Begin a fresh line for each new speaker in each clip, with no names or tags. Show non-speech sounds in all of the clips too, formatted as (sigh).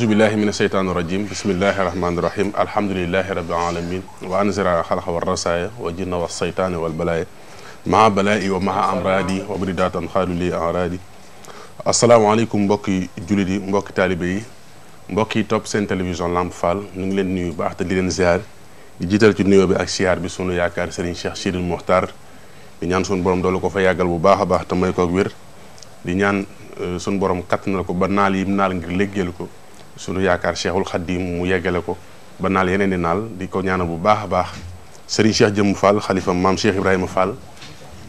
أعوذ بالله من الشيطان الرجيم بسم الله الرحمن الرحيم الحمد لله رب العالمين وأنزل على الخلق والرسايا والجن والشيطان والبلايا مع بلائي ومع أمرادي وبردات خير لي أعرادي السلام عليكم مبوكي جلدي مبوكي طالبي مبوكي توب سين تلفزيون لامب فال نيغي نيو بعد دي لين زيار ديجيتال jiital ci nuyoo bi ak siyaar bi sunu yaakaar Serigne Cheikh Chidil Mokhtar di ñaan sunu borom doolu ko fa yàggal bu baax a baax te may ko wér di euh, sunu yaakar cheikhul khadim mu yeggale ko ba nal yeneen di nal di ko ñaana bu baax baax serigne cheikh jëmm fall khalifa mam cheikh ibrahima fall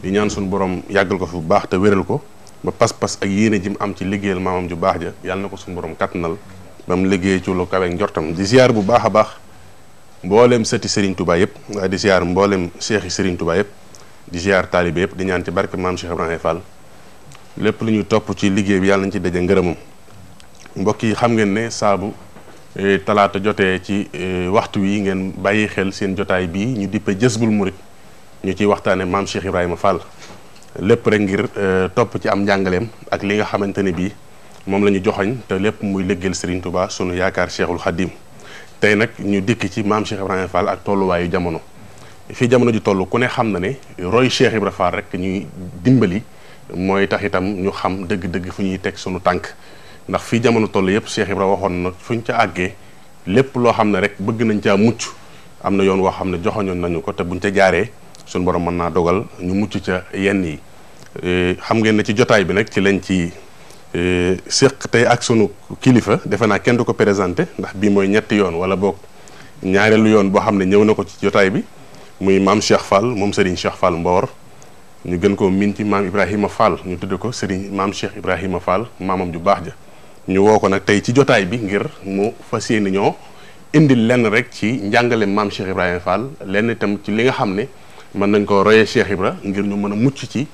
di ñaan sunu borom yagal ko fu baax te wéral ko ba pas-pas ak yene jim am ci liggéeyal mamam ju baax ja yalla nako ko sunu borom katnal bam liggéey ci lu kawé ndortam di ziar bu baax bah baax mbollem seuti serigne touba yeb di ziar mbollem cheikh serigne touba yeb di ziar talibé yeb di ñaan ci barke mam cheikh ibrahima fall lepp lu ñuy topp ci liggéey bi yalla nañ ci dajé mbokk yi xam ngeen ne saabu e, talaata jotee ci e, waxtu wi ngeen bàyyi xel seen jotaay bii ñu dippe Jazbul Murid ñu ciy waxtaane maam Cheikh Ibrahima Fall lépp rek ngir e, topp ci am njàngaleem ak li nga xamante ne bii moom la ñu joxoñ te lépp muy léggeel Serigne Touba sunu yaakaar Cheikhul Khadim tey nag ñu dikk ci maam Cheikh Ibrahima Fall ak tolluwaayu jamono fii jamono ji toll ku ne xam na ne roy Cheikh Ibrahima Fall rek ñuy dimbali mooy tax itam ñu xam dëgg fu ñuy teg sunu tànk ndax fii jamono toll yëpp Cheikh Ibra waxoon na fuñ ca àggee lépp loo xam ne rek bëgg nañ caa mucc am na yoon woo xam ne joxoñoon nañu ko te ñu ca jaaree suñ borom mën naa dogal ñu mucc ca yenn yi e, xam ngeen ne ci jotaay bi nag ci lañ ci e, séq tey ak sunu kilifa defe naa kenn du ko présenté ndax bii mooy ñetti yoon wala boog ñaareelu yoon boo xam ne ñëw na ko ci jotaay bi muy maam Cheikh Fall moom Serigne Cheikh Fall Mbor ñu gën koo miin ci maam Ibrahima Fall ñu tudd ko Serigne maam Cheikh Ibrahima Fall maamam ju baax ja ñu woo ko nag tey ci jotaay bi ngir mu fas yéene ñoo indil lenn rek ci njàngale maam Cheikh Ibrahima lenn itam ci li nga xam ne mën nañ ko royee Cheikh Ibra ngir ñu mën a mucc ci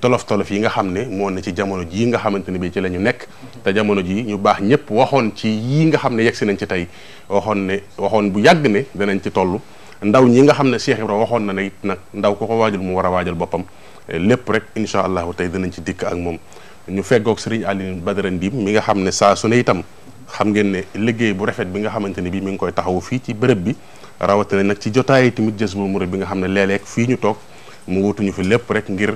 tolof yi nga xam ne moo ne ci jamono jii nga xamante ne bii ci la ñu nekk te jamono jii ñu baax ñëpp waxoon ci yii nga xam ne yegsi nañ ci tey waxoon ne waxoon bu yàgg ne danañ ci toll ndaw ñi nga xam ne Cheikh waxoon na ne it nag ndaw ko ko waajal mu war a waajal boppam lépp rek incha allah tey danañ ci dikk ak moom ñu feggoog Serigne Alioune Badara Ndim mi nga xam ne saa su ne itam xam ngeen ne liggéey bu rafet bi nga xamante ne bii mi ngi koy taxawu fii ci bërëb bi rawatina nag ci jotaay tamit jës bu murid bi nga xam ne léeg fii ñu toog mu wutuñu fi lépp rek ngir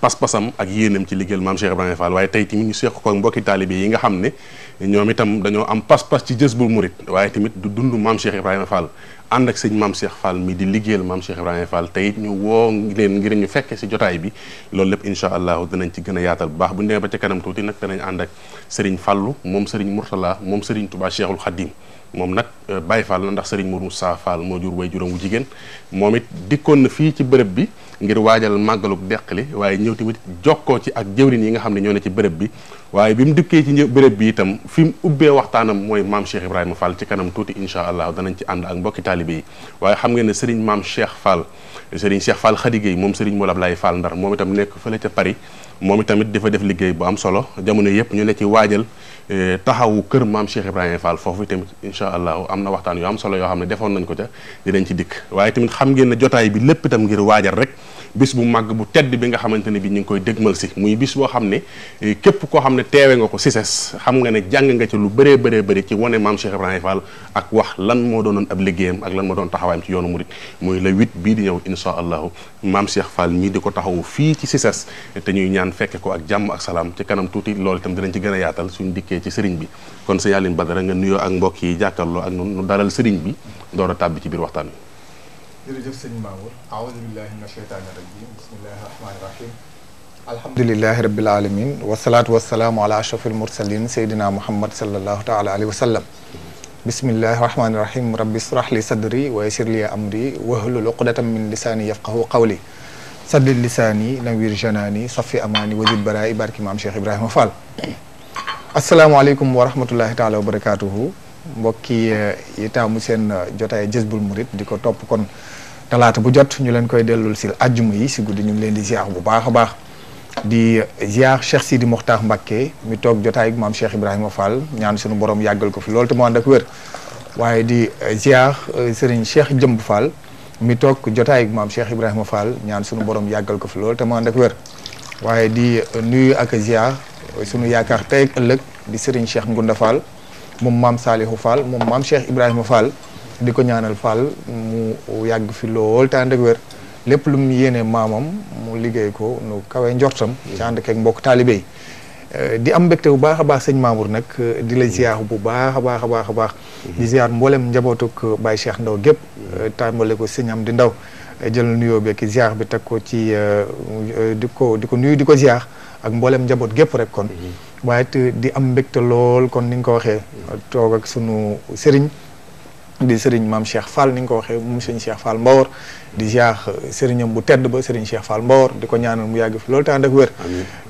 pas-pasam ak yéenam ci liggéeyal maam Cheikh Ibrahima Fall waaye tey tamit ñu seq ko mbokki taalibe yi nga xam ne ñoom itam dañoo am pas-pas ci jës bu murit waaye tamit du dund maam Cheikh Ibrahima Fall ànd ak sëñ maam Cheikh faal mi di liggéeyal maam Cheikh Ibrahima Fall tey ñu woo leen ngir ñu fekkee si jotaay bi loolu lépp incha allahu danañ ci gën a yaatal bu baax bu ñu demee ba ca kanam tuuti nag danañ ànd ak Serigne Fallou moom Serigne Mourtala moom Serigne Touba Cheikhul Khadim moom nag euh, Baye Fall la ndax Serigne Mourou Moussa Fall moo jur way juróom wu jigéen moom it dikkoon na fii ci bërëb bi ngir waajal màggaluk li waaye ñëw tamit jokkoo ci ak jëwrin yi nga xam ne ñoo ne ci bërëb bi waaye bi mu dikkee ci bërëb bi itam fi mu ubbee waxtaanam mooy maam Cheikh Ibrahima Fall ci kanam tuuti incha allah danañ ci ànd ak mbokki taalibe yi waaye xam ne Serigne maam Cheikh Fall Serigne Cheikh Fall Khady Gueye moom Serigne Moulab Laye Fall Ndar moom itam nekk fële ca Paris moom itamit dafa def liggéey bu am solo jamono yëpp ñu ne ci waajal Eh, taxawu kër maam Cheikh Ibrahima Fall foofu tamit incha allah am na waxtaan yu am solo yoo xam ne defoon nañ ko ca dinañ ci dikk waaye tamit xam ngeen ne jotaay bi lépp itam ngir waajal rek bis bu mag bu tedd bi nga xamanteni bi ñu koy deggmal ci muy bis bo xamne eh, kep ko xamne téwé nga ko si ses xam nga ne jang nga ci lu béré béré béré ci woné mam Cheikh ibrahim Fall ak wax lan moo doonoon ab liggéeyam ak lan mo doon taxawaayam ci yoonu mourid muy le 8 bi di ñew insha allahu mam Cheikh Fall ñi diko ko taxawu fi ci ses ñuy ñaan fekke ko ak jamm ak salam ci kanam tuuti lool tam dinañ ci gëna yaatal suñu dikké ci sëriñ bi kon sa yalin Badara nga nuyo ak mbokk yi jàkkarloo ak nu dalal sëriñ bi doora
a ci bir waxtaan jërëjëf sëñ Mamour aoudu billahi min asheytaani rajim bismillahi rahmaani rahim alhamdulilahi rabil alamin wasalaatu wasalaamu ala ashrafil mursalin seydina muhammad salallahu taala alayhi wa sallam bismillahi rahmaani rahim rabbi israh li sadri wa yassir li amri wahlul uqdatan min lisaani yafqahu qawli saddid lisaani nawir janaani safi amaani wazid baraay barki maam Cheikh Ibrahima Fall asalaamaaleykum wa rahmatullahi taala wa barakatuhu mbokki yi taamu seen jotaay Jazboul Mouride di ko topp kon talaata bu jot ñu leen koy dellul si ajjuma yi si guddi ñu ngi leen di ziar bu baax a baax di ziar Cheikh Sidi Mokhtar Mbacké mi toog jotaay ak maam Cheikh Ibrahima Fall ñaan suñu borom yàggal ko fi loolu te mu ànd ak waaye di ziar euh, Serigne Cheikh Jëmb Fall mi toog jotaay ak maam Cheikh Ibrahima Fall ñaan suñu borom yàggal ko fi loolu te mu ànd ak wér waaye di euh, nuyu ak ziar euh, sunu yaakaar tey ak ëllëg di Serigne Cheikh Ngunda Fall moom maam Salihu Fall moom maam Cheikh Ibrahima Fall. di ko ñaanal Fall mu yàgg fi lool te ànd lépp lum mu yéene maamam mu liggéey ko nu kawe njortam ci ànd mbokk taalibe yi eh, di am mbégte bu baax a baax sëñ Mamour nag di la ziar bu baax a baax a baax a baax di ziar mboolem njabootuk Baye Cheikh Ndaw gépp eh, tàmbale ko sëñ di ndaw eh, jël nuyoo beeg ziar bi teg ko ci di ko di ko nuyu di ko ziar ak mboolem njaboot gépp rek kon mm-hmm. waaye it di am mbégte lool kon ni nga ko waxee mm-hmm. toog ak sunu sëriñ di sëriñ maam Cheikh Fall ni nga ko waxee moom sëriñ Cheikh Fall Mbawor di ziar sëriñam bu tedd ba sëriñ Cheikh Fall Mbawor di ko ñaanal mu yàgg fi loolu te ànd ak wér.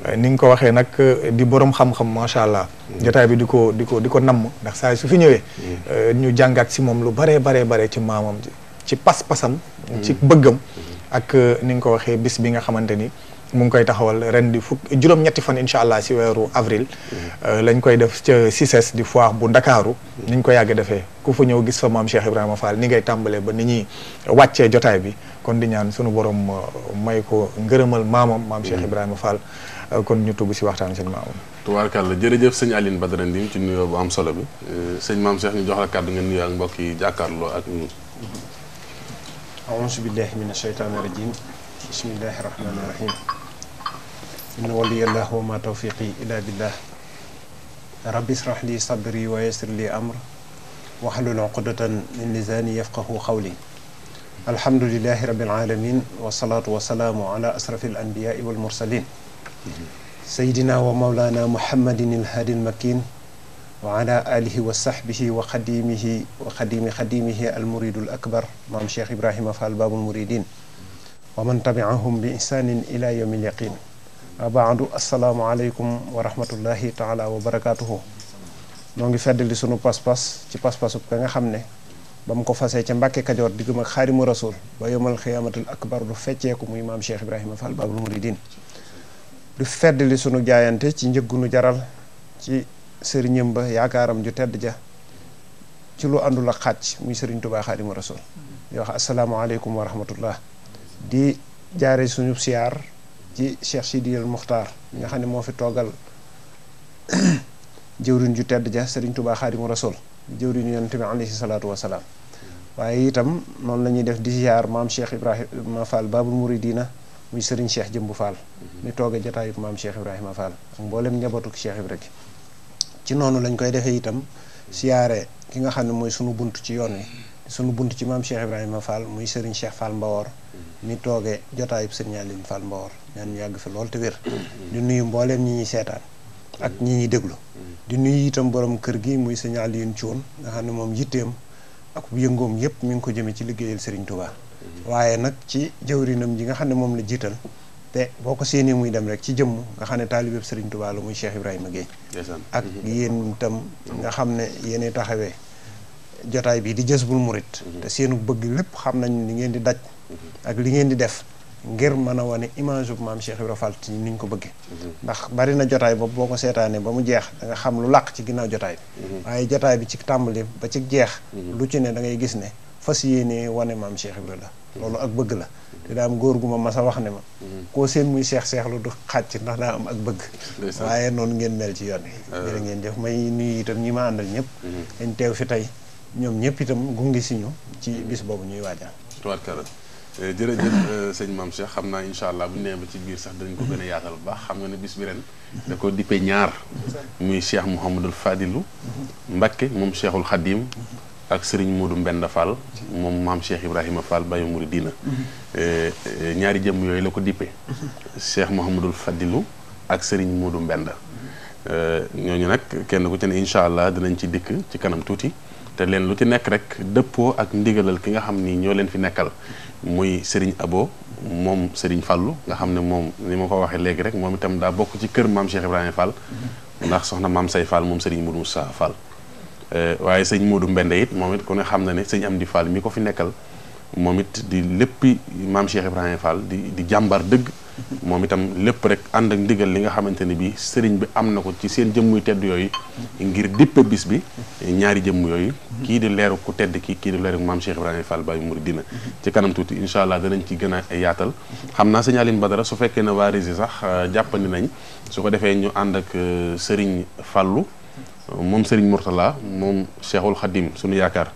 Eh, ni nga ko waxee nag eh, di boroom xam-xam macha allah. jotaay bi di ko di ko di ko namm ndax saa su fi ñëwee. Eh, ñu jàngat si moom lu baree baree bare ci maamam ci pas-pasam. ci bëggam. ak ni nga ko waxee bis bi nga xamante ni. mu ngi koy taxawal ren di fukk juróom-ñetti fan incha allah si weeru avril. Euh, lañ koy def ca CICES di foire bu ndakaaru ni koy ko yàgg defee ku fa ñëw gis fa maam Cheikh Ibrahima Fall ni ngay tàmbalee ba ni ñuy wàccee jotaay bi kon di ñaan sunu borom euh, may ko ngërëmal maamam maam Cheikh mm-hmm. Ibrahima Fall euh, kon ñu tugg si waxtaan seen maamam.
tubaarkàlla jërëjëf sëñ Aline Badara Ndim ci nuyoo bu am solo bi sëñ maam Cheikh ñu jox la kàddu ngeen nuyoo ak mbokk yi jàkkaarloo ak ñun.
auzu billahi mina shaytaani rajim إن ولي الله وما توفيقي إلا بالله ربي اشرح لي صدري ويسر لي أمر واحلل عقدة من لساني يفقه قولي الحمد لله رب العالمين والصلاة والسلام على أسرف الأنبياء والمرسلين سيدنا ومولانا محمد الهادي المكين وعلى آله وصحبه وخديمه وخديم خديمه المريد الأكبر مام شيخ إبراهيم فالباب المريدين ومن تبعهم بإحسان إلى يوم اليقين abaandu asalaamualeykum wa rahmatullahi taala wa barakaatuhu noo ngi feddali sunu pas-pas ci pas-pasu ka nga xam ne ba mu ko fasee ca Mbàkke Kajoor diggam ak xaarimu rasul ba yomal xiyaamatul akbar du fecceeku muy maam Cheikh Ibrahima Fall Baabul Muridiin du feddali sunu jaayante ci njëggunu jaral ci sëriñam ba yaakaaram ju tedd ja ci lu àndul ak xàcc muy sëriñ Tubaa xaarimu rasul di wax asalaamualeykum wa rahmatullah di jaare suñu siyaar ci Cheikh Sidil Muxtaar mi nga xam ne moo fi toogal (coughs) jëwrin ju tedd ja Serigne Touba Xaadimu Rasuul jëwriñu yonent bi alayhi salaatu wa salaam waaye itam noonu la def di ziar maam Cheikh Ibrahima Fall Babul Mouridina muy Serigne Cheikh Jëmbu Fall mhm. mi tooge jataayub maam Cheikh Ibrahima Fall ak mboolem njabootu Cheikh Ibra gi ci noonu lañ koy defee itam siyaare ki nga xam ne mooy sunu bunt ci yoon wi sunu bunt ci maam Cheikh Ibrahima Fall muy Serigne Cheikh Fall Mbawor mi toogee jotaayub Serigne Aline Fall Mbawor ñaan yàgg fi lool te wér. di nuyu mbooleem ñi ñuy seetaan. ak ñi ñuy déglu. di nuyu itam borom kër gi muy Serigne Aline Thioune nga xam ne moom yitteem ak yëngoom yëpp mi ngi ko jëmee ci liggéeyal Serigne Touba. nag ci jëwrinam ji nga xam ne moom la jiital. te boo ko séenee muy dem rek ci jëmm nga xam ne taalibeb Serigne Touba la muy Cheikh Ibrahima Guèye. ak yéen itam nga xam ne yéenay taxawee. jotaay bi di Jazboul mourid mhm. te seenu bëgg lepp xam nañ li ngeen di daj ak li ngeen di def ngir mëna wone wane image bu maam Cheikh ibrahim Fall ci ni ñu ko bëggee mhm. ndax bari na jotaay boobu boko sétane ba mu jeex da nga xam lu laq ci ginnaaw jotaay mhm. waye jotaay bi ci tambali ba ci jeex lu ci ne da ngay gis ne fas yéenee wane maam Cheikh ibrahim la lolu ak bëgg la te daa am goor gu ma mas wax ne ma ko seen muy cheikh cheikh lu du xàcc ndax da am ak bëgg waye non ngeen mel ci yoon yi euh. ngeen def may nuyu itam ñi ma àndal ñëpp dañ fi tay ñoom ñëpp itam gunge si ñu ci bis boobu ñuy waajal.
tubaarkalla eh, jërëjëf eh, sëñ Mame Cheikh xam naa incha allah bu ñu nee ba ci biir sax dinañ ko gën a yaatal bu baax xam nga ne bis bi ren. da ko dippe ñaar. muy Cheikh Mouhamadul Fadilu. Mbakke moom Cheikhul Khadim. ak Serigne Modou Mbenda Fall moom maam Cheikh Ibrahima Fall Baye Mouridina eh, ñaari jëm yooyu la ko dippe Cheikh Mouhamadul Fadilu ak Serigne Modou Mbenda ñooñu nag kenn ku ci ne incha allah dinañ ci dikk ci kanam tuuti. te leen lu ci nekk rek dëppoo ak ndigalal ki nga xam ni ñoo leen fi nekkal muy sëriñ Abo moom Serigne fallu nga xam ne moom ni ma ko waxee léegi rek moom itam daa bokk ci kër maam Cheikh Ibrahima Fall ndax soxna maam Say Fall moom Serigne Modou Moussa Fall eh, waaye sëñ Modou Mbende it moom it ku ne xam na ne sëñ am di Fall mi ko fi nekkal moom it di léppi maam Cheikh Ibrahima di di jàmbar dëgg moom itam lépp rek ànd ak ndigal li nga xamante ni bi sëriñ bi am na ko ci seen jëmmuy tedd yooyu ngir dippe bis bi ñaari jëmm yooyu kii di leeru ku tedd kii kii di leeru maam fal Ibrahima Fall Baye dina ci kanam tuuti incha allah danañ ci gën a yaatal xam naa sëñ Aline Badara su fekkee ne waa Rési sax euh, jàppandi nañ su ko defee ñu ànd ak euh, sëriñ Fallu moom sëriñ Mourtala moom Cheikhul Khadim suñu yaakaar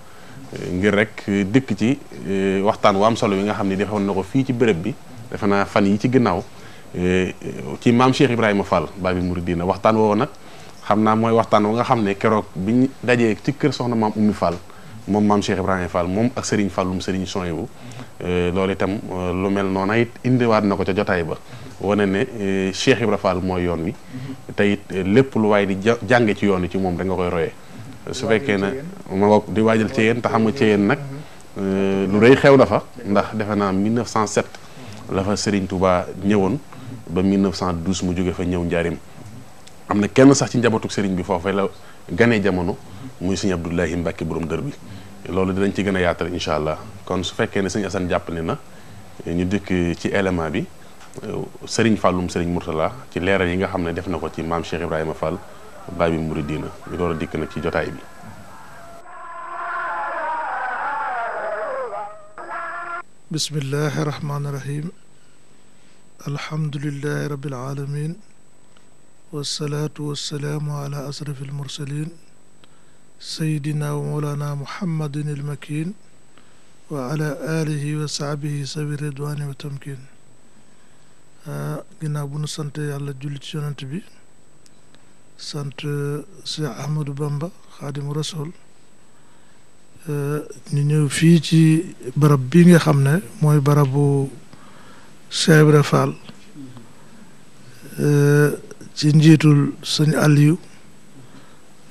euh, ngir rek dikk ci waxtaan waam solo yi nga xam ne defoon na ko fii ci bërëb bi defe naa fan yi ci ginnaaw eh, ci maam Cheikh Ibrahima mu Babi na waxtaan woowu nag xam naa mooy waxtaan wa nga xam ne keroog bi ñu dajee ci kër soxna maam Oumy Fall moom maam Cheikh Ibrahima Fall moom ak Serigne Falloum Serigne Sonhibou eh, loolu itam eh, lu mel noona it indiwaat na ko ca jotaay ba wane ne Cheikh Ibrahima Fall mooy yoon wi te lépp lu waaye di jànge ci yoon wi ci moom da koy royee su fekkee na ma di waajal ci yéen te xam nga ci yéen nag lu rëy xew na ndax defe naa 1907 lafa fa Serigne ñëwoon ba 1912 mu jóge fa ñëw njaarim am na kenn sax ci njabootuk Serigne bi foofee la ganee jamono muy Serigne Abdoulahi Mbacke borom dër bi loolu dinañ ci gën a yaatal incha allah kon su fekkee ne sëñ Assane jàpp ne na ñu dikk ci élément bi Serigne Falloum Serigne Mourtala ci leeral yi nga xam ne def na ko ci maam Cheikh Ibrahima Fall Babi Mouridina ñu door a dikk nag ci jotaay bi.
بسم الله الرحمن الرحيم الحمد لله رب العالمين والصلاة والسلام على أشرف المرسلين سيدنا ومولانا محمد المكين وعلى آله وصحبه سبيل الرضوان وتمكين آه، ginnaaw bu nu sant yàlla julli سنت yonent أحمد بامبا خادم رسول Bamba Euh, ñu ñëw fii ci barab bi nga xam ne mooy barabu Cheikh Ibra Fall euh, ci njiitul sëñ Aliou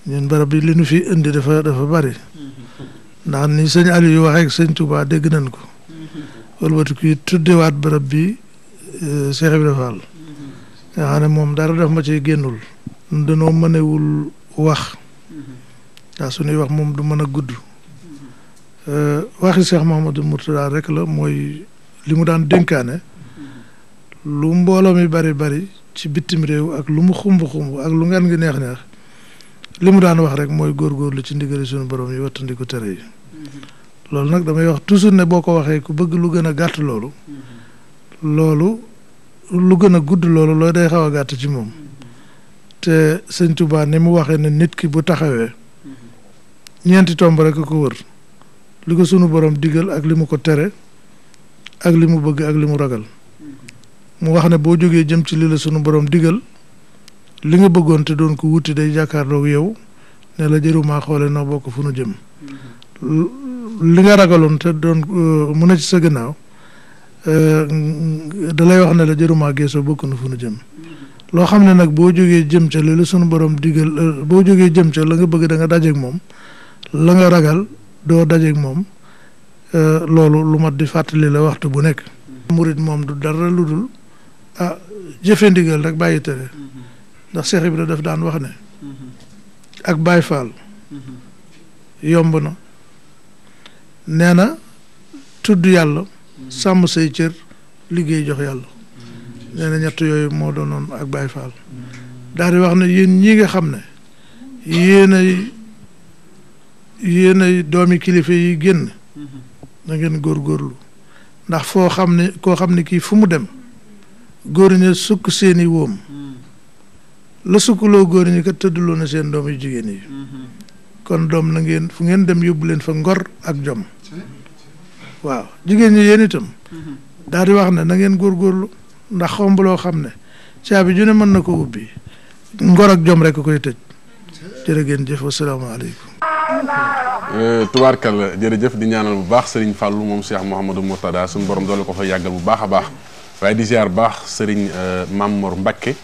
ñun barab bi li ñu fi indi dafa dafa bari ndax ni sëñ Aliou waxee ak sëñ Touba dégg nañ ko wëlbatiku yi tuddewaat barab bi euh, Cheikh Ibra Fall nga moom dara daf ma ci génnul danoo mënewul wax ndax suñuy wax moom du mën a gudd Euh, waxi Cheikh Mouhamadou Mourtada rek la mooy li mu daan dénkaane lu mbooloo mi bari bari ci bitim réew ak lu mu xumb xumb ak lu ngan ngi neex neex li mu daan wax rek mooy góor góor lu ci ndigali suñu boroom yi wattandiku tere yi loolu nag damay wax toujours ne boo ko waxee ku bëgg lu gën a gàtt loolu lu gën a gudd loolu looy day xaw a gàtt ci moom te sëñ Tuubaa ni mu waxee ne nit ki bu taxawee ñeenti tomb rek ko wër li ko sunu borom digal ak li mu ko tere ak li mu bëgg ak li mu ragal mm-hmm. mu wax ne boo jógee jëm ci li la sunu borom digal li nga bëggoon te doon ko wuti day jàkkaarloog yow ne la jërumaa xoole noo bokk fu nu jëm mm-hmm. li nga ragaloon te doon uh, mu ne ci sa gannaaw uh, da ne la jërumaa geesoo bokk na fu nu jëm mm-hmm. loo xam ne nag boo jógee jëm ca li sunu borom digal uh, boo jógee jëm ca la nga bëgg danga nga moom la nga ragal doo dajeeg moom euh, loolu lu mat di fàttali la waxtu bu nekk. Mm-hmm. murit moom du dara lu dul a ah, jëfe ndigal rek bàyyi tere mm-hmm. ndax bi na daf daan wax ne mm-hmm. ak Baye Fall yomb na nee na tudd yàlla sàmm say cër liggéey jox yàlla nee na ñett yooyu moo doonoon ak Baye Fall daal di wax ne yéen ñi nga xam ne yéen yéen ay doomi kilifa yi génn na ngeen góorlu ndax foo xam ne koo xam ne kii fu mu dem góor ña sukk seeni woom la sukkuloo góor ñu kat tëdduloo na seen doom yu jigéen yi kon doom na ngeen fu ngeen dem yóbbu leen fa ngor ak jom waaw jigéen ñi yéen itam daal di wax ne na ngeen góorlu ndax xomb loo xam ne caabi ju ne mën na ko ubbi ngor ak jom rek koy tëj a ngeen jëf wasalaamaaleykum
Euh, tubaarkalla jërëjëf di ñaanal bu baax sëriñ Fallou moom Cheikh Mouhamadou Mourtada suñu borom doole ko fa yàggal bu baax a baax waaye di ziar baax sëriñ euh, Mamor Mbakke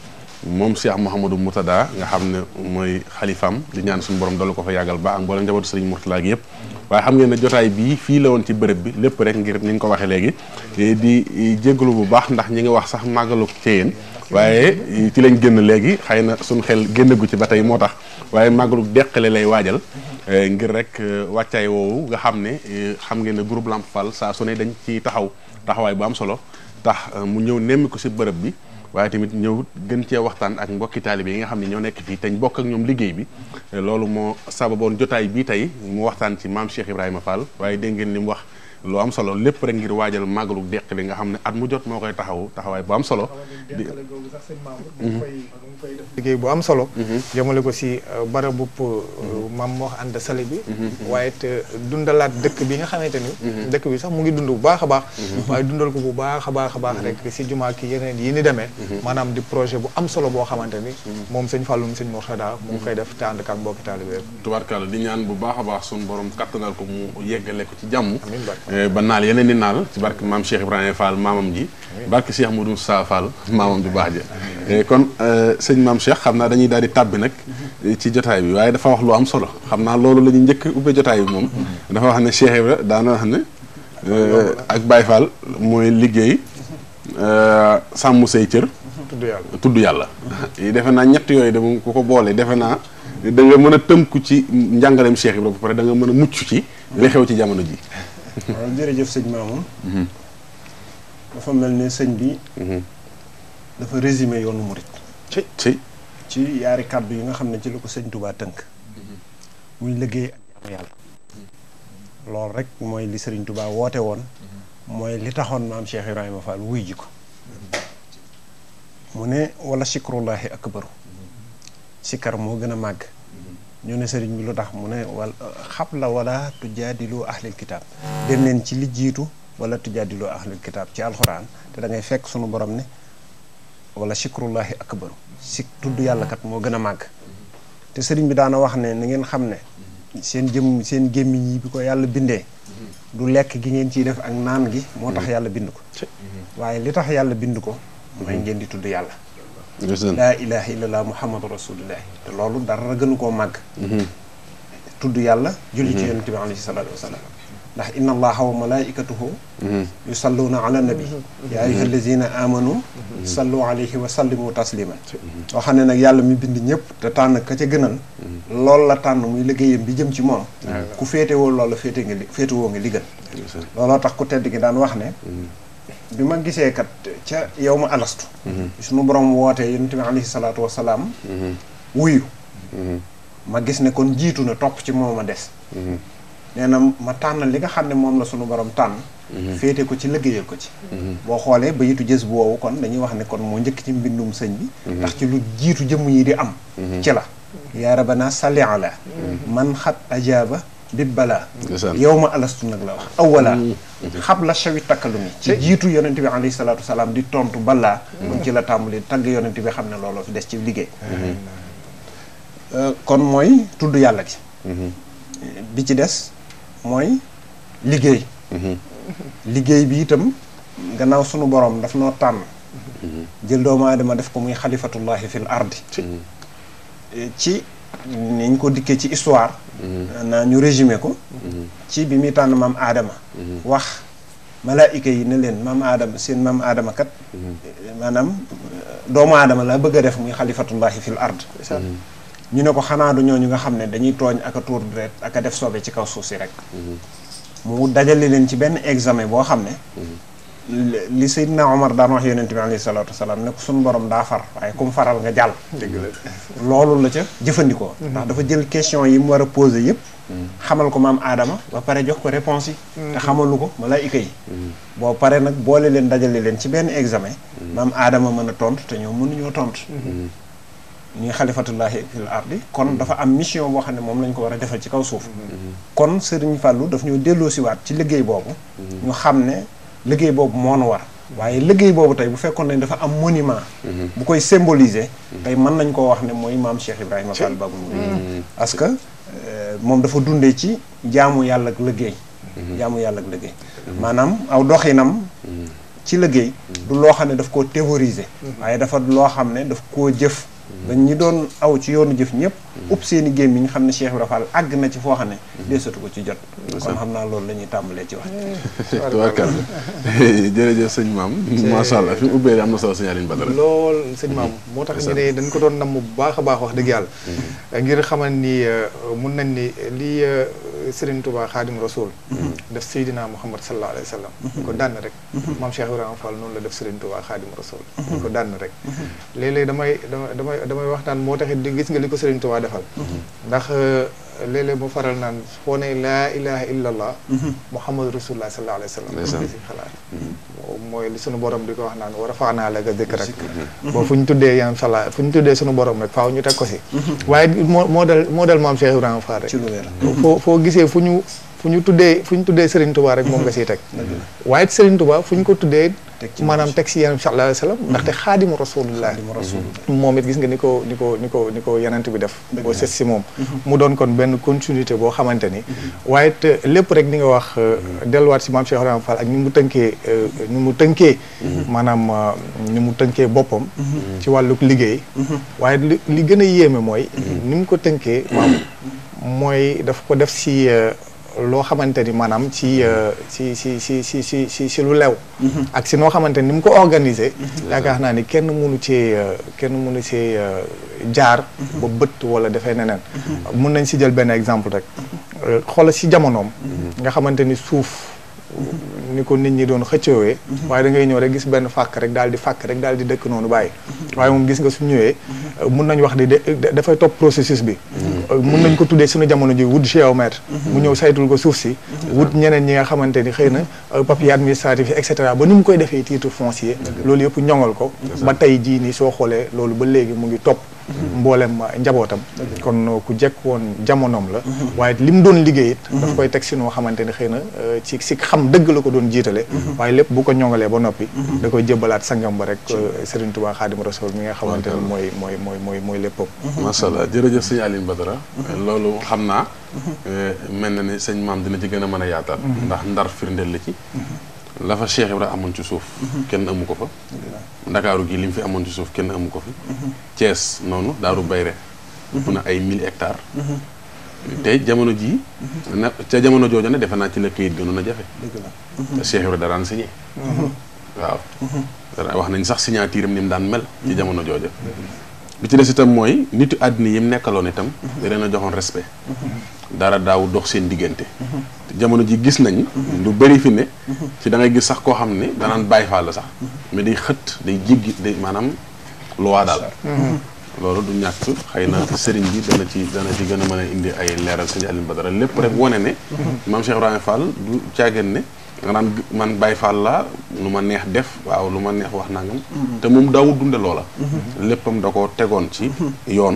moom Cheikh Mouhamadou Mourtada nga xam ne mooy xalifam di ñaan suñu borom doole ko fa yàggal baax ak mboolem njabootu sëriñ Mourtada gi yëpp waaye xam ngeen ne jotaay bii fii la woon ci bërëb bi lépp rek ngir ni ñu ko waxee léegi di jégalu bu baax ndax ñu ngi wax sax màggalu Ceyeen waaye eh, ci lañ génn léegi xëy na suñ xel génnagu ci ba tey moo tax waaye màggalu deqale lay waajal eh, ngir rek eh, wàccaay woowu nga xam ne xam ngeen ne groupe Lamp Fall saa su ne dañ ci taxaw taxawaay bu am solo tax mu ñëw nemmi ko si bërëb bi waaye tamit ñëw gën cee waxtaan ak mbokki taalibe yi nga xam ne ñoo nekk fii te ñu bokk ak ñoom liggéey bi loolu moo sababoon jotaay bii tey mu waxtaan ci maam Cheikh Ibrahima Fall waaye dégg ngeen li mu wax lu am solo lepp rek ngir waajal maglu dekk li nga xamne at mu jot mo koy taxaw taxaway bu am solo
mhm.
liggéey bu am solo yamale mhm. ko si euh, bara bupp euh, mhm. maam moo ànd sali bi waye te euh, dundalat dekk bi nga xamante tane dekk bi sax mu ngi dundu bu baax a baax dundal ko bu baax a baax rek ci juma ki yeneen yi ni demé manam di projet bu am solo bo xamanteni mom seigne fallou seigne Mourtada mu ngi fay def te ànd ak mbokki
taalibe di ñaan bu baax a baax borom kattanal ko mu yeggale ko ci jàmm Eh, ba naal yeneen di naal ci barke maam Cheikh Ibrahima faal maamam ji barke Cheikh Modou Sa Fall maamam ju baax ja eh, kon eh, sëñ maam Cheikh xam naa dañuy daal di tàbbi nag mhm. ci jotaay bi waaye dafa wax lu am solo xam naa loolu lañuy njëkk ubbe jotaay bi moom mhm. dafa wax ne Cheikh Ibra daana wax ne ak Baye liggéey sàmm say cër
mhm.
tudd yàlla
tudd yàlla (laughs) defe naa ñett yooyu de moom ku ko boole defe naa da nga mën a tënku ci njàngaleem Cheikh Ibra ba pare da mën a mucc ci li ci jamono ji
waaw jërëjëf sëñ Mamoun. Mhm. dafa mel ne sëñ bi. Mhm. dafa résumé yoonu murit. ci ci yaari kàddu yi nga xam ne ci la ko sëñ Touba tënk. Mhm. muy liggéey ak yàlla. loolu rek mooy li sëriñ tubaa woote woon. mooy li taxoon maam Cheikh Ibrahima Fall wuy ji ko. mu ne wala ak akbaru. sikar moo gën a màgg. ñu ne sëriñ bi lu tax mu ne wal khabla wala tujadilu ahlil kitab dem leen ci li jitu wala tujadilu ahli kitab ci alquran te da ngay fekk suñu borom ne wala shukrullahi akbar sik tuddu yalla kat mo gëna mag màgg te sëriñ bi daana wax ne na ngeen xam ne seen jëm seen gémmiñ yi bi ko yalla bindé du lek gi ngeen ci def ak naan gi moo tax mm-hmm. bind ko mm-hmm. waye li tax yalla bind ko mooy ngeen di tuddu yalla laa ilaha illallah muhammadu rasulullah te loolu dara gënu koo màgg mhm. tudd yàlla julli ci mhm. yonente bi alayhi salaatu wasalaam ndax inna allaha wa malaikatuhu mhm. yusalluuna ala nabi ya ayuha allazina amanu sallu alayhi wa sallimu tasliman yoo xam ne nag yàlla mi bind ñëpp te tànn ka ca gënal loolu la tànn muy liggéeyam bi jëm ci moom ah. ku féetewoo loolu féete nga li féetewoo nga li gën looloo tax ku tedd gi daan wax ne bi ma gisee kat ca yow ma alastu mhm. suñu borom wootee yonent bi alayhi salaatu wasalaam mhm. wuyu mhm. ma gis ne kon jiitu na topp ci moom a des nee na ma tànn li nga xam ne moom la suñu borom tànn féete ko ci liggéeyal ko ci boo xoolee ba yitu jës bu woowu kon dañuy wax ne kon moo njëkk ci mbindum sëñ bi ndax ci lu jiitu jëmm yi di am ci la yaa rabana salli ala man xat ajaaba di bala, ma alastu nak la wax awwala khabla mm. shawi takalumi ci jitu yonnati bi alayhi salatu salam di tontu bala mm. mun ci la tambali tag yonnati bi xamne lolo fi dess ci ligue kon moy tuddu yalla ci mm-hmm. bi ci dess moy ligue mm-hmm. ligue bi itam gannaaw sunu borom daf no tan mm-hmm. jël dooma adama def ko muy khalifatullah fil ardi ci niñ ko dikke ci histoire naa ñu résumer ko ci bi muy tànn maam aadama wax malaayika yi ne leen maam aadama seen maam aadama kat maanaam euh, doomu aadama laa bëgg a def muy xalifa xalifatullahi fil ard ñu ne ko xanaa du ñooñu nga xam ne dañuy tooñ ak a tuur ak a def soobe ci kaw suuf si rek mu dajale leen ci benn examen boo xam ne li Seydina Omar daan wax yonent bi alayhi salaatu wasalaam ne ko suñu borom daa far waaye kum faral nga jàll. dëgg la loolu la ca jëfandikoo. Mhm. ndax dafa jël question yi mu war a posé yëpp. Mhm. xamal ko maam Adama ba pare jox ko réponse yi. Mhm. xamalu ko malaayika yi. boo pare nag boole leen dajale leen ci benn examen. maam Adama mën a tontu te ñoom mënuñoo tontu. ñuy xalifatullahi fil ardi kon dafa am mission boo xam ne moom lañ ko war a defal ci kaw suuf. kon Serigne Fallou daf ñoo delloosiwaat ci liggéey boobu. ñu liggéey boobu moo nu war waaye liggéey boobu tey bu fekkoon ne dafa am moniment mhm. bu koy symboliser mhm. tey mën nañ koo wax ne mooy maam Cheikh Ibrahima Fall Babou Mouride mhm. parce que euh, moom dafa dundee ci jaamu yàlla ak liggéey jaamu yàlla ak liggéey maanaam aw doxinam ci liggéey du loo xam ne daf koo théoriser waaye dafa loo xam ne daf koo jëf dañ ñi doon aw ci yoonu jëf ñëpp upp seen i gémmiñ xam ne Cheikh Ibra Fall àgg na ci foo xam ne deesatu ko ci jot kon xam naa loolu lañuy ñuy tàmbalee ci wax (laughs) tubaarkàlla
(laughs) jërëjëf sëñ maam macha allah fi mu ubbee am na solo sëñ Aline Badara
lool sëñ maam mm-hmm. moo tax ñu ne dañ ko doon namm bu baax a baax wax dëgg yàlla
mm-hmm.
ngir xamal ni euh, mun nañ ni lii euh, Serigne Touba Khadim Rasoul mm-hmm. def Seydina Muhammad sallallahu alayhi wa sallam ko dànn rek maam Cheikh Ibrahima Fall noonu la def Serigne Touba Khadim Rasoul ko dànn rek léeg-léeg damay damay damay wax naan moo taxit di gis nga li ko Serigne Touba defal. Mm-hmm. ndax euh, léeg-léeg mu faral naan foo ne laa ilaha illallah. Mm-hmm. muhammadu rasulullah sallallahu alayhi mm-hmm. di ko wax naan war a faanaa la nga dëkk rek. boo fu ñu fu ñu tuddee sunu borom rek faaw ñu teg ko si. waaye moo moo dal moo dal maam Cheikh Ibrahima rek. foo gisee fu ñu. fu ñu tuddee fu ñu tuddee Serigne Touba rek moom nga siy teg (laughs) waaye Serigne Touba fu ñu ko tuddee maanaam teg si yeneen sallallahu alayhi wasallam ndaxte mm-hmm. xaadimu rasulullah moom it gis nga ni ko ni ko ni ko ni ko yenent bi def boo ses si moom mm-hmm. mu doon kon benn continuité boo xamante ni mm-hmm. waaye lépp rek ni nga wax euh, delluwaat si maam ak ni mu tënkee euh, nu mu tënkee maanaam euh, ni mu tënkee boppam ci wàllu liggéey waaye li gën a yéeme mooy ni mu ko tënkee maam mooy daf ko def si loo xamante ni maanaam ci euh, ci ci ci ci ci ci ci lu lew mhm. ak si noo xamante ni mu ko organiser mhm. yaakaar naa ni kenn mënu cee euh, kenn munu ci cee euh, jaar mhm. ba bëtt wala dafay neneen mun nañ si jël benn exemple rek xol si jamonoom nga xamante suuf ni ko nit ñi doon xëccoowee waaye da ngay ñëw rek gis benn fàkk rek daal di fàkk rek daal di dëkk noonu bàyyi mhm. waaye moom gis nga su ñëwee mhm. mun nañ wax di dafay topp processus bi mhm. mun nañ ko tuddee suñu jamono ji wut géomètre mu ñëw saytul ko suuf si wut ñeneen ñi nga xamante ni xëy na euh, papier administratif yi et cetera ba ni mu koy defee titre foncier loolu yëpp ñoŋal ko ba tey jii nii soo xoolee loolu ba léegi mu ngi topp mboolem njabootam kon ku jekk woon jamonoom la waaye li mu doon liggéey it koy teg si noo xamante ne xëy na euh, ci si xam dëgg la ko doon jiitale waaye lépp bu ko ñongalee ba noppi da koy jëbbalaat sangam ba rek euh, Serigne Touba Khadim Rasoul mi nga xamante ne mooy mooy mooy mooy mooy léppam macha allah jërëjëf
sëñ ba dara loolu xam naa euh, mel na ni sëñ maam dina ci gën a mën a yaatal ndax ndar firndeel la ci la fa Cheikh Ibra amoon ci suuf kenn amu ko fa dakaru gi lim fi amoon ci suuf kenn amu ko fi. Thiès noonu daru bayre ëpp ay 1000 hectares. tey jamono ji na ca jamono jojo ne defana ci la këyit gënoon a jafe.
dëgg la Cheikh
Ibrahima daraan signé.
waaw.
dara wax nañ sax signature nim daan mel. ci jamono jojo bi ci dess itam moy nitu adni yim nekkalon itam. da leen a respect. dara daaw dox seen digënté jamono ji gis nañ. lu bari fi ne. ci da nga gis sax ko xamné da nan bàyyi la sax. mais day xët day jéggi day maanaam luwaa daal mm-hmm. loolu du ñàkk xëy na sëriñ bi dana ci dana ci gën a mën a indi ay leeral sëñ Alioune Badara lépp rek wone ne mm-hmm. maam Cheikh Ibrahima Fall du caageen ne man Baye Fall laa lu ma neex def waaw lu ma neex wax nangam mm-hmm. te moom daawu dunde loola léppam da ko tegoon ci yoon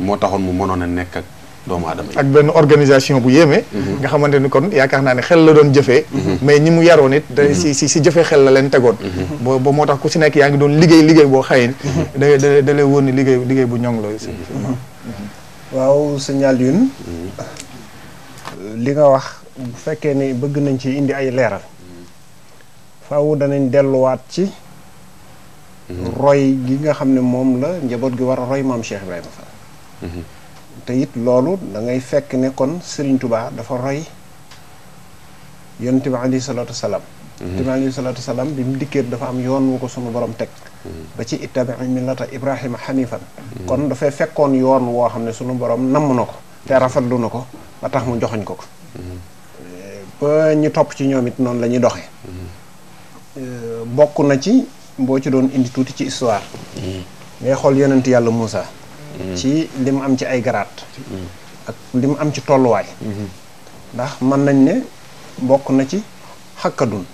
moo taxoon mu mënoon a nekk ak
doomu aadama ak benn organisation bu yéeme. Mhm. nga xamante ni kon yaakaar naa ne xel la doon jëfee. Mhm. mais ñi mu yaroon it da mhm. si si si jëfee xel la leen tegoon. boo ba moo tax ku si nekk yaa ngi doon liggéey liggéey boo xayin da da da lay wóor ni liggéey liggéey bu ñoŋ loolu.
waaw signal yun li nga wax bu fekkee ni bëgg nañ ci indi ay leeral. faaw danañ delluwaat ci. roy gi nga xam ne moom la njaboot gi war a roy maam Cheikh Ibrahima te yit loolu da ngay fekk ne kon Serigne Touba dafa roy yonnati ali sallallahu salaatu salaam. ali sallallahu alayhi salaatu bim mhm. bi dafa am yoon wu ko sunu borom tek mhm. ba ci millata ibrahim hanifan mhm. kon yon fekkoon yoon wo xamne sunu borom nam nako te rafal lu nako ba tax mu joxoñ ko ba ñu top ci non lañuy doxé euh, bokku na ci ci doon indi tuti ci histoire. ngay xol yonnati yalla musa Mm-hmm. ci li am ci ay garaat mm-hmm. ak li mu am ci tolluwaay mm-hmm. ndax mën nañ ne bokk na ci xakkadun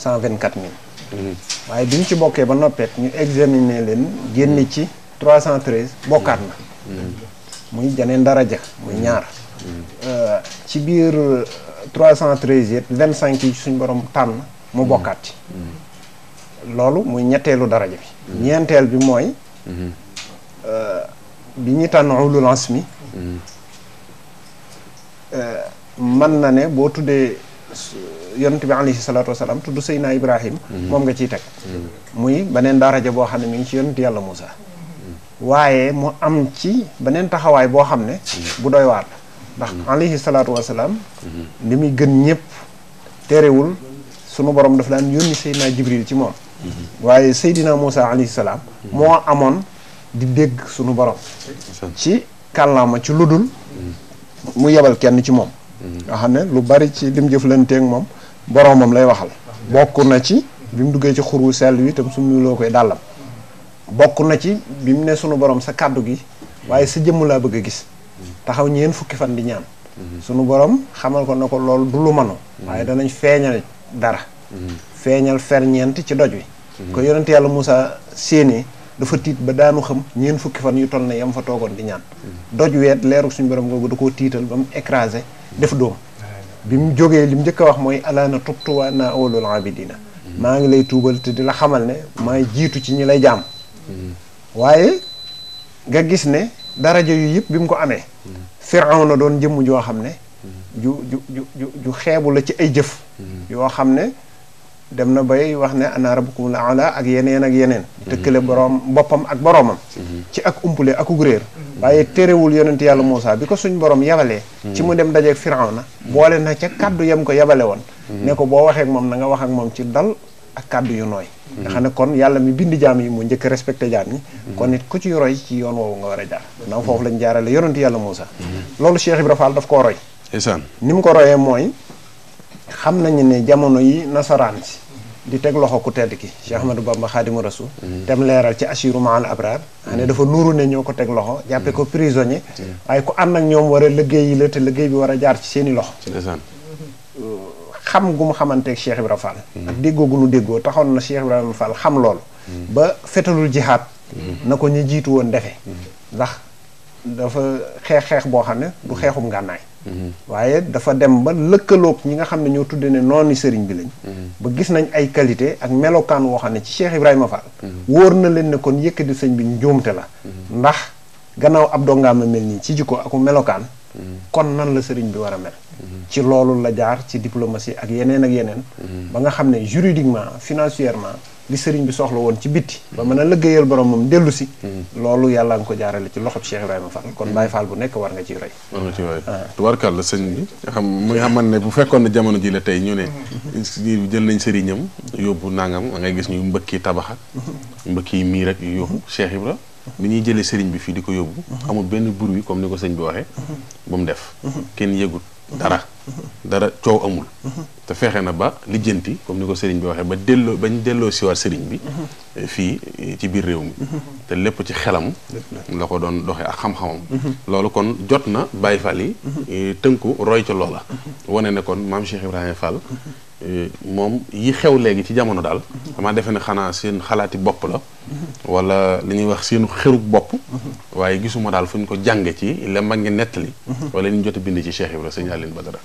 cent vingt quatre
mille
waaye bi ñu ci bokkee ba noppeet ñu examiner leen génn ci trois cent treize bokkaat na muy janeen daraja muy ñaar euh, ci biir euh, trois cent treize cinq yi suñ borom tànn mu bokkaat ci loolu muy ñetteelu daraja bi ñeenteel bi mooy euh, bi ñu tànn ulul mi euh, man na ne boo tuddee yonent bi alayhi salaatu wasalaam tudd Seydina Ibrahim mm-hmm. moom nga ciy teg mm-hmm. muy beneen daraja boo xam ne mi ngi ci yonent yàlla Moussa
mm-hmm.
waaye mu am ci beneen taxawaay boo xam ne bu doy waar ndax alayhi salaatu wasalaam li muy gën ñëpp terewul sunu borom daf daan yónni Seydina Jibril ci moom waaye Seydina Moussa alayhi salaam moo amoon di deg sunu borom ci kàllaama ci luddul mu yebal kenn ci mom mm-hmm. nga xam lu bari ci ak mom borom mom lay waxal bokku na ci bi duggé ci xuru sel wi tam sunu loo koy dàllam bokk na ci bi ne sunu borom sa kaddu gi waye sa jëm la bëgg gis taxaw ñeen fukki fan di ñaan mm-hmm. sunu borom xamal ko nako lool du lu mm-hmm. danañ feñal dara ci doj wi ko yoonte yalla musa seeni dafa tiit ba daanu xam ñeen fukki fan yu toll na yam fa toogoon di ñaan doj weet leeru suñu borom googu da koo tiital ba mu écrasé def doom bi mu jógee li mu njëkk a wax mooy alaana tubtuwaa naa bi abidina maa ngi lay tuubal te di la xamal ne maa jiitu ci ñi lay jaam waaye nga gis ne daraja yu yëpp bi mu ko amee Firawna doon jëmm joo xam ne ju ju ju ju xeebu la ci ay jëf yoo xam ne dem na bay wax ne ana rabbukumul ala ak yeneen ak yeneen tëkkale mhm. boroom boppam ak boroomam mhm. ci ak umpule ak réer mhm. waaye terewul yonent yàlla Muusa bi ko suñ boroom yabalee ci mu dem dajeeg Firawna boole na ca kàddu yam ko yabale woon ne ko boo waxee moom na nga wax ak moom ci dal ak kàddu yu nooy nga xam ne kon yàlla mi bind jaam yi mu njëkk respecté jaam yi kon nit ku ci roy ci yoon woowu nga war a jaar ndax foofu lañ jaarale yonent yàlla Muusa loolu Cheikh Ibra Fall daf koo roy mooy xam nañu ne jamono yi nasaraan si di teg loxo ku tedd ki Cheikh Ahmadou Bamba Khadimu Rasul mm-hmm. dem leeral ci Achiru Maal Abraar mm-hmm. ne dafa nuuru ne ñoo ko teg loxo jàppe ko mm-hmm. prisonnier waaye ku ànd ak ñoom war a liggéey yi la te liggéey bi war a jaar ci seeni loxo xam gu mu xamanteeg Cheikh Ibrahima Fall ak déggoo gu nu déggoo taxoon na Cheikh Ibrahima Fall xam loolu ba fetalul jihaad na ko ñu jiitu woon defe ndax dafa xeex xeex boo xam ne du xeexum ngànnaay waaye dafa dem ba lëkkaloog ñi nga xam ne ñoo tudde ne noon ni sëriñ bi lañ ba gis nañ ay qualité ak melokaan woo xam ne ci Cheikh Ibrahima Fall wóor na leen ne kon yëkkati sëñ bi njuumte la ndax gannaaw ab dongaam a mel nii ci jikko aku melokaan kon nan la sëriñ bi war a mel ci loolu la jaar ci diplomatie ak yeneen ak yeneen ba nga xam ne juridiquement financièrement li sëriñ bi soxla woon ci bitti ba mën a lëggéeyal borom moom dellu hmm. loolu yàlla nga ko jaarale ci loxob Cheikh Ibrahima Fall kon hmm. Baye Fall bu nekk war nga ciy roy
war
nga ciy roy ah. la sëñ bi xam muy xamal ne bu fekkoon ne jamono ji la tey ñu ne hmm. jël nañ sëriñam yóbbu nangam da ngay gis ñu mbëkki tabaxa mbëkki miir ak yóbbu Cheikh la bi ñuy jëlee sëriñ bi fii di ko yóbbu amul benn bruit comme ni ko sëñ bi waxee bu mu def kenn yëgut dara dara coow amul te fexe na ba lijjanti comme ni ko sëriñ bi waxee ba delloo bañ delloo siwaat sëriñ bi eh, fii eh, ci biir réew mi te lépp ci xelam la ko doon doxee ak loolu kon jot na Baye Fall yi eh, tënku roy ca loola wane ne kon maam Cheikh Ibrahima Fall moom yi xew léegi ci jamono daal dama defe ne xanaa seen xalaati bopp la wala li ñuy wax seenu xeruk bopp waaye gisuma daal fu ñu ko jànge ci la mag ngi nettali wala ñu jot bind ci Cheikh Ibra sëñ leen ba dara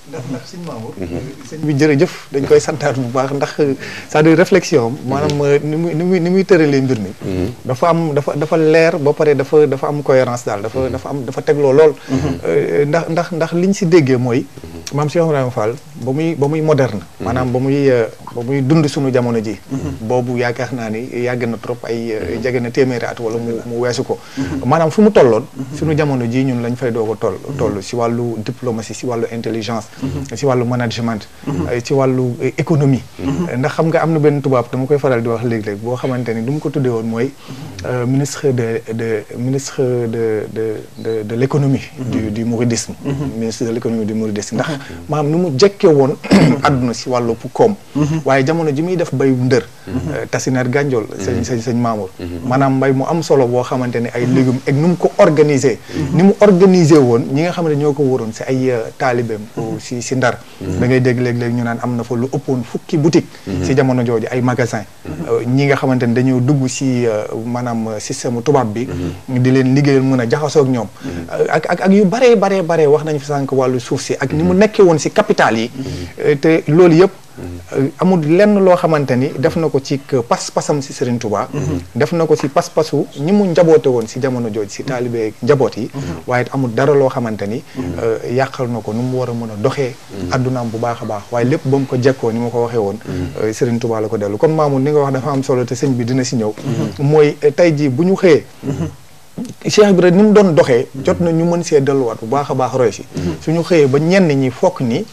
sëñ Mamour mhm.
sëñ bi jërëjëf dañ koy santaat bu baax ndax cest à réflexion maanaam mhm. ni muy ni muy ni muy tëralee mbir mi mhm. dafa am dafa dafa leer ba pare dafa dafa am cohérence daal dafa dafa am dafa tegloo lool euh, ndax ndax ndax liñ si déggee mooy maam Cheikh ba muy ba muy moderne maanaam ba muy euh, ba muy dund suñu jamono ji boobu yaakaar naa ni yàgg na trop ay ay eh, jege na téeméeri at wala mu mu weesu ko maanaam fu mu tolloon suñu jamono ji ñun lañ fay doog a toll toll si wàllu diplomatie si wàllu intelligence si wàllu management si wàllu eh, économie ndax xam nga am na benn tubaab dama koy faral di wax léeg-léeg boo xamante ni du mu ko tuddee woon mooy euh, ministre de de ministre de de de de l'économie du du mouridisme ministre de l'économie jekke woon (clears throat) àdduna si wàllu koom mhm. waaye jamono ji muy def béyu ndër euh, tasinaar gànjool sëñ sëñ maamu jàmbur mhm. maanaam mbay mu am solo boo xamante ne ay mhm. légumes ak nu mu ko organiser mhm. ni mu organiser woon ñi nga xam ne ñoo ko waroon si ay euh, taalibeem si si ndar da ngay dégg léeg-léeg ñu naan am na fa lu ëppoon fukki boutique si jamono jooju ay magasin euh, ñi nga xamante ne dañoo dugg si euh, maanaam système tubaab bi di leen liggéeyal mën a jaxasoog ñoom ak ak ak yu baree baree baree wax nañ fi sànq wàllu suuf si ak ni mu nekkee woon si capital yi te loolu yëpp amul lenn loo xamante ni def na ko ci pas-pasam si Serigne Touba. Mhm. def na ko si pas-pasu ñi mu njaboote woon si jamono jooju si taalibe njaboot yi. Mhm. waaye amul dara loo xamante ni. Mhm. Euh, yàqal na ko nu mu war a mën a doxee. addunaam bu baax a baax waaye lépp ba mu ko jekkoo ni ma ko waxee woon. Euh, Serigne Touba la ko dellu kon Mamoun ni nga wax dafa am solo te sëñ bi dina si ñëw. mooy euh, tey jii bu ñu xëyee. Cheikh Ibra ni mu doon doxee jot na ñu mën see delluwaat bu baax a baax roy si. suñu xëyee ba ñenn ñi fokk ni.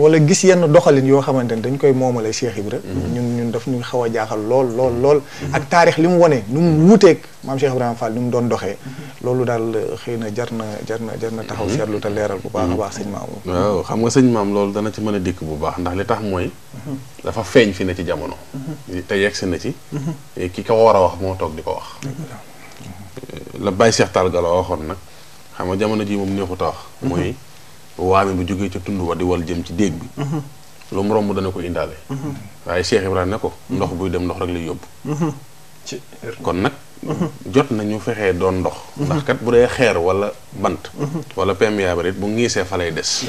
wala gis yenn doxalin yoo xamante ne dañ koy moomale Cheikh rek mhm. ñun ñun daf ñu xaw a jaaxal lool lool lool mhm. ak taarix li mu wone nu mu wuteek maam Cheikh Ibrahima Fall ni mu doon doxee mhm. loolu daal euh, xëy na jar na jar na jar na taxaw seetlu te leeral bu baax a baax sëñ maam
waaw xam nga sëñ maam loolu dana ci mën a dikk bu baax ndax li tax mooy dafa feeñ fi ne ci jamono te yegsi na ci eh, ki ko war a wax moo toog di ko wax eh, la Baye Cheikh Tall Galo waxoon nag xam nga jamono ji moom neexut a wax mooy waame bu jógee ca tund wa di wal jëm ci déeg bi mhm. lu mu romb dana ko indaale mhm. waaye Cheikh Ibrahima ne ko mhm. ndox buy dem ndox rek lay yóbbu er- kon nag jot na ñu fexee doon ndox ndax kat bu dee xeer wala bant wala perméable it bu ngiisee fa lay des (laughs)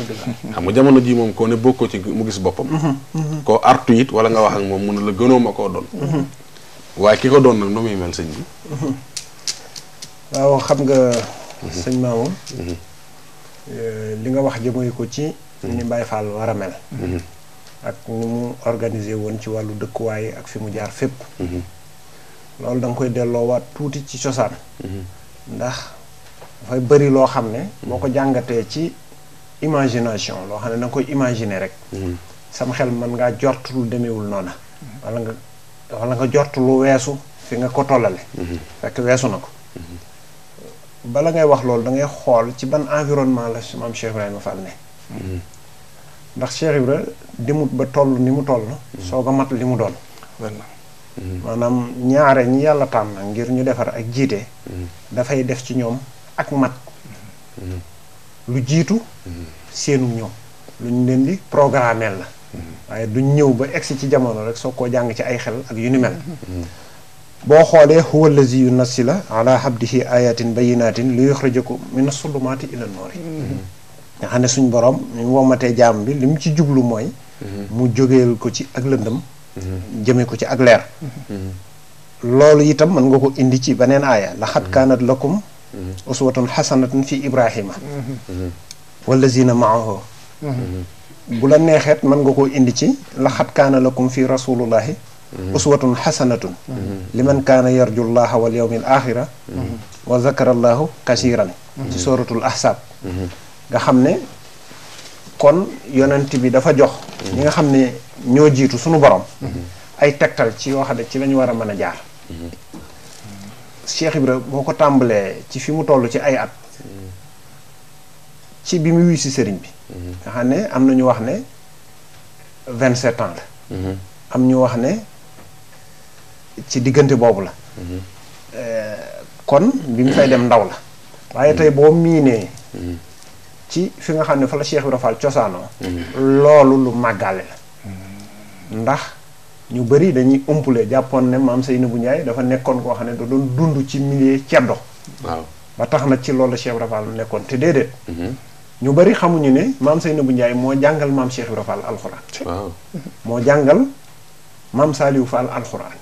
xam nga jamono ji moom koo ne bokkoo ci mu gis boppam koo artu it wala nga wax ak moom mun la gënoo ma koo doon waaye ki ko doon nag nu muy mel sëñ bi
waaw xam nga sëñ maamoom Euh, li nga wax jëmee ko ci ni Baye Fall war a mel mhm. ak ni mu organisé woon ci wàllu dëkkuwaay ak fi mu jaar fépp mhm. loolu da nga koy delloowaat tuuti ci cosaan mhm. ndax dafay bëri loo xam ne boo ko jàngatee ci imagination loo xam ne da koy imaginer rek sama xel man ngaa jort lu demewul noona wala nga wala nga jort lu weesu fi nga ko tollale fekk weesu na ko bala ngay wax loolu da ngay xool ci ban environnement la maam Cheikh Ibrahima Fall ne hmm. ndax Cheikh Ibrahima demut ba toll ni mu toll hmm. soo ko mat li mu doon
hmm.
maanaam ñaare ñi yàlla tànn ngir ñu defar ak jiite dafay def ci ñoom ak mat lu jiitu seenu ñëw lu ñu leen di programmeel la waaye duñ ñëw ba egsi ci jamono rek soo koo jàng ci ay xel ak yu ni mel boo xoolee huwa allazi yunazzila ala abdihi ayatin bayinatin li yuxrijakum mina sulumaati ila noori nga xam ne suñ borom ñu womatee jaam bi li mu ci jublu mooy mu jógeel ko ci ak lëndëm jëme ko ci ak leer loolu itam mën nga ko indi ci beneen aaya laxat kaanat lakum uswatun xasanatun fi ibrahima wallazina maahu
mm-hmm.
bu la neexeet mën nga ko indi ci laxat la lakum fi rasulullahi uswatun xasanatun liman kaana yarju llaha wal yawmil axira wa zakara allahu kasiran ci sooratul ahsaab nga xam ne kon yonent bi dafa jox ñi nga xam ne ñoo jiitu sunu borom ay tegtal ci yoo xam ne ci lañu war a mën a jaar Cheikh Ibra boo ko tàmbalee ci fi mu toll ci ay at ci bi mu wuy si sëriñ bi nga xam ne am na ñu wax ne vingt-sept ans
la
am ñu wax ne ci diggante boobu la mhm. eh, kon bi mu fay dem ndaw la waaye tey boo miinee mhm. ci fi nga xam ne fa la Cheikh Ibra Fall cosaanoo mhm. loolu lu màggaale la ndax ñu bari dañuy umpule jàppoon ne maam Seynabou Ndiaye dafa nekkoon koo xam ne da doon dund ci milieu ceddo ba tax na ci loolu Cheikh Ibra Fall nekkoon te déedéet ñu bëri xamuñu ne maam Seynabou njaay moo jàngal maam Cheikh Ibra Fall alxuraan moo jàngal maam Saliou Fall alxuraan.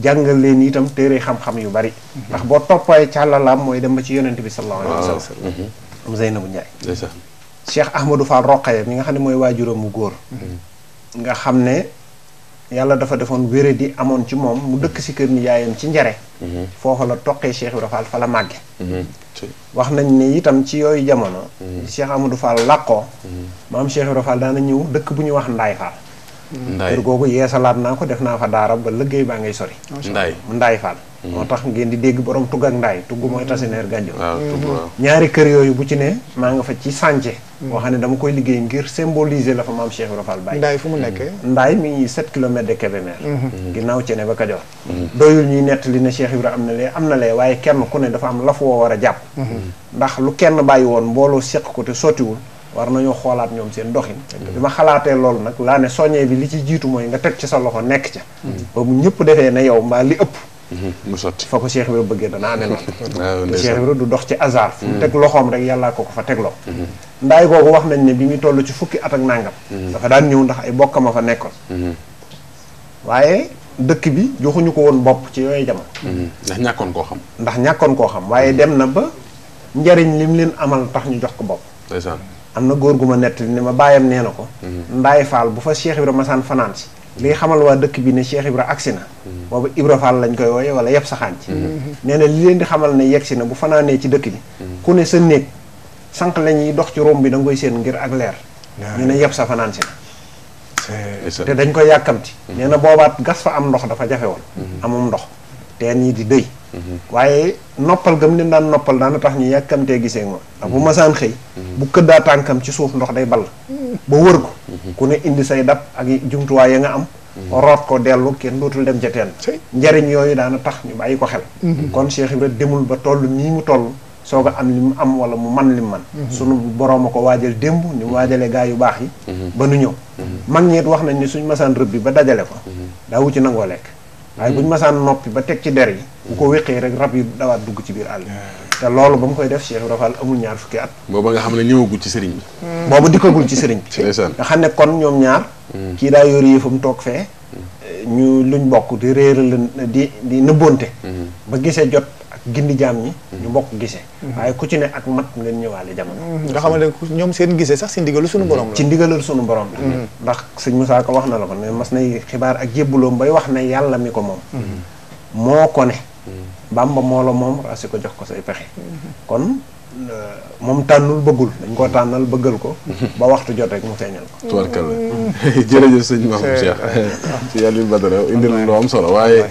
jàngal leen itam téere xam-xam yu bari. ndax boo toppaay càllalaam mooy dem ba ci yonent bi sallallahu alayhi wa sallam. Mhm. am Zeynabu Njaay. Cheikh Ahmadou Fall Roqaya mi nga xam ne mooy waajuram mu góor. Mhm. xam ne yàlla dafa defoon wéré di amoon ci moom mu dëkk si kër ni ci njare. Mhm. foofa la toqee Cheikh Ibrahima Fall fa la màgge. wax nañ ne itam ci yooyu jamono. Cheikh Ahmadou Fall làqoo. maam Cheikh Ibrahima Fall daan ñëw dëkk bu ñuy wax Ndaay Fall. ndaay kër googu yeesalaat naa ko def naa fa daara ba liggéey baa ngay sori. ndaay ndaay Fall. Mm-hmm. moo tax ngeen di dégg borom tugg ak ndaay tugg mooy tasineer gànjo mm-hmm. ñaari kër yooyu bu ci ne maa nga fa ci sànce boo xam mm-hmm. ne dama koy liggéey ngir symboliser la fa maam Cheikh Ibra Fall bàyyi ndaay fu mu nekkee ndaay mi ngi 7 kilomètres de Kébémer ginnaaw cene ba Kajoor doyul ñuy nettali ne Cheikh Ibra am na lee am na lee waaye kenn ku ne dafa am laf woo war a jàpp ndax lu kenn bàyyi woon mbooloo seq ko te sottiwul war nañoo xoolaat ñoom seen doxin. bi ma xalaatee loolu nag laa ne soññee bi li ci jiitu mooy nga teg ci sa loxo nekk ca. ba bu ñëpp defee ne yow mbaa li ëpp. mu sotti fa ko Cheikh Ibra bëggee danaa ne (laughs) ah, noonu Cheikh Ibra du dox ci hasard fu mu mm. teg loxoom rek yàllaa ko ko fa teg tegloo mm-hmm. ndaay googu wax nañ ne bi muy toll ci fukki at ak nàngam mm-hmm. dafa daan ñëw ndax ay bokkam a fa nekkoon mm-hmm. waaye dëkk bi joxuñu ko woon bopp ci yooyu jamono ndax ñàkkoon koo xam ndax ñàkkoon koo xam waaye dem na ba njariñ lim leen amal tax ñu jox ko bopp am na góor gu ma nett ne ma bàyyam nee na ko ndaay mhm. faal bu fa Cheikh Ibra masaan fanaan si mhm. li xamal waa dëkk bi ne Cheikh Ibra agsi na mhm. boobu Ibra lañ koy wooye wala yëpp saxaan ci nee na li xamal ne yegsi na bu fanaanee ci dëkk bi ku ne néeg sànq la ñuy dox ci romb bi da koy seen ngir ak leer ñu ne yëpp sa fanaan si na te dañ koy yàkkamti nee na boobaat gas fa am ndox dafa jafe woon amum ndox teen yi di dëy waaye noppal gëm leen daan noppal daana tax ñu yàkkamtee gisee ma ndax bu masaan xëy bu këddaa tànkam ci suuf ndox day ball ba wër ko ku ne indi say dab ak jumtuwaay ya nga am root ko dellu kenn dootul dem jateen teen njariñ yooyu daan daana tax ñu bàyyi ko xel mhm. kon Cheikh Ibra demul ba toll nii mu toll soog a am li mu am wala mu man li mu man mhm. sunu boroom a ko waajal démb ni mu mhm. waajalee gaa yu baax yi ba nu ñëw mag ñeet wax nañ ni suñ masaan rëbb bi ba dajale ko daa wuti nangoo lekk waaye bu ñu masaan noppi ba teg ci der yi bu ko wéqee rek rab yi dawaat dugg ci biir àll te loolu ba mu koy def Cheikh Ibra Fall amul ñaar fukki at booba nga xam ne ñëwagul ci sëriñ bi hmm. boobu dikkagul ci sëriñ bi nga xam ne kon ñoom ñaar hmm. kii daa yor yëfam toog fee hmm. ñu luñ bokk di réera di di nëbboonte ba gisee jot gindi jaam ñi ñu mm-hmm. bokk gisee mm-hmm. waaye ku ci ne ak mat ngeen ñëwaale jamono mm-hmm. nga xamante ne ñoom seen gisee sax si ndigalu suñu borom la ci ndigalal suñu borom la ndax sëñ Moussa ko wax na la ko ne mas nay xibaar ak jébbuloom bay wax na yàlla mi ko moom moo ko ne Bàmba moo la moom rasi ko jox ko say pexe kon euh, moom tànnul bëggul dañ koo tànnal bëggal ko ba waxtu jot rek mu feeñal ko tubarkalla (laughs) jërëjëf
sëñ Mame si yàlla badara indil lu am solo waaye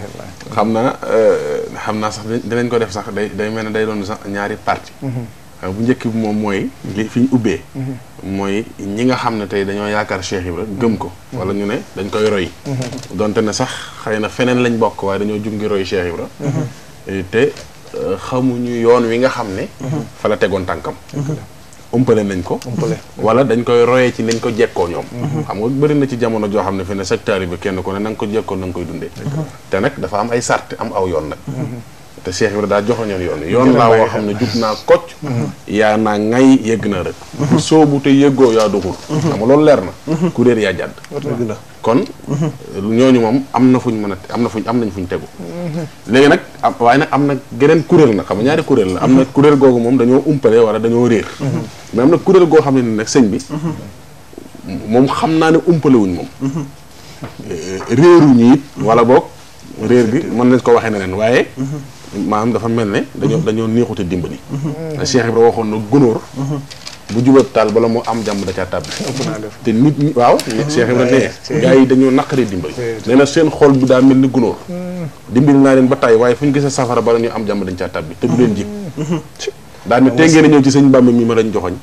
xam naa euh, xam naa sax dinañ ko def sax day day mel ne day doon sax ñaari parti mhm. euh, bu njëkk bi moom mooy fi ñu ubbee mhm. mooy ñi nga xam ne tey dañoo yaakaar Cheikh ra gëm ko mhm. wala ñu ne dañ koy roy donte ne sax xëy na feneen lañ bokk waaye dañoo jug ngi roy Cheikh Ibra euh, te xamuñu yoon wi nga xam ne fa la tegoon tànkam umpale nañ ko wala dañ koy royee ci nañ ko jekkoo ñoom xam nga bëri na ci jamono joo xam ne fi ne secteur bi kenn ko ne na nga ko jekkoo na nga koy dundee te nag dafa am ay sart am aw yoon nag te Cheikh Ibrahima daa joxoñoon yoon yoon laa woo xam ne jub naa kocc yaa naa ŋay yëgg naa rek soo soobu te yëggoo yaa duxul xam nga loolu leer na ku réer yaa jàdd kon ñooñu moom am na fuñ mën a am na fuñ am nañ fuñ tegu léegi nag am waaye nag am na geneen kuréel nag xam nga ñaari kuréel la am na kuréel googu moom dañoo umpale wala dañoo réer mais am na kuréel goo xam ne ni nag sëñ bi moom xam naa ne umpale wuñ moom
(laughs)
eh, eh, réeruñu it wala boog réer bi mën nañ ko waxee neneen (laughs) maanaam dafa mel ne. dañoo mhm. dañoo neexute dimbali. te mhm. Cheikh Ibra waxoon na gunóor. Mhm. bu jubal taal bala mu am jàmm da caa tàbbi. (laughs) te nit ñi waaw. Cheikh Ibra ne gars yi dañoo naqaree dimbali. nee na seen xool bi daa mel ni gunóor. dimbali naa leen ba tàyyi waaye fu ñu gisee safara bala ñu am jàmm dañ bi te du leen jib.
daal ne tey ngeen a ñëw
ci sëñ Bamba mi ma lañ joxoñ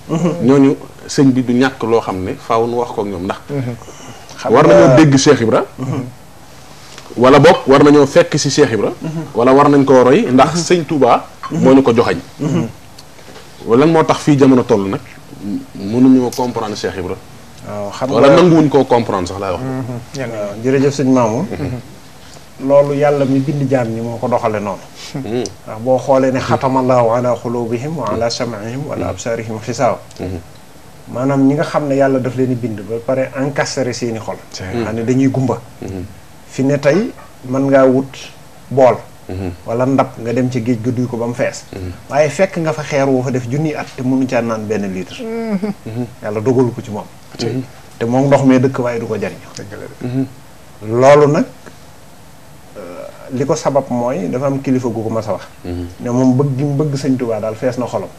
ñooñu sëñ bi du ñàkk loo xam ne faw nu wax ko ñoom ndax.
war nañoo dégg Cheikh
wala bok war nañu fekk ci cheikh ibra wala war nañ ko roy ndax seigne touba moo ñu ko joxagn wala mo tax fi jamono toll mënu ñu comprendre cheikh ibra wala xam wuñ ko comprendre sax laay wax
waaw mhm. jërëjëf sëñ maamu loolu yàlla mi bind jam ni moko ko doxale noonu mhm. ndax boo xoolee ne allah ala xulubihim wa ala sam'ihim wa ala absarihim khisaw manam mhm. ñi nga xamne yalla daf leen bind ba pare encastrer seeni xol ani dañuy gumba fi ne tay man nga wut bol mhm. wala ndap nga dem ci geej guddu ko ba fess mhm. waye fekk nga fa xéer wo fa def jooni at te munu caa nan ben litre mhm. yalla dogalu ko ci mom te mo ndox me dekk waaye du ko lolu nak liko sabab moy, dafa am kilifa gu ko mas a wax ne mom bëgg no mu bëgg sëñ Tuubaa daal fees na xolam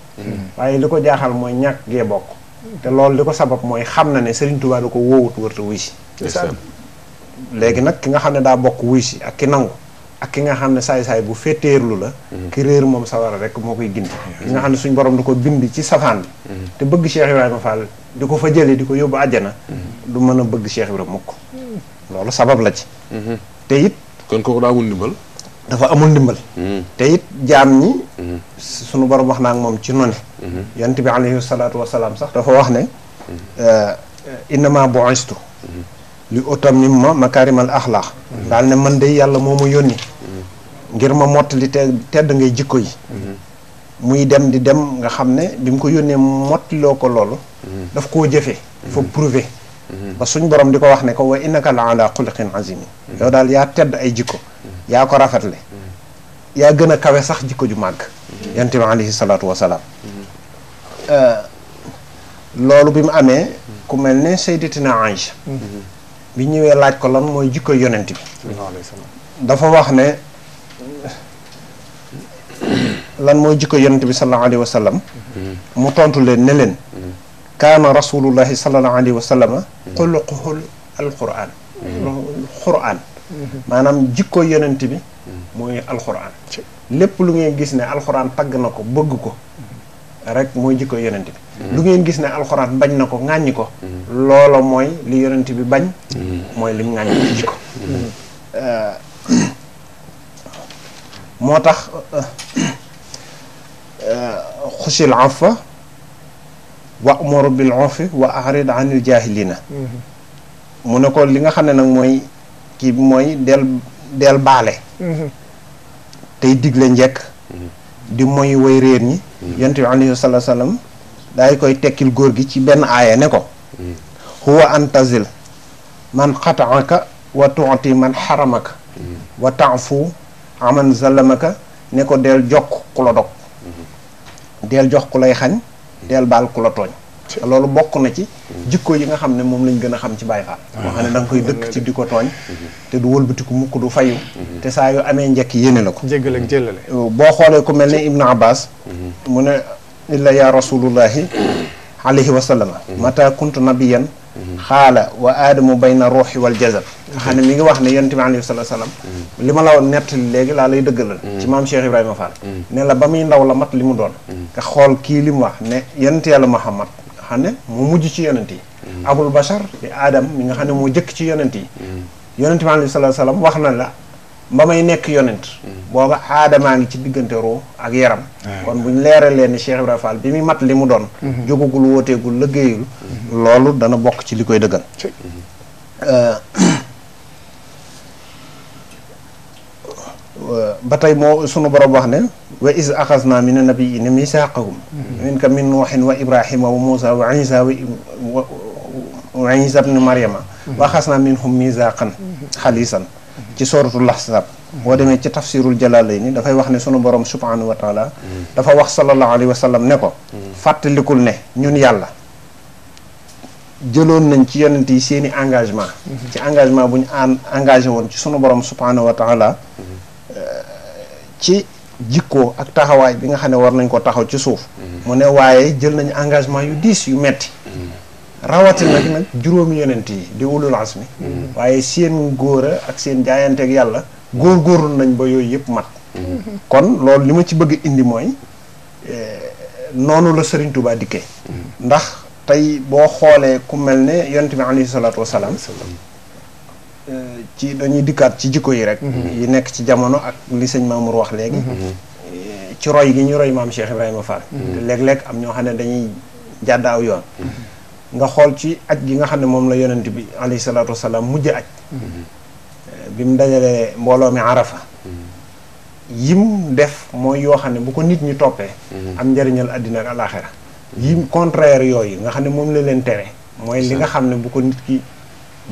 waye liko jaaxal moy ñak ge bok te lolu liko sabab moy xamna ne sëriñ Tuubaa du ko woowut wërtu wi léegi nag ki nga xam ne daa bokk wuy si ak ki nangu ak ki nga xam ne saay-saay bu féeteerlu la mm-hmm. ki réer moom sawara rek moo koy gindi mm-hmm. ki nga xam ne suñ borom da ko bind ci safaan bi mm-hmm. te bëgg Cheikh Ibrahima Fall di ko fa jële di ko yóbbu àjjana du mën a bëgg Cheikh Ibrahima mukk loolu sabab la ci te it kon kooku daa dafa amul ndimbal te it jaam ñi suñu borom wax naa ak moom ci none yonent bi alayhi salaatu wasalaam sax dafa wax ne euh, innama bu'istu li utam ni ma makaarimal axlaax daal ne man de yàlla moo ma yónni ngir ma mottali te tedd ngay jikko yi muy dem di dem nga xam ne bi mu ko yónnee mottiloo ko loolu daf koo jëfee fa prouver ba suñ borom di ko wax ne ko wa innaka la ala xuluqin azimin yow daal yaa tedd ay jikko
yaa ko rafetle
yaa gën a kawe sax jikko ju màgg yonent bi alayhi salaatu wasalaam euh, loolu bi mu amee ku mel ne sayyidatina Aïcha bi ñëwee laaj ko lan mooy jikko yonent bi dafa wax ne lan mooy jikko yonent bi sallallahu alayhi mu tontu leen ne leen kaana rasulullahi sallallahu alayhi wa sallama xuluquhul alquran quran maanaam jikko yonent bi mooy alquran lépp lu ngay gis ne alxuraan tagg na ko bëgg ko rek mooy jikko yonent bi lu ngeen gis ne alquran bañ nako ko ko lolo moy li yonent bi bañ moy lim ŋàññi ko motax euh khushil afa bil afi wa a'rid 'anil jahilina mu ne ko li nga xamne nak moy ki moy del del balé tay digle di moy way réer ñi ali sallallahu alayhi wasallam daay koy tekkil góor gi ci benn aaya ne ko huwa antazil man xataaka wa tuuti man xaramaka wa taafu aman zalamaka ne ko del jokk ku la dog del jox ku lay xañ del baal ku la tooñ loolu bokk na ci jikko yi nga xam ne moom lañ gën a xam ci Baay Faal ah. moo xam ne da koy dëkk ci di ko tooñ mhm. te du wëlbatiku mukk du fayu mhm. te saa yu amee njekk yéene la ko jéggal ak boo xoolee ku mel ne Ibnu Abbas mhm. mu ne illa ya rasulullahi alayhi wa sallama mata kuntu nabiyan xaala wa aadamu bayna ruuxi wal jasad nga xam ne mi ngi wax ne yonent bi alayhi salaatu salaam li ma la nettali léegi laa lay dëggalal ci maam Cheikh Ibrahima Fall ne la ba muy ndaw la mat li mu doon nga xool kii li mu wax ne yonent yàlla Muhammad nga xam ne mu mujj ci yonent yi abul bachar di aadam mi nga xam ne moo jëkk ci yonent yi yonent bi alayhi salaatu salaam wax na la ba may nekk yonent mm. booba aadamaa ngi ci diggante ruu ak yaram kon buñ leeralee ni Cheikh Ibrahima Fall bi muy mat li mu doon mm-hmm. jógagul wooteegul liggéeyul mm-hmm. loolu dana bokk ci li koy dëggal euh, (coughs) euh, ba tey moo sunu borom wax ne wa is axasna mina nabiyyiina miisaaqahum mm-hmm. minka min nuuhin wa ibrahima wa muusa wa isa wa isa bni maryama wa axasna minhum miisaaqan xaliisan ci sooratul ahzab boo demee ci tafsirul jalaalayni dafay wax ne suñu borom subhanahu wa dafa wax sallallahu alayhi wa sallam ne ko fàttalikul ne ñun yàlla jëloon nañ ci yonent yi seeni engagement ci engagement bu ñu an engagé woon ci suñu borom subhanahu wa taala euh, ci jikkoo ak taxawaay bi nga xam ne war nañ ko taxaw ci suuf mu ne waaye jël nañ engagement yu diis yu metti rawatina nag juróomi yonent yi di ulul asmi mm-hmm. waaye seen góor a ak seen jaayanteeg yàlla góor góorgóorlu nañ ba yooyu yëpp mat mm-hmm. kon loolu li ma ci bëgg indi mooy eh, noonu la Serigne Touba dikkee mm-hmm. ndax tey boo xoolee ku mel ne yonent bi alayhi salaatu wasalaam eh, ci dañuy dikkaat ci jikko yi rek yi nekk ci jamono ak li sëñ Mamour wax léegi eh, ci roy gi ñu roy maam Cheikh Ibrahima Fall te léeg-léeg am ñoo xam ne dañuy jàddaaw yoon nga xool ci aj gi nga xam ne moom la yonent bi alayhi salaatu wasalaam mujj aj mhm. bi mu dajalee mbooloo mi arafa mhm. yim def mooy yoo xam ne bu ko nit ñi toppee mhm. am njëriñal àddina ak alaxira yim contraire yooyu nga xam ne moom la leen tere mooy li nga xam ne bu ko nit ki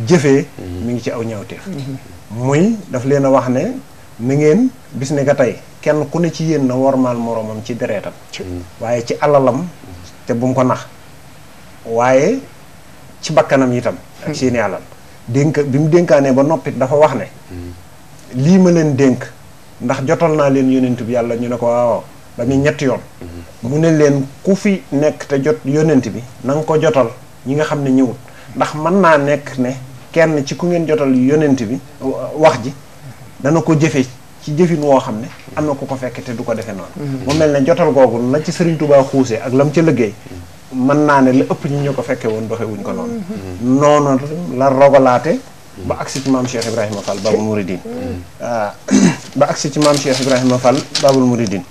jëfee mu ngi ci aw ñaawteef muy daf leen a wax ne na ngeen bis ne ka tey kenn ku ne ci yéen na wormaal moroomam ci dereetam waaye ci alalam te bu mu ko nax waaye ci bakkanam itam ak hmm. seeni alal dénk bi mu dénkaanee ba noppit dafa wax ne hmm. lii ma leen dénk ndax jotal naa leen yonent bi yàlla ñu ne ko waaw ba muy ñetti yoon hmm. mu ne leen ku fi nekk te jot yonent bi na nga ko jotal ñi nga xam ne ñëwut ndax mën naa nekk ne kenn ci ku ngeen jotal yonent bi wax ji dana ko jëfe ci jëfin woo xam ne am na ku ko fekk te du ko defe noonu mu mel ne jotal googu nag ci Sëriñ Tuubaa xuusee ak lam ca liggéey mën naa ne la ëpp ñu ñu ko fekkee woon doxee wuñ ko noonu. noonu la rogalaate. ba agsi ci maam Cheikh Ibrahima Fall Babul Mouridine. Ah, (coughs) ba agsi ci maam Cheikh Ibrahima Fall Babul Mouridine.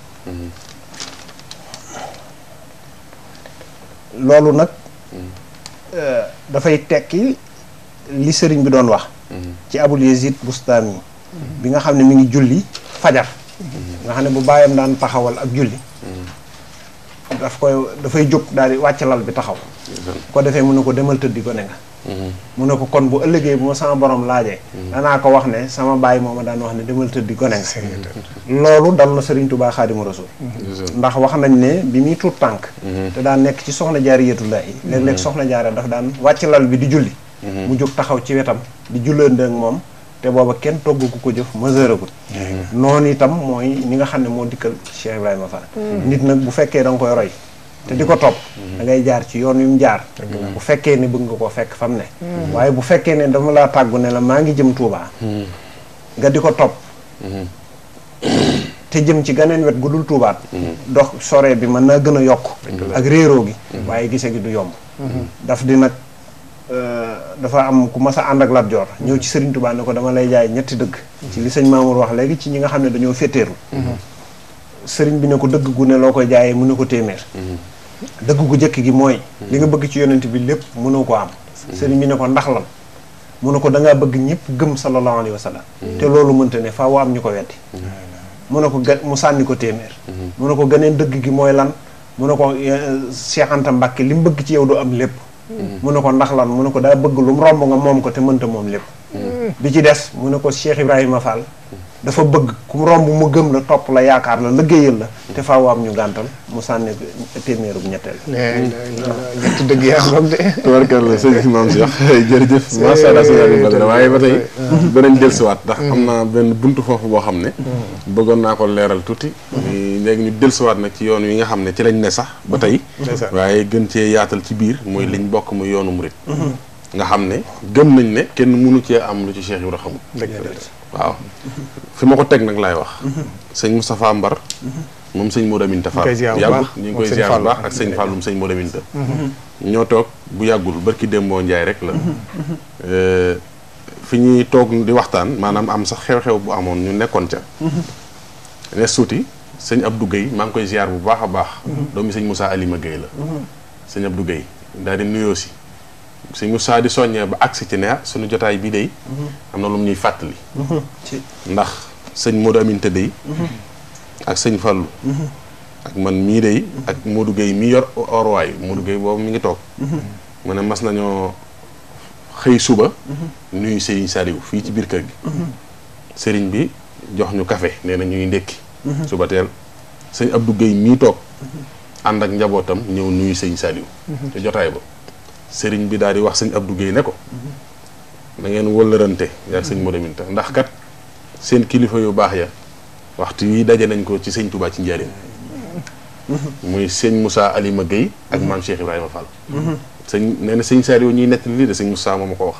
loolu nag eh, dafay tekki li sëriñ bi doon wax. ci Abul Yazid Bustami bi nga xam ne mu ngi julli fajar. nga xam ne bu bàyyam daan taxawal ak julli. daf koy dafay jóg daal di wàcc lal bi taxaw ko defee mun na ko demal tëddi ko nga
mm-hmm.
mu ne ko kon bu ëllëgee bu ma sama borom laajee mm-hmm. danaa ko wax ne sama bàyyi mooma daan wax ne demal tëddi gone nga loolu dal na Serigne Touba Xaadimu Rasuul mm-hmm. ndax wax nañ ne bi muy tuut tànk te daan nekk ci soxna jaariyatullaahi léeg-léeg soxna jaare daf daan wàcc lal bi di julli mu jóg taxaw ci wetam di jullandee ak moom te booba kenn togg ku ko jëf mesureagul mm-hmm. noonu itam mooy ni nga xam ne moo dikkal Cheikh ma fa mm-hmm. nit nag bu fekkee da koy roy te di ko topp mm-hmm. da ngay jaar ci yoon yu mu jaar bu fekkee ne bëgg nga koo fekk fam ne waaye bu fekkee ne dama laa tàggu ne la maa ngi jëm Touba nga di ko topp (coughs) te jëm ci ganeen wet gu dul tuubaat dox sore bi mën naa gën a yokk ak réeroo gi waaye gise gi du yomb daf di Eh, dafa am ku mas a ànd ak Lat Joor ñëw ci Serigne Touba ne ko dama lay jaay ñetti dëgg ci li sëñ Mamour wax léegi ci ñi nga xam dañoo féeteeru mhm. Serigne bi ne ko gu ne loo koy jaayee mu ne ko téeméer mhm. dëgg gu jëkk gi mooy mhm. li nga bëgg ci yonent bi lépp mënoo ko am Serigne bi ne ko ndax lan mu ne ko da ngaa bëgg ñëpp gëm sallallahu alayhi wa sallam te loolu mënta ne faaw am ñu ko weddi mu ne ko mu sànni ko téeméer mu ne ko ganeen gi mooy lan mu ne eh, Cheikh Anta Mbacke li bëgg ci yow do am lépp mu ne ko ndax lan mu ne ko daa bëgg lu mu romb nga moom ko te mënta moom lépp mm. bi ci des mu ne ko Cheikh Ibrahima Fall dafa bëgg ku romb mu gëm la topp la yaakaar la liggéeyal la te faaw am ñu gàntal mu sànni téeméerub ñetteel eh, eh, eh, ñett dëgg yaa xam de tubarkal jërëjëf macha waaye
ba tey danañ dellusiwaat ndax am na mm. benn buntu foofu boo xam ne mm. bëggoon naa ko leeral tuuti mm. léegi ñu dellusiwaat nag ci yoon wi nga xam ne ci lañ ne sax ba tey waaye gën cee yaatal ci biir mooy liñ bokk mu yoonu mu murit mm-hmm. nga xam ne gën nañ ne kenn mënu cee am lu ci Cheikh Ibrahima xamul waaw fi ma ko teg nag laay wax. sëñ Moustapha Mbar. moom sëñ Modou Aminta Fall yàggul ñu ngi koy ziar bu baax ak sëñ Fallum sëñ Modou Aminta ñoo toog bu yàggul bërki Dembo Ndiaye rek la. Eh, fi ñuy toog di waxtaan maanaam am sax xew-xew bu amoon ñu nekkoon ca. ne suuti sëñ Abdou Guèye maa ngi koy ziar bu baax a baax. doomi sëñ Moussa Alima Guèye la. sëñ Abdou Guèye daal di nuyoo sëñ Moussa di soññee ba agsi ci neex ah, suñu jotaay bii day mhm. am na lu mu ñuy fàttali mhm. ndax sëñ Modou Aminta day mhm. ak sëñ Fallou ak man mii day ak Modou Gueye mii yor orwaay Modou Gueye boobu mi ngi toog mu ne mas nañoo xëy suba nuyu sëñ Saliou fii ci biir kër gi sëriñ bi jox ñu café nee na ñuy ndékki suba teel sëñ Abdou Gueye mii toog ànd ak njabootam ñëw nuyu sëñ Saliou te jotaay ba sëriñ bi daal di wax sëñ Abdou Guèye ne ko na ngeen wëllërante yaag sëñ Modou Minta ndax kat seen kilifa yu baax ya waxtu yi daje nañ ko ci sëñ Touba ci njaarim muy sëñ Moussa Alima Guèye ak maam Cheikh Ibrahima Fall sëñ nee na sëñ Saliou ñuy nett lii de sëñ Moussa moom ko wax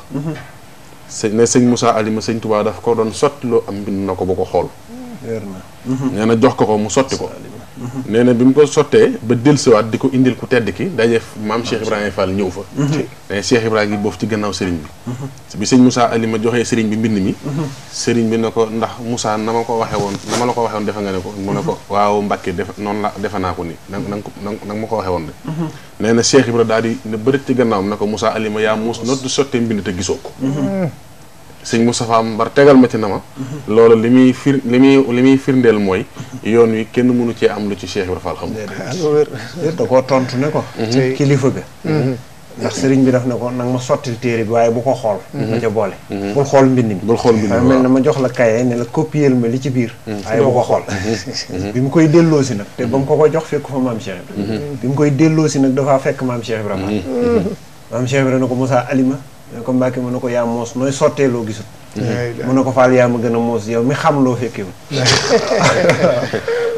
sëñ ne sëñ Moussa Alima sëñ Touba daf ko doon sotti loo am mbind na ko ba ko xool
nee
na jox ko ko mu sotti ko nee na bi mu ko sottee ba dellusiwaat di ko indil ku tedd ki daje maam Cheikh Ibrahima Fall ñëw fa. mais Cheikh Ibrahima gi boofu ci gannaaw sëriñ bi. Mhm. bi sëñ Moussa Alima joxee sëriñ bi mbind mi. Mhm. sëriñ bi ne ko ndax Moussa na ma ko waxee woon na ma la ko waxee woon defe nga ne ko. mu la defe na ko na nga ma ko waxee woon de. Mhm. nee na Cheikh Ibrahima daal di ne bëri ci gannaawam ne ko Moussa Alima yaa muus noo sottee mbind te gisoo ko. sëñ am Mbar tegal ma ci na ma loolu li muy fir li muy li muy firndeel mooy yoon wi kenn mënu cee am lu ci Cheikh Ibra Fall xam
ah, tontu ne ko mhm. kilifa ga mhm. ndax sëriñ bi daf na ko nag ma sottil téere bi waaye bu ko xool ma mhm. ca boole bul xool mbind mi bul xool mbind mi ah, mel na ma jox la kaye ne la copier ma li ci biir waaye ko xool bi mu koy delloo si nag te ba mu ko ko jox fekk fa maam Cheikh Ibra bi mu koy delloo si nag dafaa fekk maam Cheikh Ibra maam Cheikh Ibra ne ko Moussa Alima ko Mbàkke mu ko yaa moos nooy sottee loo gisut mu na ko faal yaa ma gën a moos yow mi xam loo fekkewul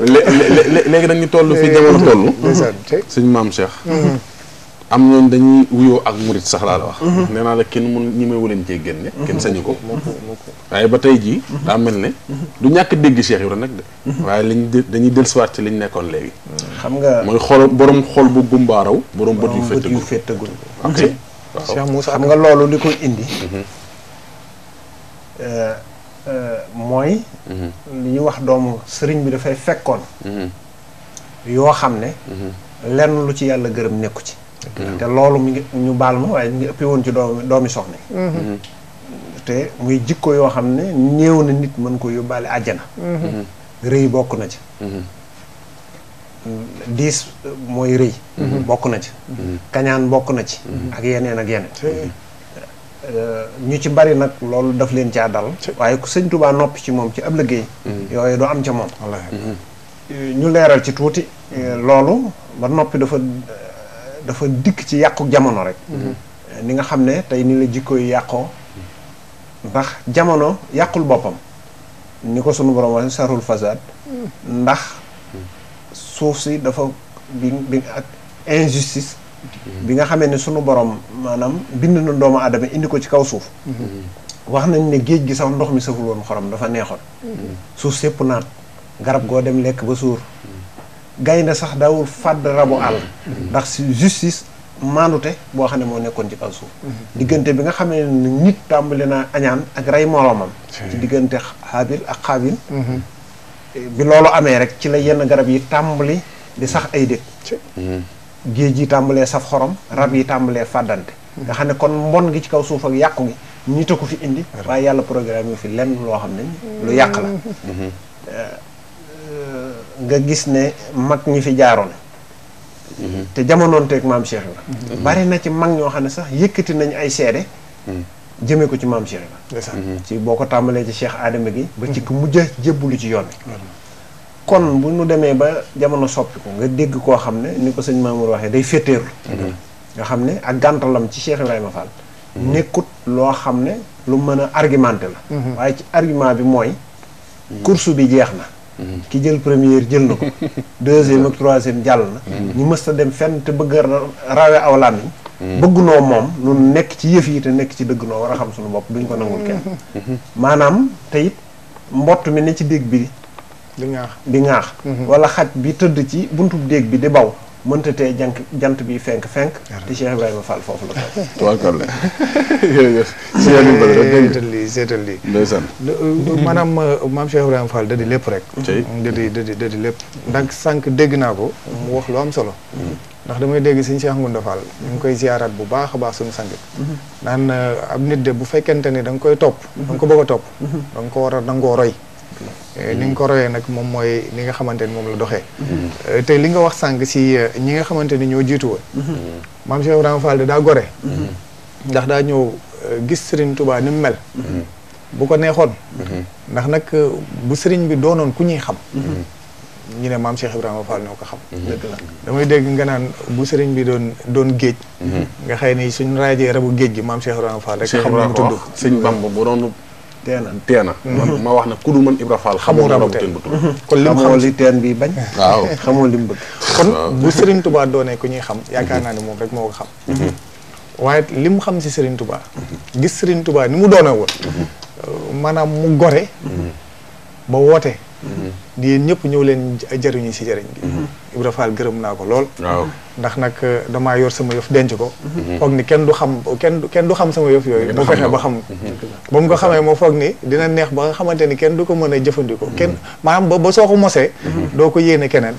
(laughs) léegi dañu toll fi jamono toll (laughs) suñ maam seex mhm.
am ñooñ dañuy wuyoo ak murit sax laa la wax mhm. nee naa la kenn mun ñi may waleen cee génne mhm. kenn sañu ko waaye ba tey jii daa mel ne du ñàkk dégg seex Cheikh Ibra nag de waaye liñ dañuy dellusiwaat ci liñ nekkoon léegi xam nga mooy xol borom xol bu gumbaaraw borom bët yu
fettagul ok Cheikh Moussa xam nga loolu li koy indi. Mhm. Euh, euh, mooy. Mhm. li ñuy wax doomu sëriñ bi dafay fekkoon. Mhm. yoo xam ne. lenn lu ci yàlla gërëm nekku ci. te loolu mi ngi ñu baal ma waaye mi ngi ëppi woon ci doomi doomi soxna. te muy jikko yoo xam ne ñëw na nit mën ko yóbbaale àjjana. rëy bokk na ci. diis mooy rëy. Mhm. bokk na ci. Mhm. kañaan bokk na ci. Mhm. ak yeneen ak yeneen. Euh, ñu ci bari nag loolu daf leen caa dal. waaye ku sëñ Tuubaa noppi ci moom ci ab liggéey. yooyu du am ca moom. Euh, ñu leeral ci tuuti. Euh, loolu ba noppi dafa dafa dikk ci yàqu jamono rek. ni nga xam ne tey ni la jikko yi yàqoo. ndax jamono yàqul boppam. ni ko sunu borom sarul fasad. ndax. suuf si dafa bi ak injustice bi nga xamee ne sunu borom maanaam bind na doomu aadama indi ko ci kaw suuf wax nañ ne géej gi sax ndox mi saful woon xorom dafa neexoon suuf sépp naat garab goo dem lekk ba suur gaynde sax daawul fàdd rabu àll ndax justice maandute boo xam ne moo nekkoon ci kaw suuf diggante bi nga xam nit tàmbali naa añaan ak rey moroomam ci diggante xaabil ak xaabil bi loolu amee rek ci la yenn garab yi tàmbali di sax ay dëkk hmm. géej yi tàmbalee saf xorom rab yi tàmbalee fàddante hmm. nga xam ne kon mbon ngi ci kaw suuf ak yàqu gi ñu a ko fi indi waaye yàlla programme yu fi lenn loo xam ne lu hmm. yàq la euh, nga gis ne mag ñi fi jaaroon te jamonoonteeg maam Cheikh Ibra bari na ci mag ñoo xam ne sax yëkkati nañu ay seede jëmee ko ci maam Cheikh Ibrahima ci boo ko tàmbalee ci Cheikh Adama gi ba ci mm-hmm. ku mujj jébbalu ci yoon mm-hmm. kon bu ñu demee ba jamono soppiku nga dégg koo xam ne ni ko sëñ Mamour waxee day féeteerlu mm-hmm. nga xam ne ak gàntalam ci Cheikh Ibrahima Fall nekkut loo xam ne lu mën a argumenté la waaye ci argument bi mooy course bi jeex na ki jël première jël na ko (laughs) deuxième ak troisième jàll na mm. ñu mës a dem fenn te bëgg a rawe aw làmmiñ mm. bëgg noo moom nun nekk ci yëf yi te nekk ci dëgg noo war a xam suñu bopp duñ ko nangul kenn mm-hmm. maanaam te mbott mi ne ci déeg bi di ŋaax di ŋaax mm-hmm. wala xaj bi tëdd ci buntub déeg bi di baw mënta te jank jant bi fenk fenk. te Cheikh Ibrahima Fall foofu la ko.
waaw
kon la jërëjëf. seetal lii seetal lii. ndeysaan. Euh, euh, maanaam euh, maam Cheikh Ibrahima Fall da lépp rek. Mm, da di lépp. ndax sànq dégg naa ko. mu wax lu am solo. Mm. ndax damay dégg sëñ Cheikh Ngounda Fall. ñu ngi koy ziaraat bu baax a baax suñu sànq. Mm-hmm. naan am nit de bu fekkente ni da nga koy topp. da ko bëgg a topp. Mm-hmm. da nga ko war a da roy. Euh, ni nga ko royee nag moom mooy li nga xamante ni moom la doxee. Euh, te li nga wax sànq si euh, ñi nga xamante ni ñoo jiitu woon. maam Cheikh Ibrahima Fall daa gore. ndax daa ñëw gis sëriñ tubaa ni mu mel. bu ko neexoon. ndax nag bu Serigne bi doonoon ku ñuy xam. ñu ne maam Cheikh Ibrahima Fall ñoo ko xam. damay dégg nga naan bu sëriñ bi doon doon géej. nga xëy suñ suñu raajee rabu géej gi maam Cheikh Ibrahima Fall rek. xam na mu tudd Sëriñ Bamba bu doon teena teena ma wax na ku du mën Ibra Fall xamoo rabu teen kon lim xamoo li teen bi bañ waaw (laughs) xamoo lim bëgg kon bu Serigne Touba doonee ku ñuy xam yaakaar naa ne moom rek moo ko xam mm-hmm.
Mm-hmm.
waaye li mu xam si sëriñ Touba gis sëriñ tubaa ni mu doone woon
mm-hmm.
maanaam mu gore ba woote di yéen ñëpp ñëw leen jariñu si jariñ bi Ibra Fall gërëm naa ko lool ndax nag euh, damaa yor sama yëf denc ko mhm. Mhm. foog ni kenn du xam kenn kenn du xam sama yëf yooyu mu fexe ba xam moom mu ko xamee moo foog ni neex ba nga xamante ni kenn du ko mën a jëfandikoo mhm. kenn maanaam ba ba soo ko mosee doo ko yéene keneen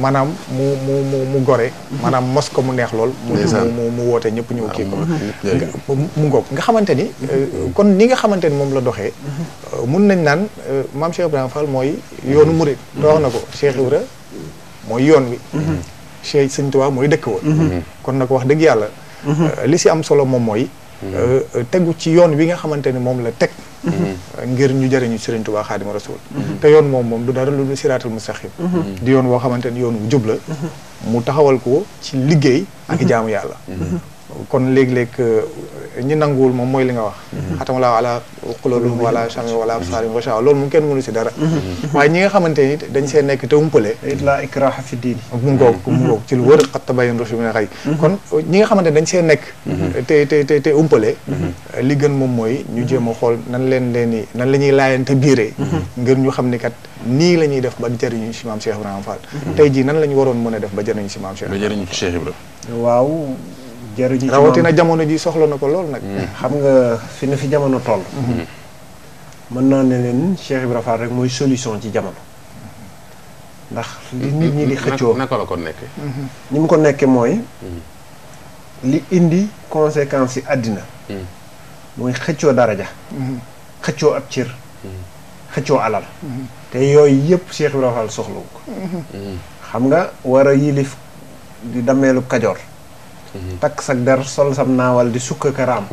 maanaam mu mu mu mu gore maanaam mos ko mu neex lool mu mu woote ñëpp ñëw kii ko ah, mu ngoog nga xamante ni euh, kon ni nga xamante ni moom la doxee euh, mun nañ naan maam Cheikh Ibrahima Fall mooy yoonu mu te wax ko Cheikh Ibra mooy yoon wi mhm. Cheikh Sëñ Tuubaa mooy dëkk woon mhm. Mhm. kon nag wax dëgg yàlla euh, li si am solo moom mooy euh, euh, tegu ci yoon wi nga xamante ne moom la teg ngir ñu jëriñu Sëriñ Tuubaa Xaadimu Rasuul te yoon moom moom du dara lu dul siraatal mustaqim di yoon woo xamante ne yoon wu jub la mu taxawal ko ci liggéey ak jaamu yàlla kon léeg-léeg euh, ñi nanguwul moom mooy li nga wax xatam mhm. laa ala xulóolum wala chami wala absaarim mhm. wacha loolu moom kenn mënu si dara mhm. waaye ñi nga xamante ni dañ see nekk te umpale la ikraha fi diin mu ngoog mu ci lu wër xat tabayin rushd min kon ñi nga xamante ni dañ see nekk te te te te umpale li gën moom mooy ñu jéem a xool nan leen leen i nan la ñuy laayante biiree ngir ñu xam ni kat nii la ñuy def ba jëriñu si maam Cheikh Ibrahima Fall tey jii nan la ñu waroon mën a def ba jëriñu si maam Cheikh ba jëriñu Cheikh
jëriñu rawatina jamono ji soxla nako lol nak hmm. xam nga fi na fi jamono toll. Hmm. mën na ne len Cheikh ibrahima rek moy solution ci jamono. ndax li nit ñi di hmm. xëccio nako la ko nekkee. ni mu ko nekkee moy li indi conséquences adina moy xëccio dara ja xëccio ab ciir xëccio alal. te yoy yëpp Cheikh ibrahima Fall soxlawu ko. xam nga wara yilif di damelu kadior Mhm. takk sag der sol sam naawal di sukk karaam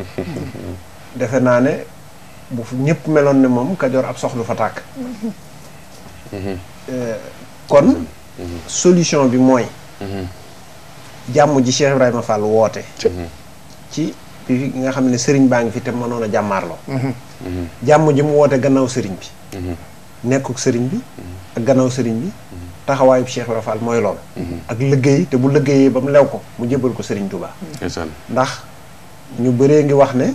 (laughs) defe naa ne bu ñëpp meloon ne moom kajoor ab soxlu fa tàkk mhm. eh, kon mhm. solution bi mooy jàmm ji Cheikh Ibrahima Fall woote ci bi nga xam ne sëriñ baa ngi fi te mënoon a jàmmaarloo jàmm ji mu woote gannaaw sëriñ bi nekkuk sëriñ bi ak gannaaw sëriñ bi taxawaayu Cheikh Ibra Fall mooy lool. Mhm. ak liggéey te bu liggéeyee ba mu lew ko mu jébbal ko Serigne Touba. ndax ñu bëree ngi wax ne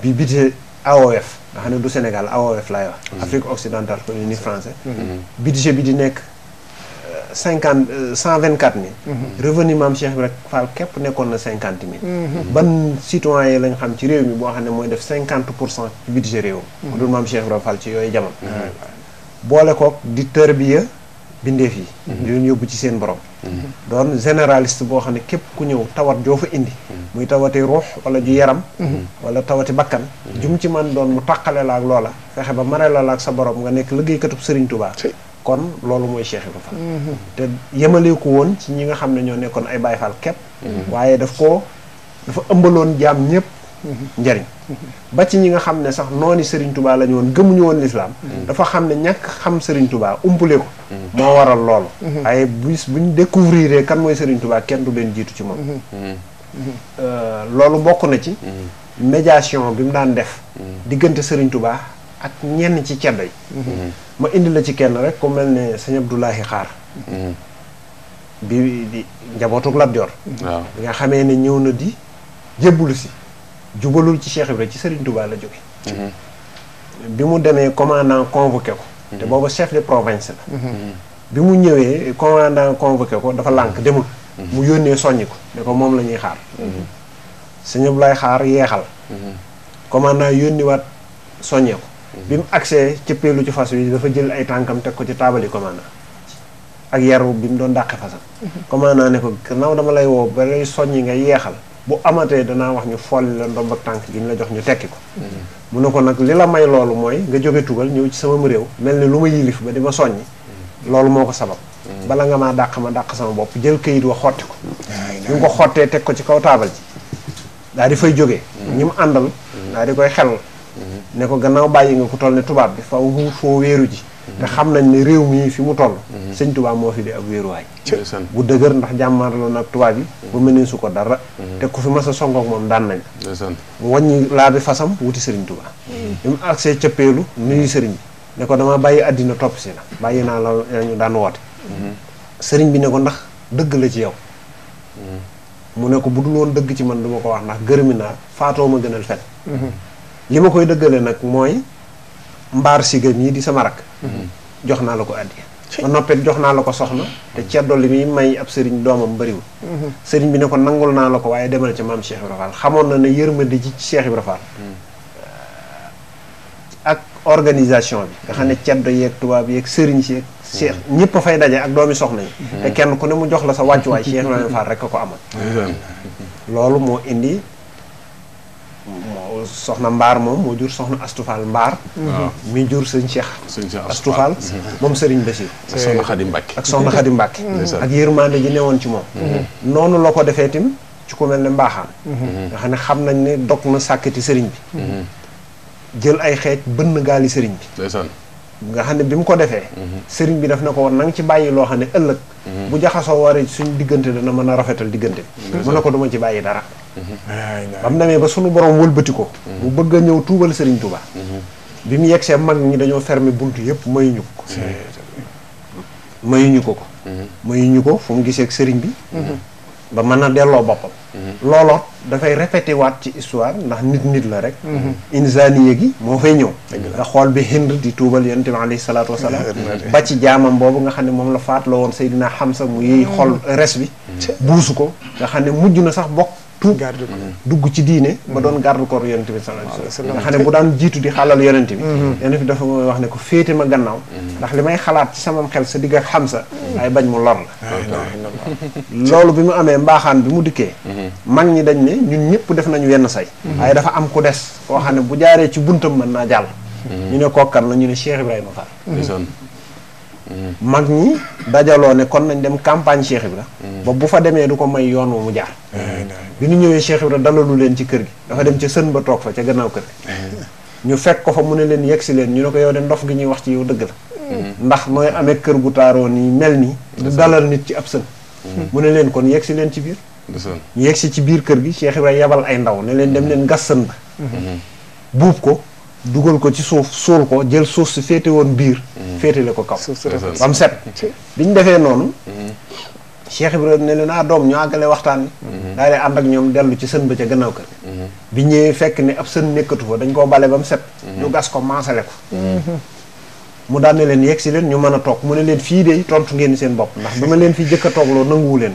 bi budget AOF nga xam ne du Sénégal AOF laay wax. Mhm. Afrique occidentale colonie français. Mhm. budget bi di nekk euh, cinquante euh, cent vingt quatre mille. revenu maam Cheikh Ibra Fall képp nekkoon na cinquante mille. ban citoyen lañ xam ci réew mi boo xam ne mooy def cinquante pour cent ci budget réew. ku dul maam Cheikh Ibra Fall ci yooyu jamono. bindeef yi mhm. leen yóbbu ci seen borom mhm. doon généralist boo xam ne képp ku ñëw tawat joo fa indi mhm. muy tawati ruux wala ju yaram wala tawati bakkan jum ci man doon mu taqale laa ak loola fexe ba mare la ak sa borom nga nekk liggéeykatub Sëriñ Tubaa kon loolu mooy Cheikh Ibra Fall te yemale ko woon ci ñi nga xam ne ñoo nekkoon ay Baay Faal képp waaye daf ko dafa ëmbaloon jaam ñëpp njariñ ba ci ñi nga xam ne sax nooni sëriñ tubaa la ñu woon gëmuñu woon lislaam mm. dafa xam ne ñàkk xam sëriñ tubaa umpule ko mm. moo waral loolu waaye mm-hmm. bis buñ découvrir kan mooy Serigne tubaa kenn du leen jiitu ci moom mm-hmm. mm. euh, loolu bokk na ci médiation bi mu daan def diggante sëriñ Touba ak ñenn ci ceddo yi mm-hmm. ma indi la ci kenn rek ku mel ne sëñ Abdoulahi Xaar bi njabootuk Lat Joor bi nga xamee ne ñëw na di jébbalu si jubalul ci bi rek ci Serigne Touba la jóge mhm. bi mu demee commandant convoqué ko mhm. te booba chef de province la mhm. bi mu ñëwee commandant convoqué ko dafa lànk demul mu yónnee soññi ko ne ko moom la ñuy xaar sëñ Ablaye xaar yeexal commandant yónniwaat soññee ko bi mu agsee ci lu ci fas wi dafa jël ay tànkam teg ko ci taabali commandant ak yaru bi mu doon dàqe fasam commandant ne ko gannaaw dama lay woo ba lay soññi nga yeexal bu amatee danaa wax ñu folli la ndomb ak tànk gi ñu la jox ñu tekki ko mm-hmm. mu ne ko nag li la may loolu mooy nga jóge tugal ñëw ci sama réew mel ni lu ma yilif ba di ma soññi mm-hmm. loolu moo ko sabab mm-hmm. bala nga maa dàq ma dàq sama bopp jël kayit wa xotti ko ñu ko xottee teg ko ci kaw taabal ji daal di fay jóge ñi mu àndal daal di koy xelal ne ko gannaaw bàyyi nga ko toll ne tubaab bi faw foo wéeru ji te xam nañ ne réew mii fi mu toll mhm. sëñ Tuubaa moo fi di ab wéeruwaay bu dëgër ndax jàmmaarloo nag tubaab yi mhm. ba mënee su ko dara mhm. te ku fi ma sa songoog moom daan nañ mu wàññi laa bi fasam wuti sëriñ Tuubaa bi mu agsee cëppeelu nuyu sëriñ bi ne ko dama bàyyi àddina topp si la bàyyi naa la ñu daan woote sëriñ bi ne ko ndax dëgg la ci yow mu ne ko bu dul woon dëgg ci man duma ko wax ndax gërëmi naa faatoo ma gënal fen li ma koy dëggale nag mooy mbaar siga mii di sama rakk mhm. jox naa la ko addiya ba noppit jox naa la ko soxna te ceddo li muy may ab sëriñ doomam bëriwul mhm. sëriñ bi ne ko nangul naa la ko waaye demal ci maam Cheikh Ibra Fall xamoon na ne yërmande ji ci Cheikh Ibra Fall
mhm. euh,
ak organisation bi nga xam ne ceddo yeeg tubaab yeek sëriñ si yeeg Cheikh ñëpp a fay daje ak doomi soxna yi te kenn ku ne mu jox la sa wàccuwaay Cheikh Ibra (laughs) Fall rek a ko amal loolu moo indi soxna mbaar moom moo jur soxna astufaal mbaar mi jur sëñ Cheikh astufaal mhm. moom sëriñ Bachir ak soxna Xadi Mbàkke ak soxna Xadi Mbàkke mhm. ak yërmande ji woon ci moom mhm. noonu la ko defee tim ci ku mel ne mbaaxaan nga xam nañ ne dog na sàkkati sëriñ bi jël ay xeej bënn gaali sëriñ bi nga xam ne bi mu ko defee mhm. sëriñ bi daf na ko war na nga ci bàyyi loo xam ne ëllëg
mhm.
bu
jaxasoo waree suñ diggante dana mën a rafetal diggante bi mhm. mu ne ko duma ci bàyyi dara ba mu demee ba suñu borom wëlbati mu bëgg a ñëw tuubal sëriñ Tuuba bi mu yegsee mag ñi dañoo fermer buntu yëpp mayuñu ko mayuñu ko ko ko fu mu gisee ak sëriñ bi ba mën a delloo boppam looloo dafay répété waat ci histoire ndax nit nit la rek mhm. insaniye gi moo fay ñëw nga xool bi Hind di tuubal yonent bi alayhi salaatu wasalaam ba ci jaamam boobu nga xam ne moom la faatloo woon xam Hamza mu yiy mhm. xol res bi mhm. buusu ko nga xam ne mujj na sax bokk tuub mm-hmm. dugg ci diine ba doon mm-hmm. garde corps yonente bi sallallahu alayhi wasallam mm-hmm. xam ne bu daan jiitu di xalal yonente bi yonente bi dafa mooy wax ne ko féete ma gannaaw ndax li may xalaat ci samam xel sa digg ak xam sa ay bañ mu lor la (laughs) loolu bi mu amee mbaaxaan bi mu dikkee mag ñi dañ ne ñun ñëpp def nañu wenn say waaye dafa am ku des koo xam ne bu jaaree ci buntam mën naa jàll ñu ne kokkan la ñu ne Cheikh a Fall mag ñi dajaloo ne kon nañ dem campagne Cheikh Ibra mm. ba bu fa demee du ko may yoon wu mu jaar bi ñu ñëwee Cheikh Ibra dalalu leen ci kër gi dafa dem ca sën ba toog fa ca gannaaw kër
mm.
ñu fekk ko fa mu ne leen yegg si leen ñu ne ko yow de ndof ñuy wax ci yow dëgg la mm. ndax nooy amee kër gu taaroo nii mel nii dalal nit ci ab sën mu ne leen kon yegg si leen ci biir ñu yegg si ci biir kër gi Cheikh Ibra yebal ay ndaw ne leen dem leen gas sën ba mm-hmm. buub ko dugal ko ci suuf suul ko jël suuf si féete woon biir. Mm. féete la ko kaw. ba mu set. bi ñu defee noonu. Mm-hmm. Cheikh Ibrahima ne leen naa ah, doom ñu àggale waxtaan.
Mm-hmm. daal
di ànd ak ñoom dellu ci sën ba ca gannaaw kër. Mm-hmm. bi ñëwee fekk ni ab sën nekkatu fa dañ koo bale ba mu set. ñu gas ko maasale ko. mu daan ne leen yegg si leen ñu mën a toog mu ne leen fii de tontu ngeen seen bopp ndax dama leen fi jëkk a toogloo nanguwu leen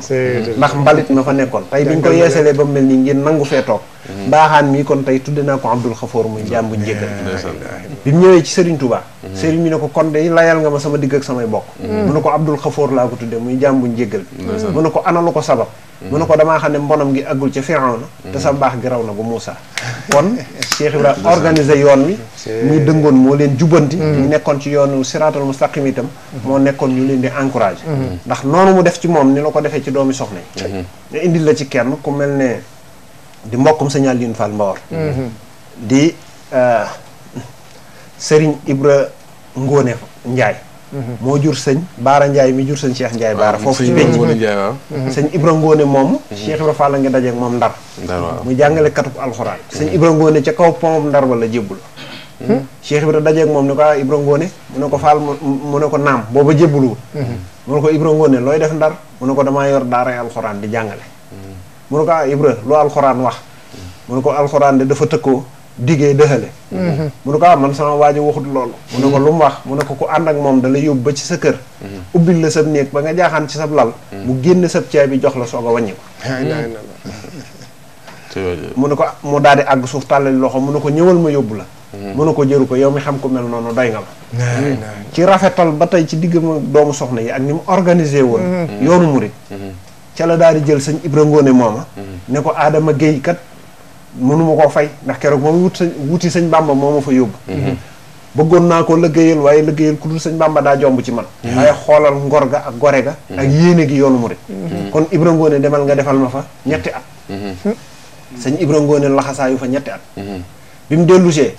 ndax mbalit ma fa nekkoon tey bi ñu ko yeesalee ba mu mel nii ngeen nangu fee toog
mm-hmm. mbaaxaan
mii kon tey tudd naa ko Abdul Xafoor muy jaam buñ jéggal bi mu ñëwee ci Serigne Touba mm-hmm. Serigne bi ne ko kon de layal nga ma sama digg ak samay bokk mm-hmm. mu ne ko Abdul Xafoor laa ko tudde muy jaam buñ jéggal mu ne ko ana lu ko sabab mun ne ko damaa xam ne mbonam gi agul ci Firawna te sa baax gi raw na bu Moussa kon Cheikh Ibra (laughs) organisé yoon wi muy dëngoon moo leen jubbanti mm. ñu nekkoon ci yoonu siraatal mustaqim itam mm. moo nekkoon ñu leen di encouragé mm. ndax noonu mu def ci moom ni la ko defee ci doomi soxna yi nga mm-hmm. indil la ci kenn ku mel ne di mbokkum sañal liin Fall Mbawar mm-hmm. di euh, Serigne Ibra Ngóone Njaay moo jur sëñ Baara Ndiaye mi jur sëñ Cheikh Ndiaye Baara foofu ci benn sëñ Ibra Ngoone moom mhm. Cheikh Ibra Fall la nga dajeek moom ndar mu jàngale katub alxuraan mhm. sëñ Ibra Ngoone ca kaw pomam ndar wala jébbul mhm. Cheikh Ibra dajeek moom ne ko ah Ibra Ngoone mu ne mu ne ko naam booba jébbuluwul ko Ibra looy def ndar mu ne ko damaa yor daaray alxuraan di jàngale mu ne ko ah Ibra lu alxuraan wax mu ne ko alxuraan de dafa tëkkoo diggee dëxale mm-hmm. mu ne ko ah man sama waajo waxut loolu mu ne ko lu mu wax mu ne ko ku ànd ak moom dala yóbbu ba ci sa kër mm-hmm. ubbil la sab néeg ba nga jaaxaan ci sab lal mm-hmm. mu génn sab ceeb bi jox la soog a wàññi ko (laughs) mu ne ko ah, mu daal di àgg suuf tàllali loxo mu ne ko ñëwal ma yóbbu la mu ne ko jëru ko yow mi xam ko mel noonu doy nga ma mm. ci rafetal ba tey ci digg ma doomu soxna yi ak ni mu organisé woon yoonu murit ca la daal di jël sëñ Ibra Ngoone mooma n ko Adama Gueye mënuma koo fay ndax keroog moom wut sañ wuti sëñ bàmba moo ma fa yóbbu mhm. bëggoon naa ko liggéeyal waaye liggéeyal ku dul sëñ bàmba daa jomb ci man mhm. waaye xoolal ngor ga ak gore ga mhm. ak yéene gi yoonu murit kon Ibra Ngoone demal nga defal ma fa ñetti at sëñ Ibra Ngoone laxasaayu fa ñetti at bi mu dellusee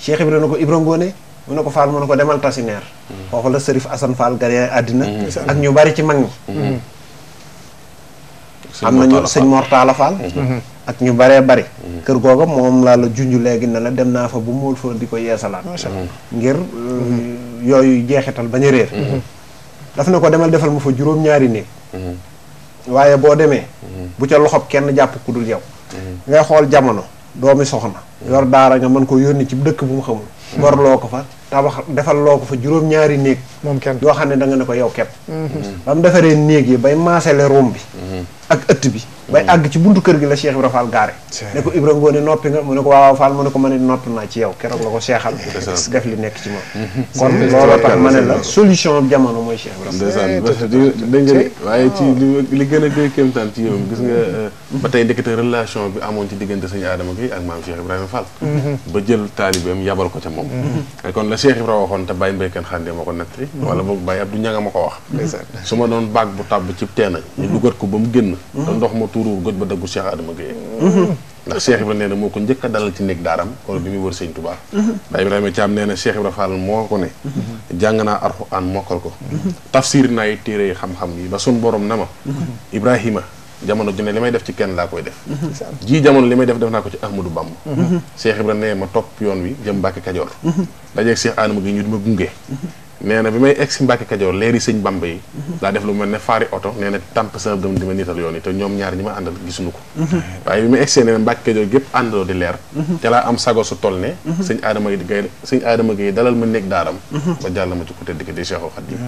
Cheikh Ibra na ko Ibra Ngoone mu ne ko Fall mu ne ko demal tasineer foofu la Sërif Asan Fall gane àddina ak ñu bari ci mag ñi am nañu sëñ Mortala Fall ak ñu baree bari. Mm-hmm. kër googa moom laa la junj léegi na la dem naa fa bu mu fa di ko yeesalaat. Mm-hmm. ngir euh, mm-hmm. yooyu jeexital bañ a réer. daf ne ko demal defal mu fa juróom-ñaari néeg. waaye boo demee. bu ca loxob kenn jàpp ku dul yow. ngay xool jamono doomi soxna. yor daara nga mën koo yónni ci dëkk bu mu xamul. warloo ko fa tabax defal loo ko fa juróom-ñaari néeg. moom kenn yoo xam ne da nga ne ko yow kepp mhm. ba mu defaree néeg yi bay maasale room bi. Mhm. ak ëtt bi. Mhm. bay àgg ci buntu kër gi la Cheikh Ibra Fall gaare. ne ko nga mu ne ko waaw Fall ko ma ne noppi naa ci yow keroog la ko seexal. (laughs) def li nekk ci moom. kon loolu tax ma ne la solution bi jamono mooy Cheikh Ibra Fall.
dégg nga waaye ci oh. li li gën a doy kéemtaan ci yow gis nga. Euh, ba tey ndekete relation bi amoon ci diggante sëñ Adama Gueye ak maam Cheikh Ibrahima Fall. ba jël taalibeem yabal ko ca moom. Cheikh Ibrahima waxon te Baye Mbaye Kane Xande mako ko wala bok Baye Abdou Ñanga mako wax suma don bag bu tàbb ci teena ñu dugat ko bam genn génn da ndox ma touru geut ba daggu Cheikh Adama geey ndax Cheikh Ibrahima neena moko moo ko dalal ci nek daram ko bi mi wër seigne Touba Baye Ibrahima cham neena Cheikh Ibrahima Fall moko ne jangana naa Alxuraan mokkal ko tafsir naa yi téere xam-xam yi ba sun borom nama Ibrahima jamono ju ne li may def ci kenn laa koy def mhm. ji jamono li may def def naa ko ci Ahmadou Bamba mhm. Cheikh Ibra ne ma topp yoon wi jëm Mbàkke Kajoor mhm. dajeeg Cheikh Anam gi ñu di ma gunge neena bi may ex mbacke mbàkke leri seigne sëñ da def lu melne ne faari oto nee na tàmp sa dëm di ma niital te ñom ñaar ñima andal gisunuko waye bi may ex see mbacke na gep kajoor di leer te mhm. la am sago su tolne mhm. seigne adama gi gay seigne adama gi dalal ma nek daram mhm. ba jall ma ci côté dëkk di cheikhou Khadim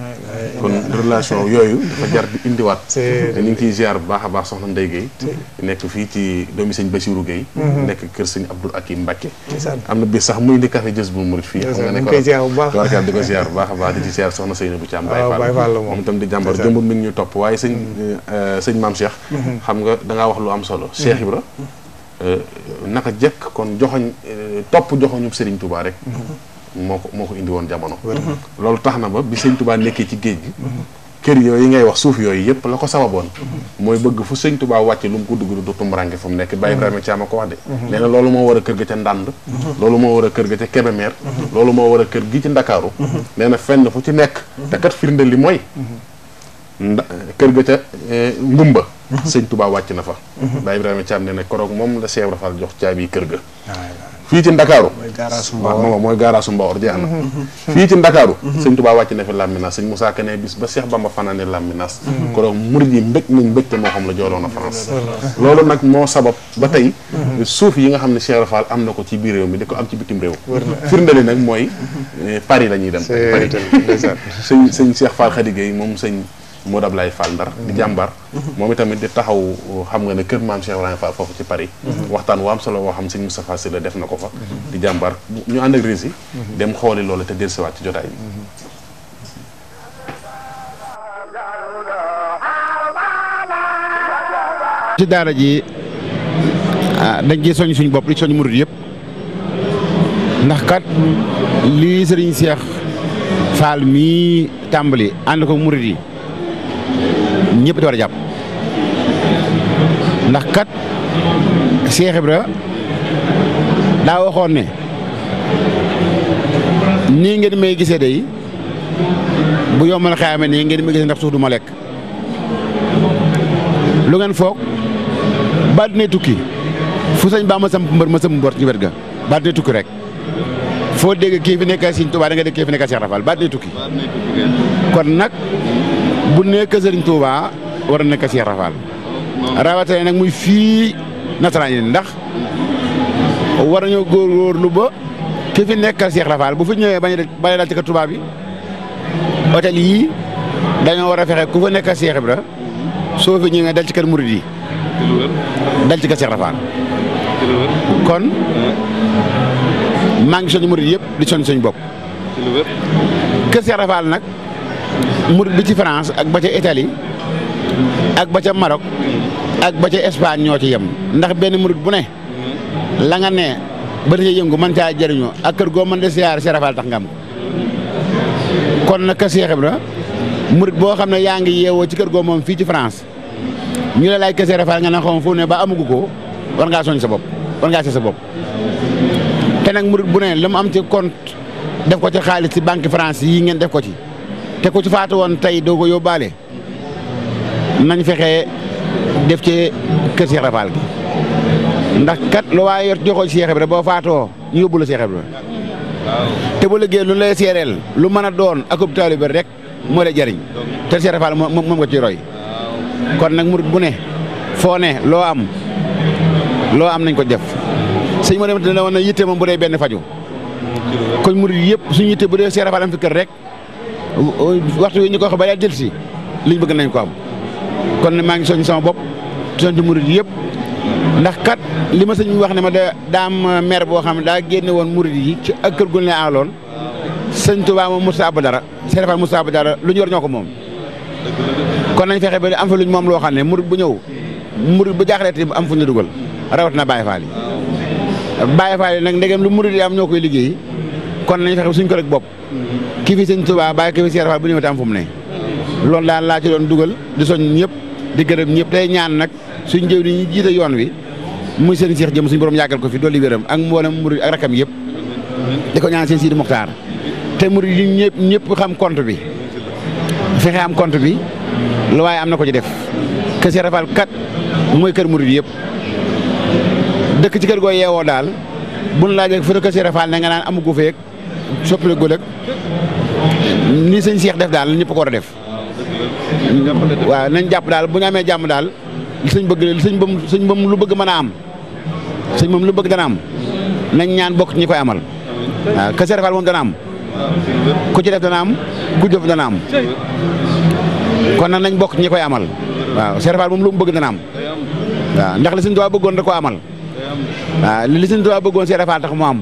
kon relation yoyu dafa jar di indi wat ni ngi ciy ziar bu baax baax soxna ndey Gueye nek fi ci domi seigne Bassirou Gueye nek keur seigne abdou Akim Mbacke am bi sax muy di café jeus bu mourid fi nga nek ko ziar bu baax waa di ci seer soxna Seynabou Thiam Baye ah, Fall moom itam di jàmbar jëmbur mi ñu topp waaye sëñ mm-hmm. euh, sëñ maam seex mm-hmm. xam nga da wax lu am solo mm-hmm. Cheikh Ibra euh, naka jekk kon joxoñ euh, topp joxoñub sëriñ tubaa rek moo ko moo ko indi woon jamono loolu tax na ba bi Serigne Touba nekkee ci géej gi kër yooyu ngay wax suuf yooyu yëpp la ko sababoon mooy bëgg fu sëñ Tuubaa wàcc lu mu ko dugg du tumbaranke fu mu nekk Baye Ibrahima Thiam a ko wax de mhm. nee loolu moo war a kër ga ca Ndànd mhm. loolu moo war a kër ga ca Kébémer mhm. loolu moo a kër gi ci Ndakaaru nee fenn fu ci nekk te kat firnde li mooy kër ga ca eh, Ngumba sëñ Tuubaa wàcc na fa Baye Ibrahima Thiam nee na koroog moom la Cheikh Ibra Fall jox caabi kër ga
fii ci ndakaaru waaw mooy gaaraasu
Mbawor jeex na mm-hmm. Mm-hmm. fii ci ndakaaru mm-hmm. sëñ Tuubaa wàcc na fi Laminas sëñ Moussa Kane bis ba Cheikh Bamba fanaane Laminas koro murid yi mbég nañ mbégte moo xam la jooloon a France loolu nag moo sabab ba tey suuf yi nga xam ne Cheikh Rafal am na ko ci biir réew mi di ko am ci bitim réew firndali nag mooy eh, Paris la ñuy dem Paris (laughs) sëñ sëñ Cheikh Fall Khady Gueye moom sëñ moo Modou lay Fall Ndar di jàmbar mhm. moom itamit di taxaw xam nga ne kër maam Cheikh Ibrahima Fall foofu ci Paris mhm. waxtaan waam solo woo xam sëñ Moustapha Sylla def na ko fa mhm. di jàmbar ñu ànd ak rési dem xooli loolu te dellusiwaat ci jotaay bi
ci daara ji ah, dañ ci soñ suñ bopp di soñ murid yëpp ndax kat lii sëriñ Seex Faal mii tàmbali ànd ko murid yi ñëpp di wara japp ndax kat Cheikh Ibra da waxoon ne nii ngeen may gisee day bu yombal xayma ni ngeen may gisee ndax suuf du lu ngeen foog ba tukki fu señ ba ma sam mbeur ma sam mbor ci ga tukki rek fo deg ki fi nekk Sëñ touba da nga deg ki fi nekk Cheikh Rafal ba tukki kon nak bu nekk Serigne Touba war a nekk Cheikh Rafal rawatina nag muy fii nasaraan yi ndax war nañoo lu ba ki fi nekkal Cheikh Rafal bu fi ñëwee bañ a dal ci ka tubaab yi hôtel yii dañoo war a fexe ku fa nekkal Cheikh Ibra soo fi ñëwee dal ci kër murid yi dal ci kër Cheikh Rafal kon maa ngi soññ murid yëpp di soñ suñ bopp kër Cheikh Rafal nag. murit bi ci France ak ba ca Italie ak ba ca Maroc ak ba ca Espagne ñoo ci yam ndax benn murit bu ne la nga ne ba ca yëngu man caa jëriñoo ak kër goo mën de siyaar si rafal tax nga am kon nag ka Seex ra murit boo xam ne yaa ngi yeewoo ci kër goo moom fii ci France ñu la laaj kese rafal nga ne xaw fu ne ba amagu ko war ngaa soñ sa bopp war ngaa seet sa bopp te nag murit bu ne la mu am ci compte def ko ci xaalis ci banque France yii ngeen def ko te ku ci faatu woon tey doo ko yóbbaale nañ fexe def ci kër Cheikh gi ndax kat lu waaye yor joxoo ci Cheikh Ibra boo faatoo ñu yóbbu la te bu liggéey lu lay seereel lu mën a doon akub taalibe rek moo lay jariñ te Cheikh Ibra moom nga ci roy kon nag murit bu ne foo ne loo am loo am nañ ko def sëñ ma dem dina woon na yitte moom bu dee benn faju kon murit yëpp suñu yitte bu dee Cheikh Ibra Fall fi kër rek waxtu wi ñu ko wax ba yàlla jël si liñ bëgg nañ ko am kon ne maa ngi soññ sama bopp soññ ci murid yëpp ndax kat li ma sëñ bi wax ne ma da daam maire boo xam ne daa génne woon murid yi ci ak kër gu ne aaloon sëñ Tuubaa moom Moussa Abou Dara Serigne Fall Moussa Abou Dara lu ñu yor ñoo ko moom kon nañ fexe ba am fa luñ moom loo xam ne murid bu ñëw murid bu jaaxleeti am fu ñu dugal rawat na Baye Fall yi Baye Fall yi nag ndegem lu murid yi am ñoo koy liggéey kon nañu fexe suñ ko rek bopp ki fi sëñ Tuubaa bàyyi ki fi Seex Faal bu ñëwee tam fu mu ne loolu daal laa ci doon dugal di soñ ñëpp di gërëm ñëpp tey ñaan nag suñ jëw ni ñu jiite yoon wi muy seen Seex jëm suñ borom yàggal ko fi dolli wéram ak mboolem murid ak rakam yëpp di ko ñaan seen Sidi Muxtaar te murid yi ñëpp ñëpp xam compte bi fexe am compte bi lu waaye am na ko ci def kër Seex Faal kat mooy kër murid yëpp dëkk ci kër goo yeewoo daal buñ laajee fa kër Seex Faal nga naan amu gu feek soppali rek ak ni sëñ Cheikh def daal ñëpp a def. waaw nañ jàpp daal bu ñu amee jàmm daal li sëñ bëgg li sëñ bam lu bëgg mën a am sëñ moom lu bëgg dana am nañ ñaan bokk ñi koy amal waaw Kazu Rajab moom am ku ci def dana am am kon nag nañ bokk ñi koy amal waaw Kazu Rajab moom lu mu bëgg dana am waaw ndax li sëñ Tuubaa bëggoon da ko amal waaw li sëñ Tuubaa bëggoon Kazu tax mu am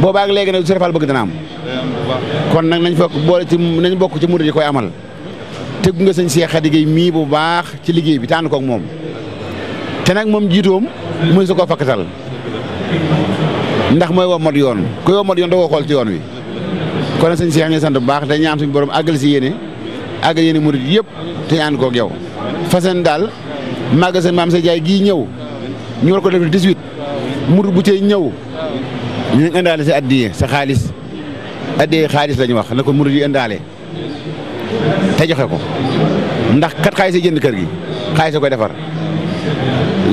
boobaag léegi nag Serigne Fall bëgg dana am kon nag nañ fokk boole ci nañ bokk ci murid yi koy amal tëgg nga sëñ Cheikh Khady Gueye mii bu baax ci liggéey bi tànn kook moom te nag moom jiitoom muy su ko fakkatal ndax mooy womat yoon ku womat yoon da koo xool ci yoon wi kon nag sëñ Cheikh ngi sant bu baax dañ ñaan suñu borom àggal si yéene àggal yéene murid yëpp te ñu ànd koog yow fasen daal màgg seen maam sa jaay gii ñëw ñu war ko def le 18 murid bu cey ñëw ñu indaale sa addiye sa xaalis addiye xaalis la ñu wax na ko murid yi indaale te joxe ko ndax kat xaalis yi jënd kër gi xaalis a koy defar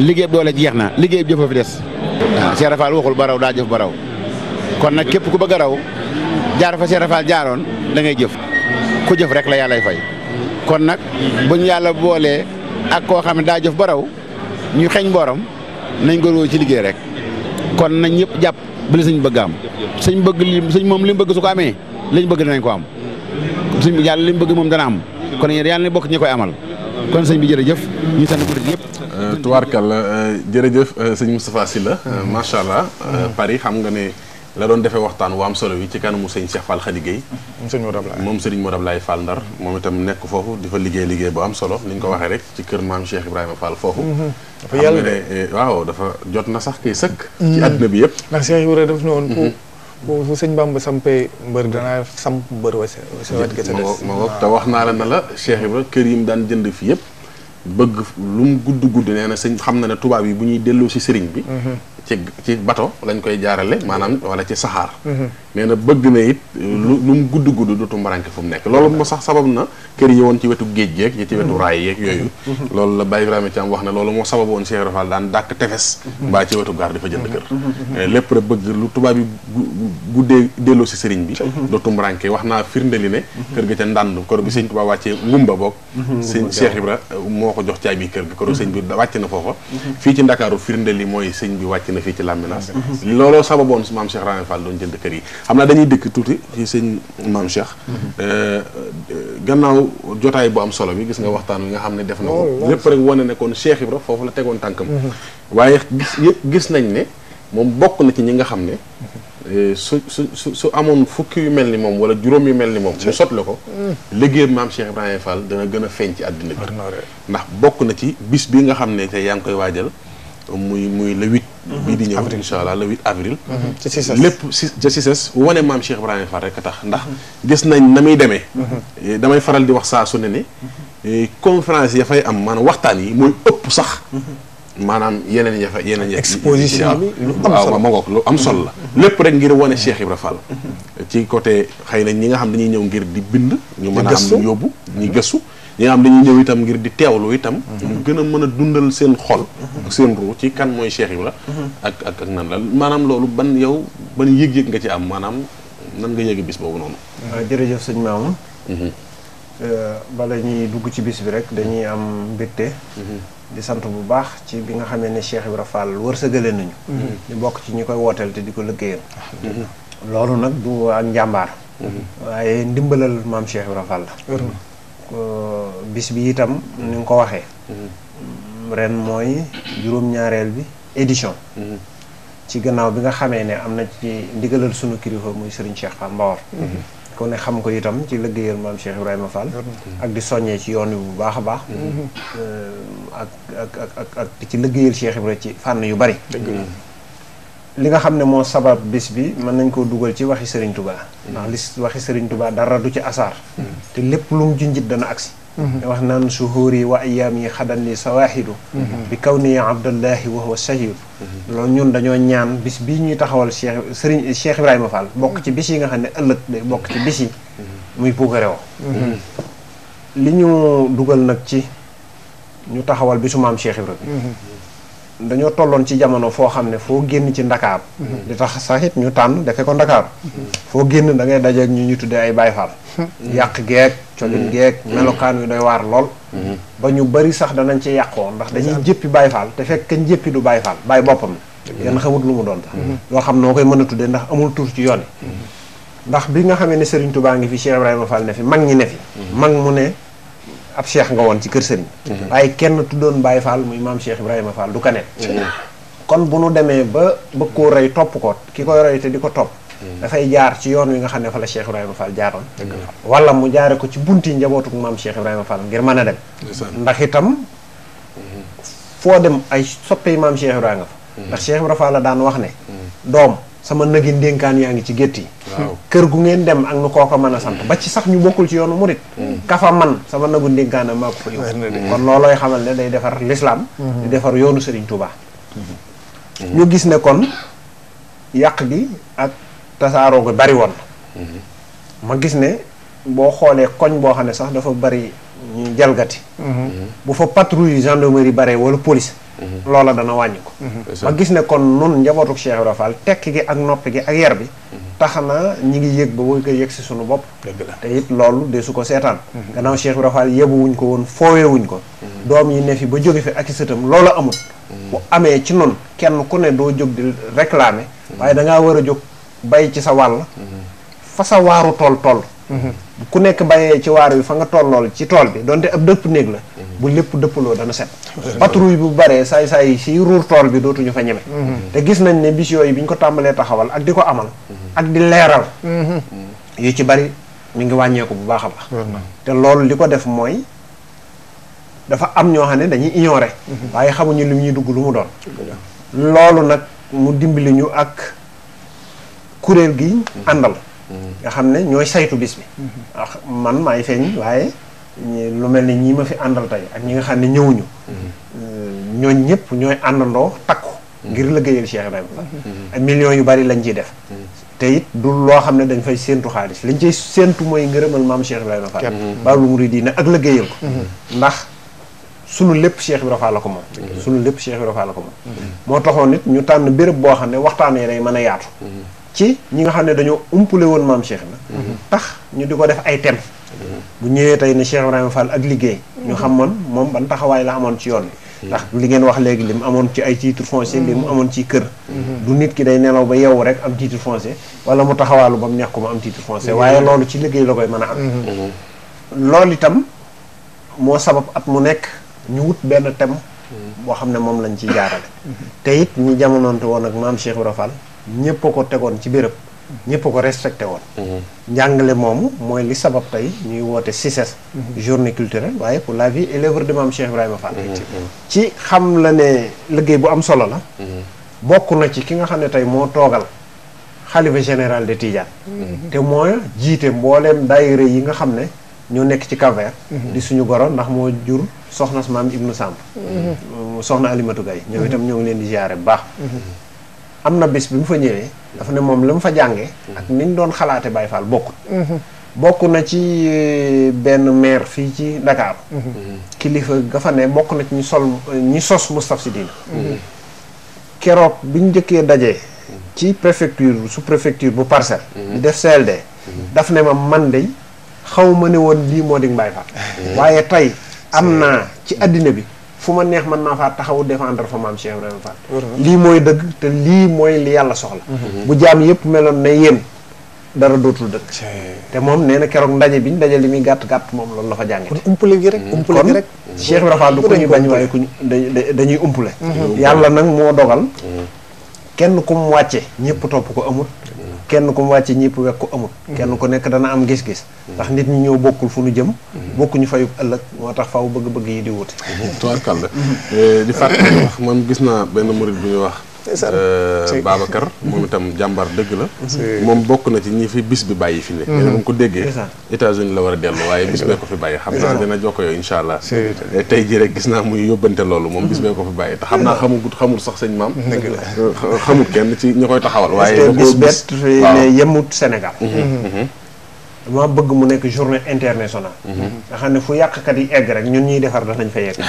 liggéey doole jeex na liggéey bi jëf fi des. waaw ah, Cheikh Rafal waxul baraw daa jëf baraw kon nag képp ku bëgg a raw jaar fa Cheikh jaaroon dangay jëf ku jëf rek la yàllay fay kon nag buñ yàlla boolee ak koo xam ne daa jëf baraw ñu xeñ borom nañ góorgóorlu ci liggéey rek. kon nañ ñëpp jàpp bu li sëñ bëgg am sëñ bëgg lii sëñ moom li bëgg su ko amee lañ bëgg danañ ko am sëñ yàlla li mu bëgg moom dana am kon yàlla na bokk ñu koy amal kon sëñ bi jërëjëf ñu sant murid yëpp euh, tubaarkal euh, jërëjëf
euh, sëñ Moustapha Sylla macha allah Paris xam nga ne la doon defee waxtaan wu am solo yi ci kanamu sëñ Cheikh Fall Khady Gueye moom sëriñ Modou Ablaye Fall Ndar moom itam nekk foofu di fa liggéey liggéey bu am solo ni ko waxee rek ci kër maam Cheikh Ibrahima Fall foofu mhm. dafa yàlla ne eh, waaw dafa jot na sax kay sëkk ci mhm. àdduna bi yëpp
ndax Cheikh Ibrahima def na woon bu mhm. sëñ Bamba sampee mbër danaa samp mbër wa sa wet ga sa des ma te
wax naa la na la Cheikh Ibrahima kër yi mu daan jënd fii yëpp bëgg lu mu gudd gudd nee na sëñ xam na ne tubaab yi bu ñuy delloo si sëriñ bi. Mhm. ci bato lañ koy jaarale maanaam mhm. wala ci saxaar. Mhm. nee na bëgg na it euh, lu lu mu gudd gudd du tumbaranke fu mu nekk loolu moo sax sabab na kër yi woon ci wetu géej yeeg ci wetu raay yeeg yooyu. loolu la Baye Ibrahima wax ne loolu moo sabab woon Cheikh Rafal daan dàkk tefes. wetu gaar dafa jënd kër. Eh, lépp lu tubaab yi guddee delloo si sëriñ bi. du tumbaranke wax naa firndeli ne. kër ga ca ndànd kër bi sëñ tubaab wàccee ngumba boog. sëñ Cheikh Ibra eh, moo ko jox caabi kër gi. kon sëñ bi wàcc na foofa. fii ci Ndakaaru firnde li mooy sëñ bi wàcc na fii ci Lambinaas. looloo sababoon maam Cheikh Rahane Fall doon jënd kër yi xam naa dañuy dëkk tuuti ci sëñ maam Cheikh. Eh, gannaaw jotaay bu am solo bi gis nga waxtaan wi nga xam ne def na ko. Oh, lépp rek wane ne kon Cheikh Ibra foofu la tegoon tànkam. Mm-hmm. waaye gis nañ ne moom bokk na ci ñi nga xam ne. Eh, su su su su amoon fukki yu mel ni moom wala juróom yu mel ni moom. mu sot la ko. liggéey maam Cheikh Ibrahima Fall dana gën a feeñ ci àddina bi. ndax bokk na ci bis bi nga xam ne tey yaa ngi koy waajal. muy muy le huit. Mhm. bii di ñëw incha allah le huit avril. ca mhm. Cissesse lépp si ca Cissesse wane maam Cheikh Ibrahima Fall rek a tax ndax mhm. gis nañ na muy demee. Eh, damay faral di wax saa su ne ni eh, conférence ya fay am maanaam waxtaan yi mooy ëpp sax. manam yeneen ya fa yeneen ya exposition ya bi lu am solo waaw ma lu am solo la lépp rek ngir woné Cheikh ibrahim Fall ci côté xeyna ñi nga xam dañuy ñew ngir di bind ñu mëna a am yobbu ñi gessu ñi nga xam dañuy ñew itam ngir di tewlu itam ñu gëna mëna dundal seen xol ak seen ru ci kan moy Cheikh Ibra ak ak ak nan la manam lolu ban yow ban yeg yeg nga ci am manam
nan nga yeg bis boobu noonu euh, jërëjëf sëñ mhm. euh balay ñi dugg ci bis bi rek dañuy am mbégte mhm. di sant bu baax ci bi nga xamee ne Cheikh Ibra Fall wërsëgale nañu. Mm-hmm. ñu bokk ci ñu koy wooteel te di ko liggéeyal. loolu nag du ak njàmbaar. Mm-hmm. waaye ndimbalal maam Cheikh Ibra Fall la. bis bi itam ni nga ko waxee. Mm-hmm. ren mooy juróom-ñaareel bi édition. ci gannaaw bi nga xamee ne am na ci ndigalal sunu kilifa muy Serigne Cheikh Fall Mbawar. kon ne xam ko itam ci liggéeyal maam Cheikh Ibrahima Fall. ak di soññee ci yoon wi bu baax a baax. Mm-hmm. ak ak ak ak ci liggéeyal Cheikh Ibrahima ci fànn yu bari. li nga xam ne moo sabab bis bi mën nañ koo dugal ci waxi sëriñ tubaa mm-hmm. ndax li waxi sëriñ tubaa dara du ci asaar. Mm-hmm. te lépp lu mu junjit dana agsi. wax naan suhuuri wa ayaam yi xadan li sawaaxidu mhm. bi kaw nii abdallahi wa huwa sahidu mhm. loolu ñun dañoo ñaan bis bii ñuy taxawal Cheikh Serigne Cheikh Ibrahima Fall mhm. bokk ci bis yi nga xam ne ëllëg day bokk ci bis yi muy puukare li ñu dugal nag ci ñu taxawal bisu maam Cheikh Ibrahima dañoo tolloon ci jamono foo xam ne foo génn ci ndakaar mhm. li tax sax ñu tànn defe ko ndakaar mhm. foo génn da ngay dajeeg ñu ñu tuddee ay Baay Faal mhm. yàq geeg colin geeg melokaan yu doy waar lool ba ñu bari sax danañ ci yàqoon ndax dañuy jëppi Baay Faal te fekk kañ jëppi du Baay Faal Baay boppam kenn xamut lu mu doon sax yoo xam noo koy mën a tuddee ndax amul tur ci yoon yi ndax bi nga xamee ne Serigne baa ngi fi Cheikh Ibrahima Fall ne fi mag ñi ne fi mag mu ne ab cheikh nga woon ci kër sëriñ mhm. waaye kenn tuddoon Baye Fall muy maam Cheikh Ibrahima Fall du ka ne mhm. kon bu nu demee ba bëgg koo rey topp ko ki koy roy te di ko topp mhm. dafay jaar ci yoon wi nga xam ne fa la Cheikh Ibrahima Fall jaaroon wala mu jaare ko ci bunt bunti njabootuk maam seex Ibrahima Fall ngir mën a dem ndax itam foo dem ay soppe maam Cheikh Ibrahima nga fa ndax la daan wax ne doom sama nëgi ndénkaan yaa ngi ci gétt yi gu ngeen dem ak nu kooka mën a ba ci sax ñu bokkul ci yoonu murit mm. kafa man sama nagu ndénkaana maa ko fa yóbbu kon loolooy xamal ne day defar l'islam mm-hmm. di defar yoonu Serigne Touba
mm-hmm.
ñu gis ne kon yàq gi ak tasaaroo gi bari won
mm-hmm.
ma gis ne bo xoolee koñ boo xam sax dafa bari ñuy jalgati. bu fa patrouille gendarmerie bare wala police. Mhm. loola dana wàññi ko. Mhm. ma gis ne kon nun njabootu Cheikh Ibra Fall tekki gi ak noppi gi ak yar bi. Mhm. tax na ñi ngi yëg ba booy koy yëg si sunu bopp. dëgg te it loolu de su ko seetaan. gannaaw Cheikh Ibra Fall yebuwuñ ko woon wuñ ko. doom yi ne fi ba jóge fi ak sëtam loola amut. bu amee ci noonu kenn ku ne doo jóg di réclamer. waaye da ngaa war a jóg bay ci sa wàll. fa sa waaru tool toll. ku nekk bayee ci waar wi fa nga tollool ci tool bi donte ab dëpp néeg la mhm. bu lépp dëppaloo dana set patrouille bu baree saay saay si ruur tool bi dootuñu fa ñeme mhm. te gis nañ ne bis yooyu bi ñu ko tàmbalee taxawal ak di ko amal mhm. ak di leeral yi ci bari mu ngi wàññeeku bu baax a baax te loolu li ko def mooy dafa am ñoo xam ne dañuy ignorer waaye xamuñu lim ñuy dugg lu mu doon loolu nag mu dimbali ñu ak kuréel gi àndal nga xam ne ñooy saytu bis bi. ndax mm-hmm. ah, man maay feeñ waaye lu mel ni ñi ma fi àndal tey ak ñi nga xam ne ñëwuñu. Mm-hmm. Euh, ñooñ ñëpp ñooy àndandoo takku. Mm-hmm. ngir liggéeyal Cheikh Ibrahima Fall. millions yu bari lañ ciy def. te it du loo xam ne dañ fay séentu xaalis liñ ciy séentu mooy ngërëmal maam Cheikh Ibrahima Fall. baalu murid yi ak liggéeyal ko. ndax sunu lépp Cheikh Ibrahima Fall la ko moom. sunu lépp Cheikh Ibrahima Fall la ko moom. moo taxoon nit ñu tànn béréb boo xam ne waxtaan yi day mën a yaatu. ci ñi nga xam ne dañoo umpule woon maam Cheikh Ibra mhm. tax ñu di ko def ay thèmes mhm. bu ñëwee tey ne Cheikh Ibrahima Fall ak liggéey ñu mhm. xamoon moom ban taxawaay la amoon ci yoon bi ndax li ngeen wax léegi li mu amoon ci ay titre foncé li mu amoon ci kër du nit ki day nelaw ba yeewu rek am titre foncé wala mu taxawaalu ba mu neex am titre foncier waaye loolu ci liggéey la koy mën a am loolu itam moo sabab at mu nekk ñu wut benn thème boo xam ne moom lañ ci jaarale te it ñi woon ak maam Cheikh Ibrahima ñëpp ko tegoon ci béréb ñëpp ko respecté woon mhm. njàngale moomu mooy li sabab tey ñuy woote CICES mhm. journée culturelle waaye pour la vie et l'œuvre de Maam Cheikh Ibrahima Fall mhm. ci xam la ne liggéey bu am solo la bokk na ci ki nga xam ne tey moo toogal xalifa général de Tidiane te moo jiite mbooleem daayira yi nga xam ne ñoo nekk ci cap di suñu goro ndax moo jur soxna maam Ibnu Samb soxna Alimatou Gaye ñoo itam ñoo ngi leen di ziyaare bu baax amna bis bi mu fa ñëwé dafa né mom lam fa jàngé ak niñ doon xalaaté Baye Fall bokku mm-hmm. na ci euh, ben maire fi ci Dakar mm-hmm. kilifa ga fa né bokku na ci ñu sol ñi sos Moustapha Sidine Dine mm-hmm. keroog bi ñu njëkkee dajee ci préfecture sous préfecture bu parcel, di def CLD daf né ma man de xawma né won li lii di Baye Fall waaye tay amna ci adina bi fu ma neex man naa faa taxaw défendre fa maam Cheikh Ibrahima Fall lii mooy dëgg te lii mooy yàlla soxla mhm. bu jaam yëpp meloon na yéen dara dootul dëkk te moom nee na keroog ndaje bi daje li muy gàtt gàtt moom loolu la fa jàngee kon umpale gi rek mhm. umpale gi rek Cheikh Ibrahima Fall du ko ñu bañ waaye kuñ dañuy umpale mhm. yàlla nag moo dogal kenn ku mu wàcce ñëpp topp ko amul kenn ku mu wàcc ñëpp wekk ko amul. Mm-hmm. kenn ku nekk dana am gis-gis. Mm-hmm. ndax nit ñi ñëw bokkul fu nu jëm. Mm-hmm. bokkuñu fayub ëllëg moo tax faw bëgg-bëgg yi di wute.
tubaarkàlla eh, di fàttali wax man gis naa benn murid bu ñu wax. Euh, Babacar moom itam jàmbaar dëgg la moom bokk na ci ñi fi bis bi bàyyi fi ne mhm. ene mu ko déggee États-Unis la war a dellu waaye bis bee ko fi bàyyi xam naa dina jokko yow incha eh, tey jii rek gis naa muy yóbbante loolu moom bis bee ko fi bàyyi te xam naa xamul sax sëñ maam xamul kenn ci ñi koy taxawal waaye bis bett ne yemut Sénégal mhm,
mhm. dama bëgg mu nekk journée internationale nga xam ne fu yàq kat yi egg rek ñun ñuy defar nañ fa yegg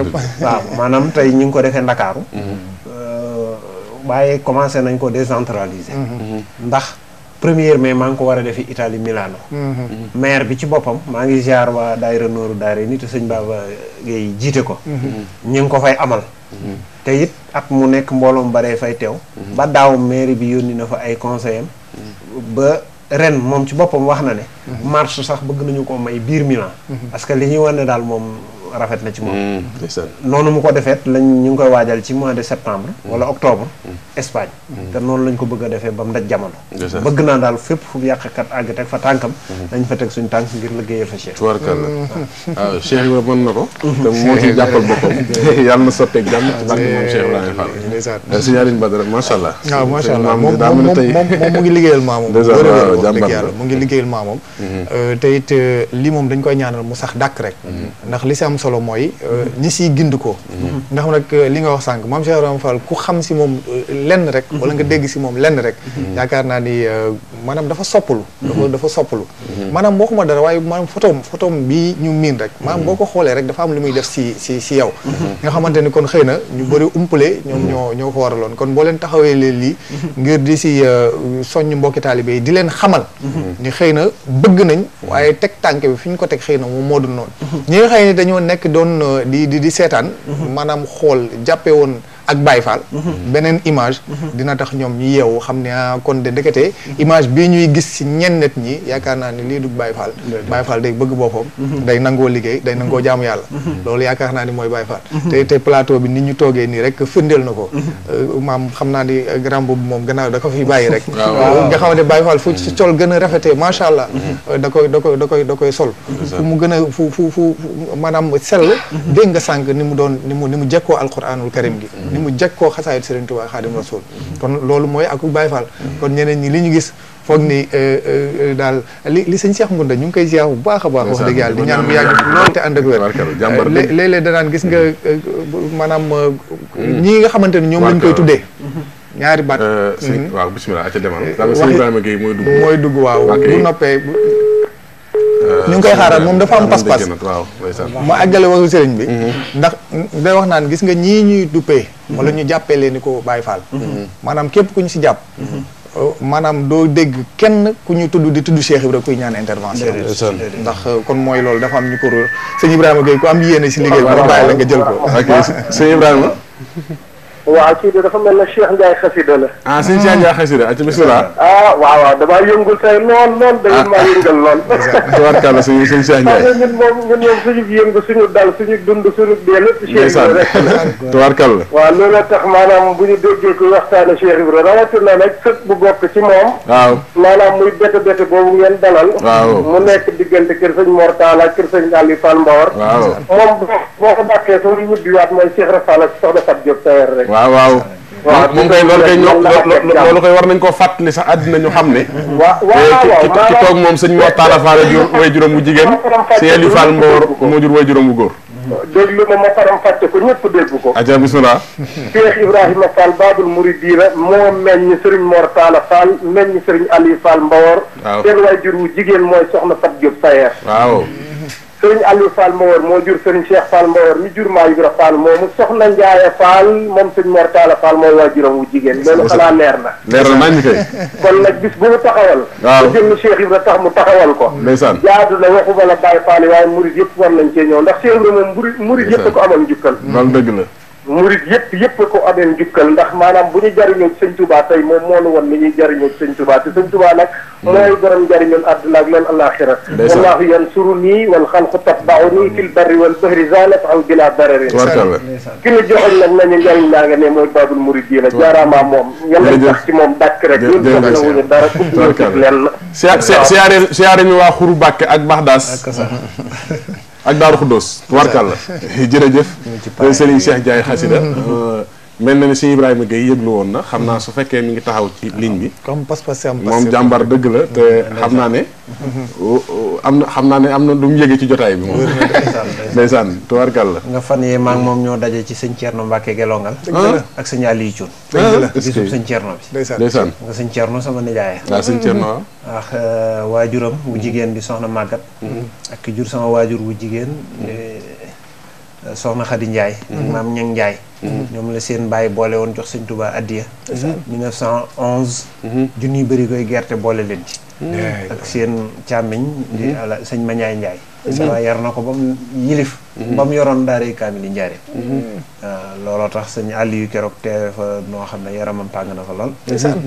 (laughs) waaw maanaam tey ñu ngi ko defee Ndakaaru euh, waaye commencé nañ ko décentraliser. Mm-hmm. ndax première mais maa ngi ko war a defi Italie Milano.
Mm-hmm.
maire bi ci boppam maa ngi ziar waa daayira Nooru daayira ni te sëñ Baba Gueye jiite ko. Mm-hmm. ñu ngi ko fay amal. te it at mu nekk mbooloom baree fay teew. ba daaw maire bi yónni na fa ay conseillers ba. ren moom ci boppam wax na ne. marche sax bëgg nañu ko may biir Milan. parce li ñuy wane daal moom. rafet la ci moom. Mm, noonu mu ko defeet lañ ñu ngi koy waajal ci mois de septembre. Mm. wala octobre. Mm. Espagne. te noonu lañ ko bëgg a defee ba mu daj jamono. bëgg naa daal fépp fu yàqkat àgg teg fa tànkam. dañ mm-hmm. fa teg suñu tànk ngir liggéeyal fa Cheikh. tubarkalla ah, waaw Cheikh Ibrahima mën na ko. Mm-hmm. te moo ci jàppal boppam (laughs) (laughs) yàlla na sotteeg jàmm ci barke moom Cheikh Ibrahima
Fall. Eh,
sëñ Aline Badara macha allah. waaw ah, macha allah moom moom
mu ngi liggéeyal maamoom. mu ngi liggéeyal maamoom. Mm-hmm. Euh, te it euh, li moom dañ koy ñaanal mu sax dàkk rek ndax li si am am solo mooy euh, ñi si gind ko xam mhm. nag euh, li nga wax sànq moom Cheikh Ibrahima Fall ku xam si moom euh, lenn rek mhm. wala nga dégg si moom lenn rek mhm. yaakaar naa ni maanaam dafa soppalu dafa dafa soppalu maanaam waxuma dara waaye maanaam photom photom bi ñu miin rek maanaam boo ko xoolee rek dafa am lu muy def si si si yow nga xamante ni kon xëy na ñu bari umpale ñoom ñoo ñoo ko waraloon kon boo leen taxawee leen lii ngir di si soññ mbokki taalibe yi di leen xamal ni xëy na bëgg nañ waaye teg tànk bi fi ñu ko teg xëy na moom moo dul noonu ñi xëy ni dañoo nekk doon euh, di di di seetaan mhm. maanaam xool jàppe woon ak Baye Fall. Mhm. beneen image. Mhm. dina tax ñoom ñu yeewu xam ne ah kon de ndekete. Mhm. image bii ñuy gis si ñenn nit ñi yaakaar naa ne lii du Baye Fall. Baye Fall day bëgg boppam. day nangoo liggéey day nangoo jaamu yàlla. loolu yaakaar naa ni mooy Baye Fall. te plateau bi ni ñu toogee nii rek firndeel na ko. Euh, maam xam naa ni euh, grand boobu moom gannaaw da ko fi bàyyi rek. (laughs) waaw euh, nga xamante Baye Fall fu ci sol gën a rafetee macha allah. da koy da koy da koy da koy sol. fu mu gën a fu fu fu maanaam sell. dégg nga sànq ni mu doon ni mu ni mu jekkoo alquranul karim gi. ni mu jekkoo xasaayit Serigne Touba Xaadim Rasul kon loolu mooy ak Baye Fall kon ñeneen ñi li ñu gis foog ni euh, euh, euh, daal li li sëñ Cheikh Ngounda ñu ngi koy jeex bu baax a baax wax dëgg yàlla di ñaan mu yàgg loolu te ànd ak wér léeg-léeg danaan gis nga mm-hmm. maanaam mm-hmm. ñii nga xamante ni ñoom lañ koy tuddee
mm-hmm. ñaari baat waaw bismillah aca demal wax Ibrahima Gueye mooy dugg mooy dugg waaw bu
noppee ñu ngi koy xaaral moom dafa am ah, pas-pas ma àggale waxu sëriñ bi mhm. ndax day wax naan gis nga ñii ñuy duppee wala ñu mhm. jàppee leen ni ko Baay Faal mhm. maanaam képp ku ñu si jàpp oh, maanaam doo dégg kenn ku ñu tudd di tudd Cheikh rek kuy ñaan intervention ndax euh, kon mooy loolu dafa am ñu ko sëñ Ibrahima Gueye ku am yéene si liggéey bi ma ah, bàyyi la nga jël ko sëñ Ibrahima
waaw kii de dafa mel na Cheikh Ndiaye xasida la.
ah sëñ Cheikh Ndiaye xasida ci bisimilah.
ah waaw waaw damaa yëngul tey lool lool. ah dañu maa yëngal lool. tabarkàlla suñu sëñ Cheikh Ndiaye. xam ah, nga ñun moom ñun moom suñu yëngu suñu dal suñu dund suñu dee lépp. Cheikh Ibrahima rek tabarkàlla. waaw loolu tax maanaam bu ñu déggee ko waxtaane Cheikh Ibrahima rawatina nag sët bu bokk ci moom. waaw maanaam muy bette bette boobu ngeen dalal. waaw mu nekk diggante kër sëñ Mor Talla kër sëñ Aliou Fall Mbawar. waaw moom boo ko bàkkee soo ñu wuddiwaat waaw
waaw mu ngi koy loolu koy loolu koy war nañ koo fàttali sax àddina ñu xam ne eh, ki toog moom sëñ Mor Talla Fall way juróom bu jigéen sëñ Aliou Fall Mboor moo jur way juróom bu góor
déglu ma ma faram fàcce ko ñëpp dégg
ko aja bismillah
Cheikh Ibrahima Fall Babul moo meññ Mor Talla Fall meññ Aliou Fall seen way jur jigéen mooy soxna Diop Sayer waaw sëriñ Aliou Fall Mbawar moo jur sëriñ Cheikh Fall Mbawar mi jur maa Ibra Fall moomu soxna Ndiaye Fall moom sëñ Mor Talla Fall mooy waajuram wu jigéen loolu xanaa leer na leer na nañ kay (laughs) kon nag bis bu mu taxawal waaw jëmm Cheikh Ibra tax mu taxawal ko ndeysaan jaadu na waxuma la Baye Fall waaye murid yëpp war nañ cee ñëw ndax Cheikh bu moom murid yëpp ko amal njukkal loolu dëgg la murit yëpp yëpp ko amee njukkal ndax maanaam bu ñu jariñoo sëñ Touba tey moom moo nu woon ni ñuy jariñoo sëñ Touba te sëñ Touba nag mooy hmm. borom njariñoon àdduna ak leen alaxira wallahu yansuruni wal xalqu tatbauni fil barri wal bahri zanat an bila dararin ki ñu joxoñ nag nañu njariñ laa nga ne mooy babul murit yi la jaaraama moom yàlla tax ci moom dàkk rek ñun jox wuñu
dara
ubbi leen
siyaare
siyaare mi waa xuru bàkke ak baxdaas (laughs) ak Daaru Xuddoos tubaarkàlla (laughs) jërëjëf Serigne Cheikh Ndiaye xasida (laughs) euh, mel na ni si Ibrahima Gueye yëglu woon na xam naa su fekkee mi ngi taxaw ci ligne bi comme pas-pas am moom jàmbar dëgg la te mm-hmm. xam
naa ne mm-hmm. na xam naa ne am na lu mu yëge ci jotaay bi moom ndeysaan tubaarkal la nga fan yee maak moom ñoo daje ci sëñ Thierno Mbacke Gelongal ah? ak sëñ Aliou Thioune dëgg la ah? bisub sëñ Thierno bi ndeysaan nga sëñ Thierno sama nijaay waaw ah, sëñ mm-hmm. Thierno waaw ndax euh, waajuram bu jigéen bi soxna màggat ak jur sama waajur bu jigéen eh, Euh, soxna Khady Ndiaye mhm. maam Ñang Ndiaye mhm. ñoom la seen bàyyi boole woon jox sëñ Touba addiya 1911 mhm. junniy bëri koy gerte boole leen ci ak seen càmmiñ di ala sëñ Mañaay Ndiaye sara mm-hmm. yar na ko ba mu yilif mm-hmm. ba mu yoroon daaree kaamil njaare mm-hmm. ah, looloo tax sëñ Aliou keroog noo xam ne yaramam tàng na fa lool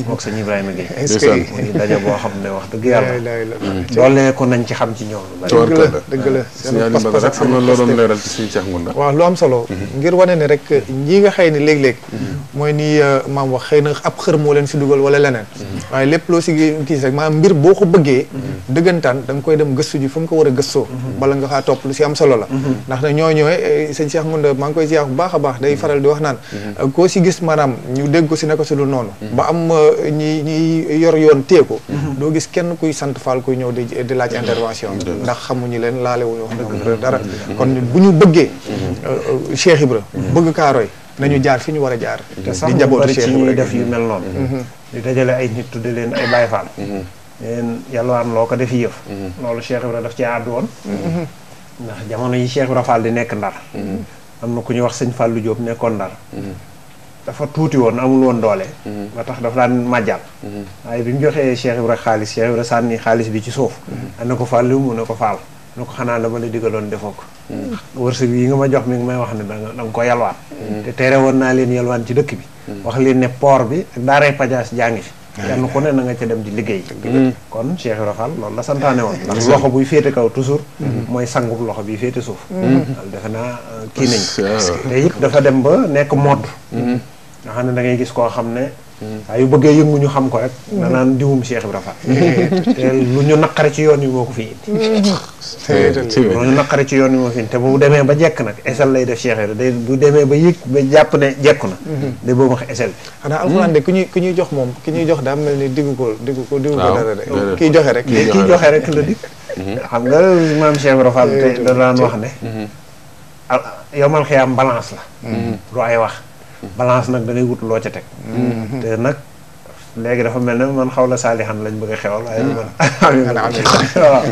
mook sëñ Ibrahima Gueye muy daje boo xam ne wax dëgg yàlla doolee ko nañ ci xam ci ñoom dëgg la dëgg la sëñ Aliou Mbaga xam na loo doon leeral ci suñu Cheikh Ngounda
waaw lu am solo ngir wane ne rek ñi nga xëy ni léeg-léeg mooy nii euh, maam wax xëy na ab xër moo leen si dugal wala leneen waaye lépp loo si kii rek maa mbir boo ko bëggee dëggantaan da koy dem gëstu ji fu mu ko war a gëstoo bala nga xaa topp lu si am solo la mhm. ndax ne ñoo ñëwee eh, sëñ Cheikh Ngounda maa ngi koy ziar bu baax a baax day faral di wax naan mhm. eh, koo si gis maanaam ñu dégg ko si naka su dul noonu mhm. ba am eh, ñi ñi yor yoon téye doo gis kenn kuy sant Fall kuy ñëw di di laaj intervention ndax xamuñu leen laale wuñu wax dëgg dara kon bu ñu bëggee Cheikh Ibra bëgg kaa roy nañu jaar fi ñu war a jaar te sax ñu bari ci ñuy def yu mel noonu
di dajale ay nit tudde leen ay yalwaan loo ko def yëf mm-hmm. loolu Cheikh Ibra daf ci àddu woon mm-hmm. ndax jamono yi Cheikh Ibra di nekk ndar mm-hmm. am na ku ñuy wax sëñ Fallou Diop nekkoon ndar dafa tuuti woon amul woon doole ba tax dafa daan màjjal waaye bi mu joxee Cheikh xaalis Cheikh Ibra sànni xaalis bi ci suuf ana ko Fallou mu ne ko Fall na ko xanaa la ma la digaloon defoo ko wërsëg yi nga ma jox mi ngi may wax ne da nga ko yalwaan te tere woon naa leen yalwaan ci dëkk bi wax leen ne bi ak pajaas jaa ngi fi kenn ko ne na nga ca dem di liggéey mm. kon Cheikh Ibra Fall loolu la santaane woon ndax loxo buy féete kaw toujours mm. Mm. mooy sangub loxo bi féete suuf defe naa euh, kii nañ te it dafa dem ba nekk modd nga xam ne da ngay gis koo xam ne waaw mm-hmm. yu bëggee yëngu ñu xam ko rek. Mm-hmm. na naan diwum Cheikh Ibra Fall. te lu ñu naqare ci yoon wi moo ko fi indi.
Mm-hmm.
lu ci yoon wi moo fi indi te bu demee ba jekk nag esel lay def Cheikh Ibra day bu demee ba yëg ba jàpp ne jekku na. day boobu wax esel.
de ku ñuy ku ñuy jox moom ki ñuy jox daa mel ni diggu ko diggu kiy joxe rek kiy joxe rek la dig.
xam maam Cheikh Ibra Fall te eh, da daan wax ne. yomal xiyaam balance la. lu ay wax. balance nag da wut loo ca teg. Mm-hmm. te nag léegi dafa mel ne man xaw la saalihan lañ bëgg a xewal. waaye man mm. (laughs) amiin amiin (laughs) waaw.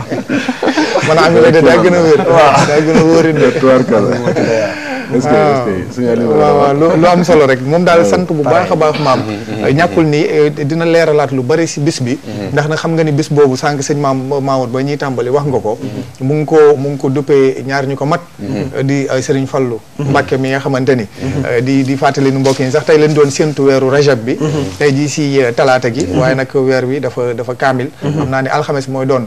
(laughs) man amiin de daa gën a wér. waaw daa gën a wóorin de
tubarkalla
est-ce que waaw lu am solo rek moom daal sant bu baax a baax maam euh, ñàkkul
ni euh, dina leeralaat lu bari si bis bi mm-hmm. ndax na xam nga ni bis boobu sànq sëñ maam Maamoud ba ñuy tàmbali wax nga ko mm-hmm. mu ngi ko ko duppee ñaar ko mat mm-hmm. euh, di Serigne Fallou Mbacke mi nga xamante ni di di fàttali nu mbokk yi sax tey leen doon séntu weeru rajab bi tey ji si talaata gi waaye nag weer bi dafa dafa kaamil xam naa ni alxames mooy doon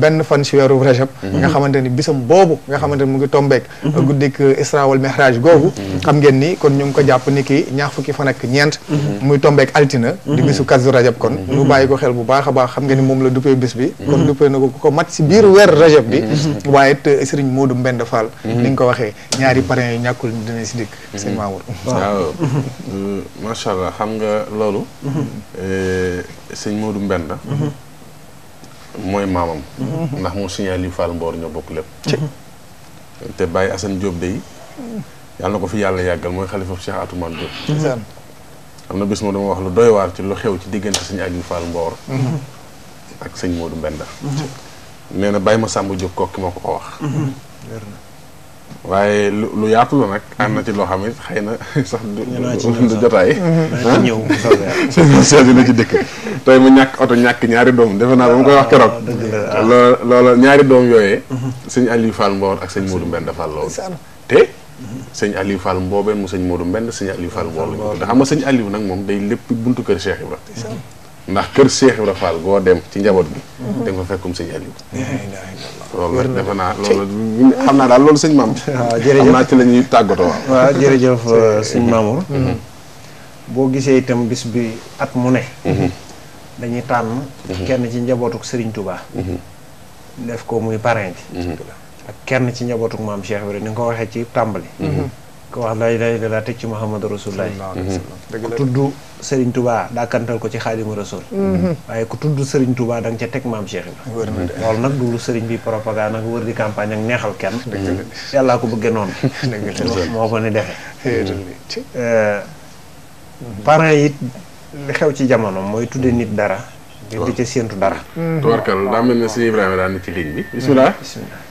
benn fan si weeru rajab nga xamante ni bisam boobu nga xamante ni mu ngi tombeek guddik Isra wal parrainage googu xam ngeen ni kon ñu ngi ko jàpp ni ñaax ñaar fukki fan ak ñeent muy tombeek altina di bisu kazu rajab kon mhm. ñu bàyyi ko xel bu baax a baax xam ngeen ni moom la duppee bis bi kon mhm. duppee na ko mat si biir weer rajab bi mhm. waaye it eh, sëriñ Modou Mbend Fall ni ko waxee ñaari parrain yu ñàkkul dinañ si dikk sëñ Mamour waaw euh,
macha allah xam nga loolu eh, sëñ Modou Mbend mooy maamam ndax moo signal yi Fall Mboor ñoo bokk lépp te Baye Assane Diop yàlla na ko fi yàlla yàggal mooy xalifa Cheikh Atoumane Diop am na bis ma dama wax lu doy waar ci lu xew ci diggante sëñ Aliou Fall Mboor mhm. ak sëñ Modou Mbenda mhm. nee na bàyyi ma sàmm Diop kokki moo ko ko wax mhm. lu yaatu la nag am na ci loo xam ne xëy na (laughs) sax du jotaay ñëw seen yi na mu ñàkk ñàkk ñaari doom defe naa ba mu koy
ah,
ñaari doom yooyee sëñ Aliou Fall sëñ Modou Mbenda te sëñ Aliou Fall mboobeen mu sëñ Modou Mbend sëñ Aliou Fall mboor lañu te xam nga sëñ Aliou nag moom day lépp buntu kër Cheikh Ibra ndax kër Cheikh Ibra Fall dem ci njaboot bi da nga fa fekkum sëñ Aliou loolu nag defe naa loolu xam naa daal
loolu sëñ Maam (laughs) ah, jërëjëf xam naa ci la ñuy tàggatoo waaw waaw jërëjëf (laughs) euh, sëñ Mamour mhm. boo gisee itam bis bi at mu ne mhm. dañuy tànn mhm. kenn ci njabootuk Serigne tubaa def ko muy parrain ak kenn ci njabootuk maam cheikh bi ni nga ko ci tambali mhm. ko wax lay lay la teg ci muhammadu rasulullahi mhm. ku serigne touba da kantal ko ci xaadimu rasul mhm. waye ku tuddu serigne touba dang ci tek teg maam cheikh bi loolu nag du lu sëriñ bi propagande ak wër di campagne ak neexal kenn yalla ko bëggee non mo fa ni euh parents yi li xew ci jamono moy tuddé nit dara di ci sentu dara tubarkal da melni ne ibrahim da daan ci ligne bi bismillah bismillah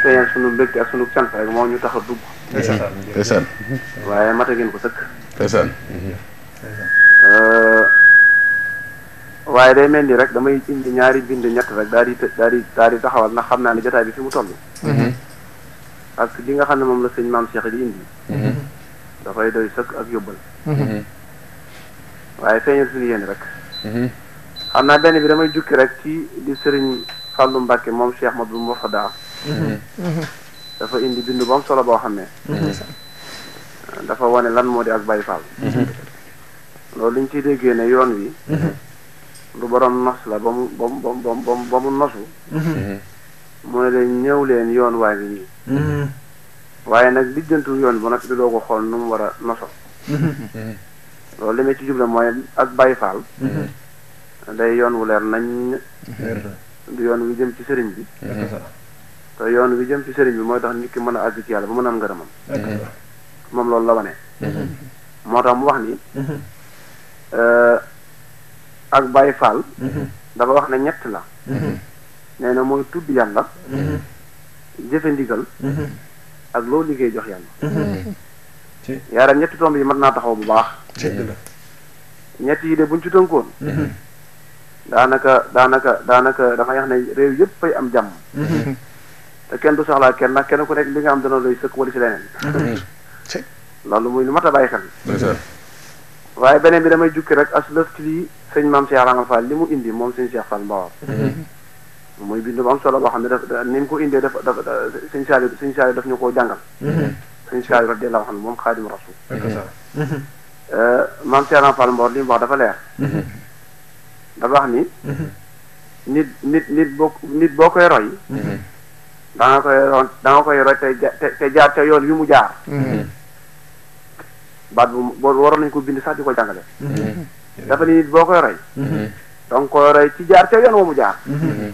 feeñal sunu mbégte ak sunu cant rek moo ñu tax a dugg. ndeysaan mhm. waaye mata ngeen ko sëkk. ndeysaan euh, waaye day mel ni rek damay indi ñaari bind ñett rek daal di taxawal ndax xam naa ne jotaay bi fi mu toll. Mhm. ak li nga xam ne moom la sëñ maam Cheikh di indi. Mhm. dafay doy sëkk ak yóbbal. waaye feeñal suñu yéen rek. xam naa benn bi damay jukki rek ci li sëriñ Fallou Mbacke moom Cheikh Madou Mofada.
dafa
indi bind bu am solo boo xam ne. Mhm. dafa wane lan moo di ak Baye mhm. loolu liñ ciy déggee ne yoon wi. Mhm. lu borom nos la ba mu ba mu nosu. mooy leen ñëw leen yoon waa waaye nag lijjantu yoon bi ba noppi doo ko xool nu mu war a noso. loolu li ci jublu mooy ak Baye day yoon wu leer nañ. du yoon wu jëm ci sëriñ bi. te yoon wi jëm ci sëriñ bi mooy tax nikki ki mën a àgg ci yàlla ba mën a am ngërëmam moom loolu la wane moo tax mu wax ni euh, ak Baye Fall dafa wax ne ñett la
nee
na mooy tudd yàlla jëfe ndigal ak loo liggéey jox yàlla yaara ñetti tomb yi mën naa taxaw bu baax ñett yii de buñ ci tënkoon daanaka daanaka daanaka dafa yax ne réew yëpp am jàmm kenn du soxlaa kenn nag kenn ku nekk li nga am dana doy sëkk wala si
leneen.
loolu muy lu mat a
xel.
waaye beneen bi damay jukki rek as lëf ci lii sëñ maam Cheikh Rama Fall li mu indi moom sëñ Cheikh Fall Mbawar. muy bindu bu am solo boo xam ne daf ni ko indee dafa dafa sëñ Saliou sëñ Saliou daf ñu koo jàngal.
sëñ
Saliou radiyallahu moom xaadimu rasul. Euh, maam Cheikh Rama Fall Mbawar li mu wax dafa leer. dafa wax ni. nit nit boo nit boo koy roy. danga koy roon danga koy roy te jaar te yoon wi mu jaar mhm. baat bu waroon nañu ko bind sax di ko jàngale mhm. dafa ni boo koy roy mhm. danga koy roy ci jaar te yoon wa mu jaar te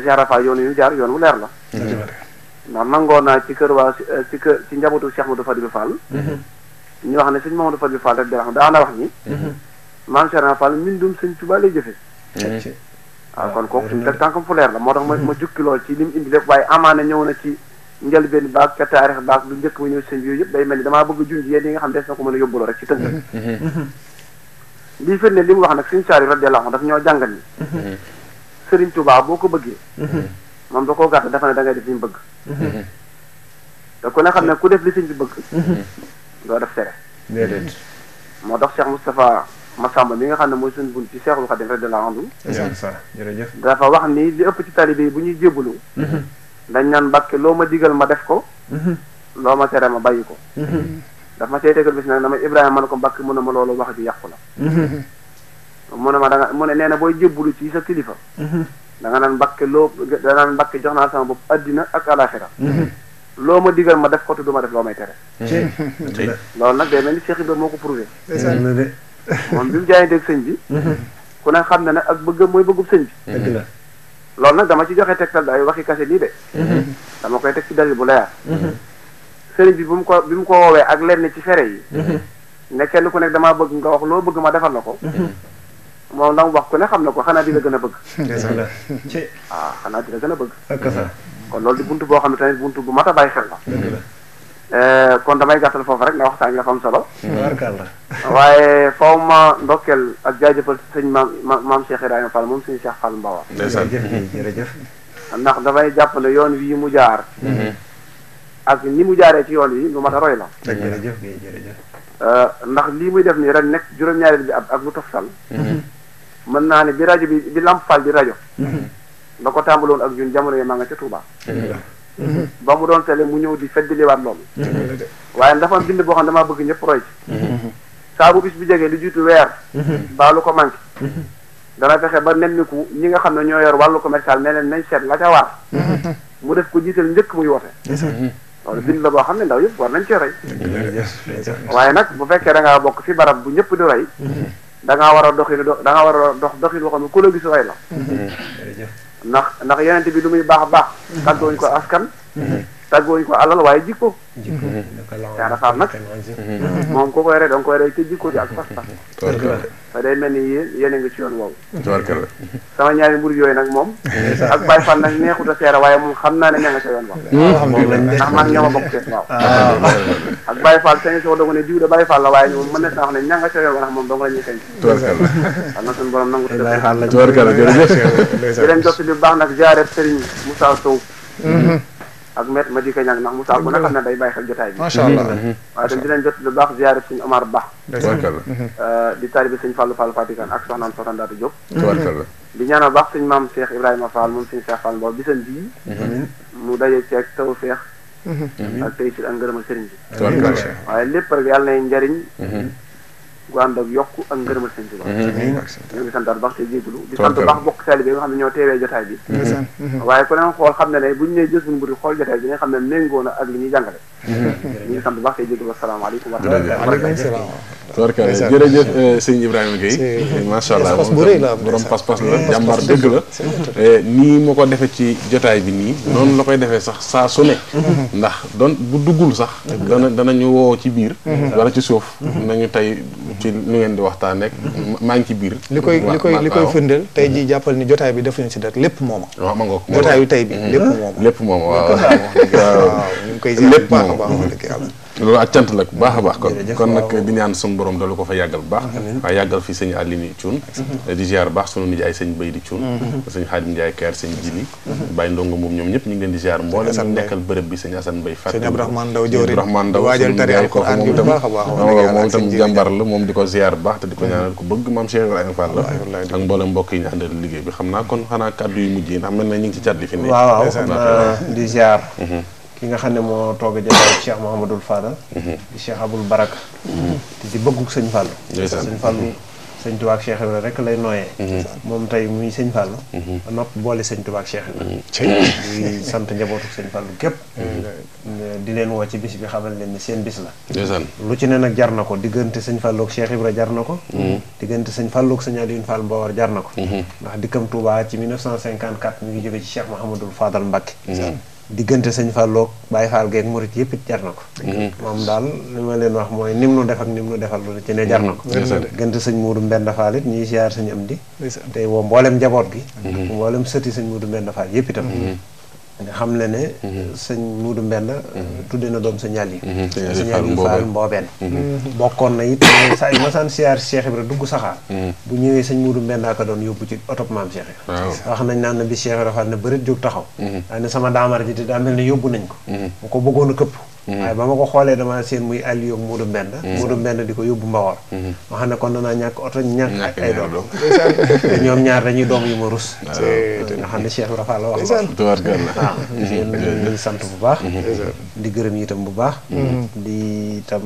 Cheikh Rafa yoon wi mu jaar yoon wu leer la
ndax
nangoo naa ci kër waa euh, ci kër ci njabootu Cheikh Modou Fadil Fall
ñu
wax ne sëñ Mamadou Fadil Fall rek dara daana wax ni maam Cheikh Rafa Fall mbindum sëñ Tuubaa lay jëfe waaw ah, kon kooku suñu teg tànkam fu leer la moo tax ma ma (laughs) jukki lool ci li mu indi lépp waaye amaana ñëw na ci njëlbeen baag ca taarix baag lu njëkk ma ñëw seen yooyu yëpp day mel ni damaa bëgg a junj yéen yi nga xam des na ko mën a yóbbuloo rek ci tënk (laughs) lii firnde li mu wax nag suñu saar yi radiyallahu anhu daf ñoo jàngal
ni
(laughs) sëriñ Tuubaa boo ko bëggee moom da ko gàtt dafa ne da ngay def li mu bëgg te ku ne xam ne ku def li sëñ bi bëgg doo def tere moo tax Cheikh Moustapha ma Massamba mi nga xam ne mooy suñu bunt ci Seexul Xadim rek de la andu
jërëjëf
dafa wax ni li ëpp ci talibe bu ñuy jébbalu mm-hmm. dañ naan mbàkke loo ma digal ma def ko mm-hmm. loo ma ma bàyyi ko mm-hmm. daf ma cay tegal bis nag damay Ibrahima man ko mbàkke mu ma loolu wax ji yàqu la mu ne ma da nga ne nee na booy jébbalu ci sa kilifa
da
nga naan mbàkke loo da naan mbàkke jox naa sama bopp addina ak alaxira loo ma digal ma def ko te ma def loo may tere loolu nag day mel ni Cheikh Ibrahima moo ko prouvé moom bi mu jaayanteeg sëñ bi. ku ne xam ne nag ak bëggam mooy bëggub sëñ bi. loolu nag dama ci joxe tegtal daay waxi kase nii de. dama koy teg ci dalil bu leer. sëriñ bi bu mu ko bi mu ko woowee ak lenn ci sere yi. ne kenn ko nekk damaa bëgg nga wax loo bëgg ma defal la ko. moom la wax ku ne xam na ko xanaa di la gën a bëgg. waaw ah, xanaa di la gën a bëgg. kon loolu di buntu boo xam ne tamit buntu bu mat a bàyyi xel la. Eh, kon damay gàttal foofu rek ndax waxtaan nga xam solo. waaye faw ma ndokkeel ak jaajëfal sëñ maam maam Cheikh Ibrahima Fall moom suñu Cheikh Fall Mbawa. jërëjëf ndax damay jàppale yoon wi mu jaar. Mm-hmm. ak ni mu jaaree ci yoon wi lu mat a roy la. jërëjëf eh, ndax lii muy def nii ren nekk juróom-ñaareel bi ak lu toftal. Mm-hmm. mën naa ni bi rajo bi bi Lamp Fall di rajo. Mm-hmm. da ko tàmbaloon ak ñun jamono yi maa nga ca Touba. ba mu doon tele mu ñëw di waat loolu waaye ndax dafa bind boo xam ne damaa bëgg ñëpp roy ci saa bu bi jegee lu jiitu weer baa ko manqué dana fexe ba nemmiku ñi nga xam ne ñoo yar wàllu commercial ne leen nañ seet la ca waar mu def ko jiital njëkk muy wote loolu bind la boo xam ne ndaw yëpp war nañ cee roy waaye nag bu fekkee da ngaa bokk fi barab bu ñëpp di roy da ngaa war a doxin da ngaa war a dox doxin boo xam ne ku la gis roy la ndax ndax yonent bi lu muy baax a baax. sant mm-hmm. wuñ ko askan. Mm-hmm. tàggooñu ko alal waaye jikko daana xaar nag moom ko koy rey danga koy rey te jikko ji ak pas-pas te day a ngi ci yooyu nag moom ak Baye Fall nag neexut a seera waaye moom xam naa ne ña nga ca yoon ah,
waaw ndax maa ngi ñoom a bokk
seen waaw ak Baye Fall sañ soo doog ne diw de Baye la waaye moom mën na wax ne ña nga ca yoon ndax moom dong la ñuy sañ am na suñu borom nangu di leen jot bi baax ak met ma di ko ñaan ndax Moussa ku nekk xam ne day bàyyi xel jotaay bi. macha allah waaye tam dinañ jot lu baax ziare suñu Omar Ba. Mhm. Euh, di taalibe suñu Fallou Fallou Fatikan ak soxnaam soxna Ndaatu Diop. Mhm. di ñaanal baax suñu maam Cheikh Ibrahima Fall moom suñu Cheikh Fall Mbow bisam bii. Mhm. mu daje ceeg taw feex. ak tey si ak ngërëm a sëriñ bi. waaye lépp rek yàlla nay njariñ gu ànd ak yokk ak ngërëmal sëñ Tuubaa mhm. ñu ngi santaat baax te jégalu di sant baax bokk taalibe yi nga xam ne ñoo teewee jotaay bi mhm. Mhm. waaye ku leen xool xam ne ne bu ñu nee jës buñu budi xool jotaay bi nga xam ne méngoo na ak li ñuy jàngale ñu ngi sant baax te jégalu asalaamaaleykum wa rahmatulah
tubarkalla jërëjëf eh, sëñ Ibrahima Gueye eh, macha allah borom pas-pas la jàmbaar dëgg la (laughs) eh, nii moo ko defee ci jotaay bi nii mhm. noonu la koy defee sax saa su ne mhm. ndax doon bu duggul sax dana ñu woo ci biir mhm. wala ci suuf nañu tey ci lu ngeen di waxtaan rek maa ngi ci biir li koy li koy li koy
firndeel tey ji jàppal ni jotaay bi defuñu si dara lépp mooma
waaw ma bi tey bi lépp mooma (laughs) lépp mooma waaw waaw ñu ngi koy lépp mooma baax a loolu ak cant la baax a baax kon nag di ñaan suñu borom dalu ko fa yàggal bu baax waaye yàggal fi sëñ Alioune Thioune di ziar baax sunu nijaay sëñ Bay di Thioune moom ñoom ñëpp ñu ngi leen di ziar mboole ñu nekkal bërëb bi sëñ Asan Bay fàtte sëñ Abdourahmane Ndaw a baax moom tam la moom di ko ziar baax te di ko ñaanal ko bëgg maam Cheikh Ibrahima Fall la ak mboole mbokk yi ñu liggéey bi xam naa kon xanaa kàddu yu mujj yi ndax na ñu ngi ci cat li fi ne waaw
ki nga xam ne moo toog a jëlaat Cheikh Mouhamadul Fadal. di Abul Baraka. te di bëggug sëñ Fall. sëñ Fall sëñ Tuubaa ak Cheikh Ibra rek lay nooyee. moom tey muy sëñ Fall. nopp boole sëñ Tuubaa ak Cheikh di sant njabootu sëñ Fall gépp di leen woo ci bis bi xamal leen ni seen bis la. lu ci ne nag jar na ko diggante sëñ Fall ak Cheikh Ibra jar na ko. diggante sëñ Fall ak sëñ Alioune Fall jar na ko. Mhm. ndax dikkam Tuubaa ci 1954 mi ngi jóge ci Cheikh Mouhamadul Fadal Mbacke. diggante sëñ Falloog Baye Fall geeg murit yëpp it jar na ko. Mhm. moom daal li ma leen wax mooy nim nu def ak nim nu defal lu ci ne jar na ko. Mhm. diggante sëñ Mourou Mbenda Fall it ñuy siyaar sëñ am di. tey woo mboolem njaboot gi. Mhm. mboolem sëti sëñ Mourou Mbenda Fall yëpp itam. nga xam le ne. Mhm. sañ Muudu Mbenn. Mhm. tuddee na doom sëñ Yàlli. Mhm. sëñ Yàlli Faal Mboobeen. bokkoon na it saa yu masaan siyaar Cheikh Ibra dugg saxaar. bu ñëwee sëñ Muudu Mbenn daa doon yóbbu ci oto maam Cheikh Ibra. wax nañ naan bi Cheikh Ibra Faal ne bëreet jóg taxaw. daanaka sama daamar ji te daa mel ne yóbbu nañ ko. bu ko bëggoon a këpp. Mm-hmm. waaye ba ma ko xoolee damaa seen muy Aliou Moodu Mbend mm-hmm. Moodu Mbend di ko yóbbu Mbawar mm-hmm. ma xam ne kon danaa ñàkk oto ñàkk ak ay doom (laughs) ñoom ñaar dañuy doom yu ma rus ah, nga xam ne Cheikh Ibra la wax waaw (laughs) ah, (laughs) ñu sant bu baax di gërëm itam bu baax di itam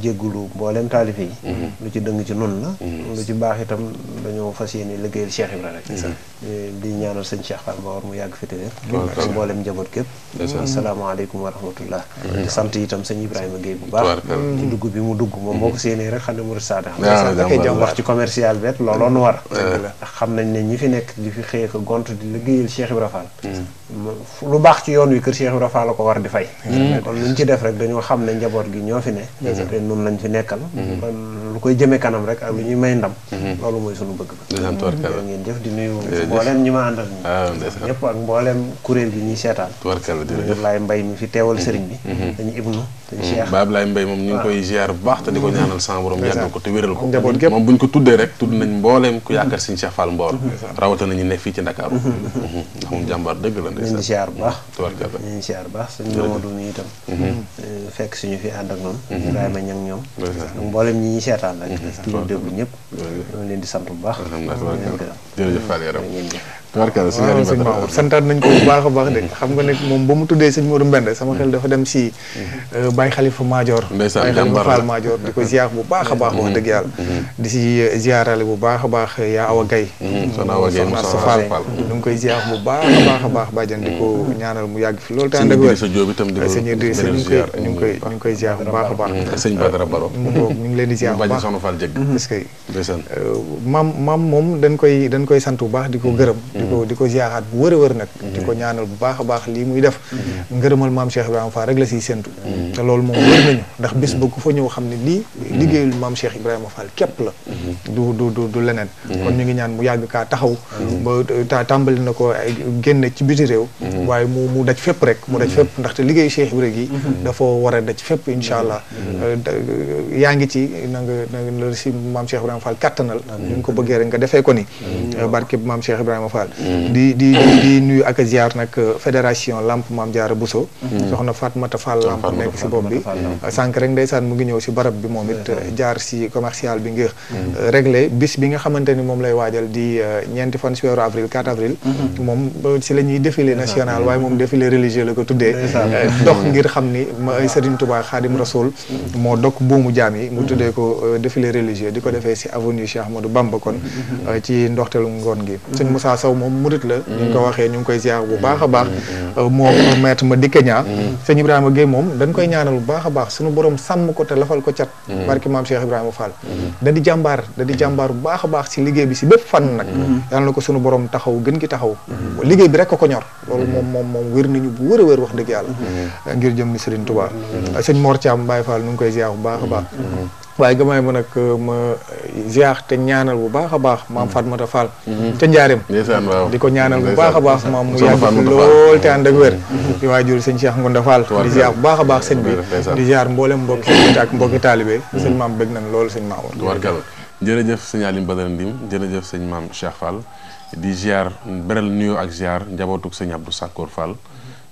jéggulu mboolem taalife yi mhm. lu ci dëng ci nun la mhm. lu ci baax itam dañoo fas yéene liggéeyal Cheikh Ibra rek mhm. di ñaanal sëñ Cheikh Fall Mbaor mu yàgg fétéwéer ak mboolem njaboot képp asalaamaaleykum wa rahmatullah di sant itam sëñ Ibrahima Guèye bu baax ci dugg bi mu dugg moom boo ko séenee rek xam ne murid saada xam wax ci commercial bi rek looloon war xam nañ ne ñi fi nekk di fi xëy ko gont di liggéeyal Cheikh Ibra Fall lu baax ci yoon wi kër Cheikh Ibra Fall la ko war di fay kon luñ ci def rek dañoo xam ne njaboot gi ñoo fi ne noonu lañ fi nekkal lu koy jëme kanam rek ak lu ñuy may ndam mhm. loolu mooy sunu bëgg bëgg ngeen def di nuyu mbooleem ñi ma àndal ñi ah, ñëpp ak mbooleem kuréel gi ñuy seetaan laay mbay mi fi teewal mhm. sëriñ bi dañu mhm. ibnu Mm. ba Ablaye Mbaye moom ñu ngi ah. koy
ziar baax te di ko mm-hmm. ñaanal sama borom yàggal ko te wéral ko moom bu ñu ko tuddee rek tudd nañ mbooleem ku mm-hmm. yaakaar Serigne Cheikh Fall Mbaor mm-hmm. rawata nañu ne fii ci Ndakaaru ndax moom jàmbaar dëgg la ndeysaan
bu baax tubarkalla ñu ngi ziar ñu itam eh, fekk suñu fi ànd ak noonu Ibrahima Niang ñoom ak ñi ñuy seetaan rek ñu déglu ñëpp ñu leen di sant bu baax jërëjëf Fall yaram
tubarkalla ah, sëñ Aliou Badara
waaw santaat nañ ko bu baax a baax de
xam nga ne moom ba mu tuddee sëñ Modou Mbende sama xel dafa dem si mm-hmm. euh, Baye Khalifa Major Baye Khalifa Fall Major di ko ziar bu baax a baax wax dëgg yàlla mm-hmm. di si ziarale bu baax a baax euh, yaa Awa Gaye mm-hmm. soxna Asta Fall ñu ngi koy ziar bu baax a baax a baax bàjjan di ko ñaanal mu yàgg fi loolu te ànd ak wér sëñ Idrissa ñu ngi koy ñu ngi koy ñu ngi koy ziar bu baax a baax
sëñ Badara Baro mu ngoog ñu ngi leen di ziar bu baax soxna
Fall jëgg parce que euh, maam maam moom dañ koy dañ koy sant bu baax di ko gërëm di ko di ko bu wër a wër nag di ko ñaanal bu baax a baax lii muy def ngërëmal maam Cheikh Ibrahima Fall rek la siy séntu te loolu moom wër nañu bis ba ku fa xam ne lii liggéeyul maam Cheikh Ibrahima Fall képp la du du du du leneen kon ñu ngi ñaan mu yàgg kaa taxaw ba tàmbali na ko génn ci biti réew waaye mu mu daj fépp rek mu daj fépp te liggéeyu Cheikh Ibrahima gi dafa war a daj fépp incha allah yaa ngi ci na na nga si maam Cheikh Ibrahima Fall kattanal ñu ko bëggee rek nga defee ko ni barke bi maam Cheikh Ibrahima Fall di di di nuyu ak ziar nak fédération lamp mam jaara Bousso hmm. soxna Fatmata Fall lamp nek ci bopp bi euh, rek ndeysaan mu ngi ñew si barab bi momit euh, jaar si commercial bi ngir hmm. euh, régler bis bi nga xamanteni ni lay wajal di ñeenti fan ci wéro avril 4 avril mom hmm. ci lañuy défilé national waye mom défilé religieux la ko dox ngir ma ni Serigne Touba Khadim Rasoul mo dok boomu jami mu tuddé ko défilé religieux diko défé ci avenue Cheikh amadou Bamba kon ci ndoxtelu ngone gi sëñ Moussa saw moom murit la ñu ngi ko mm. waxee ñu ngi koy ziar bu mm. baax a baax mm. Euh, moom maître ma dikke ñaa sëñ Ibrahima Gueye moom dañ koy ñaanal bu baax a baax suñu borom sàmm ko te lafal ko cat barki maam Cheikh Ibrahima Fall da di jàmbaar da di jàmbaar bu baax a baax si liggéey bi si bépp fànn nag yàlla na ko suñu borom taxaw gën ki taxaw liggéey bi rek ko ñor loolu moom moom moom wér ñu bu wër a wér wax dëgg yàlla ngir jëm ni Serigne Touba sëñ Mor Thiam Baye Fall ñu ngi koy ziar bu baax a baax waaye gamaay euh, ma nag euh, ma ziar te ñaanal bu baax a baax maam mm-hmm. Fatmata Fall mm-hmm. ca njaarim di ko ñaanal bu baax a baax maam mu yàgg fi lool te ànd ak wér mm-hmm. di waajur sëñ Cheikh Ngounda Fall di ziar bu baax a baax sëñ bi di ziar mboolem mbokki ak mbokki taalibe sëñ maam bég nañ lool sëñ maam
jërëjëf sëñ Alim Badara Ndim jërëjëf sëñ maam Cheikh Fall di ziar beral nuyoo ak ziar njabootug sëñ Abdou Sakkoor Fall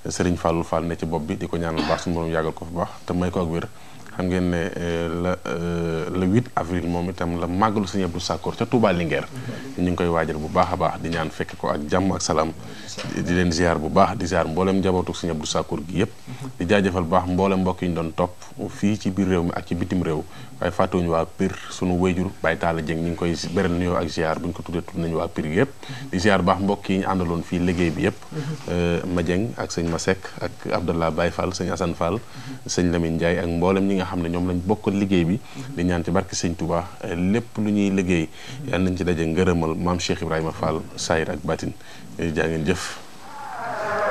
sëriñ Fallou Fall ne ci bopp bi di ko ñaanal baax suñu borom yàggal ko fa baax te may ko ak wér xam ngeen ne euh, la euh, le 8 avril moom itam la màggalu Sëñ Abdou Sakkoor ca Touba Linguère ñu ngi koy waajal bu baax a baax di ñaan fekk ko ak jàmm ak salaam di leen ziar bu baax di ziar mboolem njabootu Sëñ Abdou Sakkoor gi yëpp di jaajëfal bu baax mboolem mbokk yi ñu doon topp fii ci biir réew mi ak ci bitim réew waaye fàttewuñu waa Pire sunu wéyjur Baye Talla Dieng ñu ngi koy beral nuyoo ak ziar bu ñu ko tuddee tudd nañu waa Pire yëpp mm-hmm. di ziar baax mbokk yi ñu àndaloon fii liggéey bi yëpp mm-hmm. euh, ma Dieng ak sëñ Masek ak Abdallah Baye Fall sëñ Assane Fall mm-hmm. sëñ Lamine Ndiaye ak mboolem ñi nga xam ne ñoom lañ bokk liggéey bi di ñaan ci barke sëñ Touba euh, lépp lu ñuy liggéey yal nañ ci daje ngërëmal maam Cheikh Ibrahima Fall saayir ak batin jaa ngeen jëf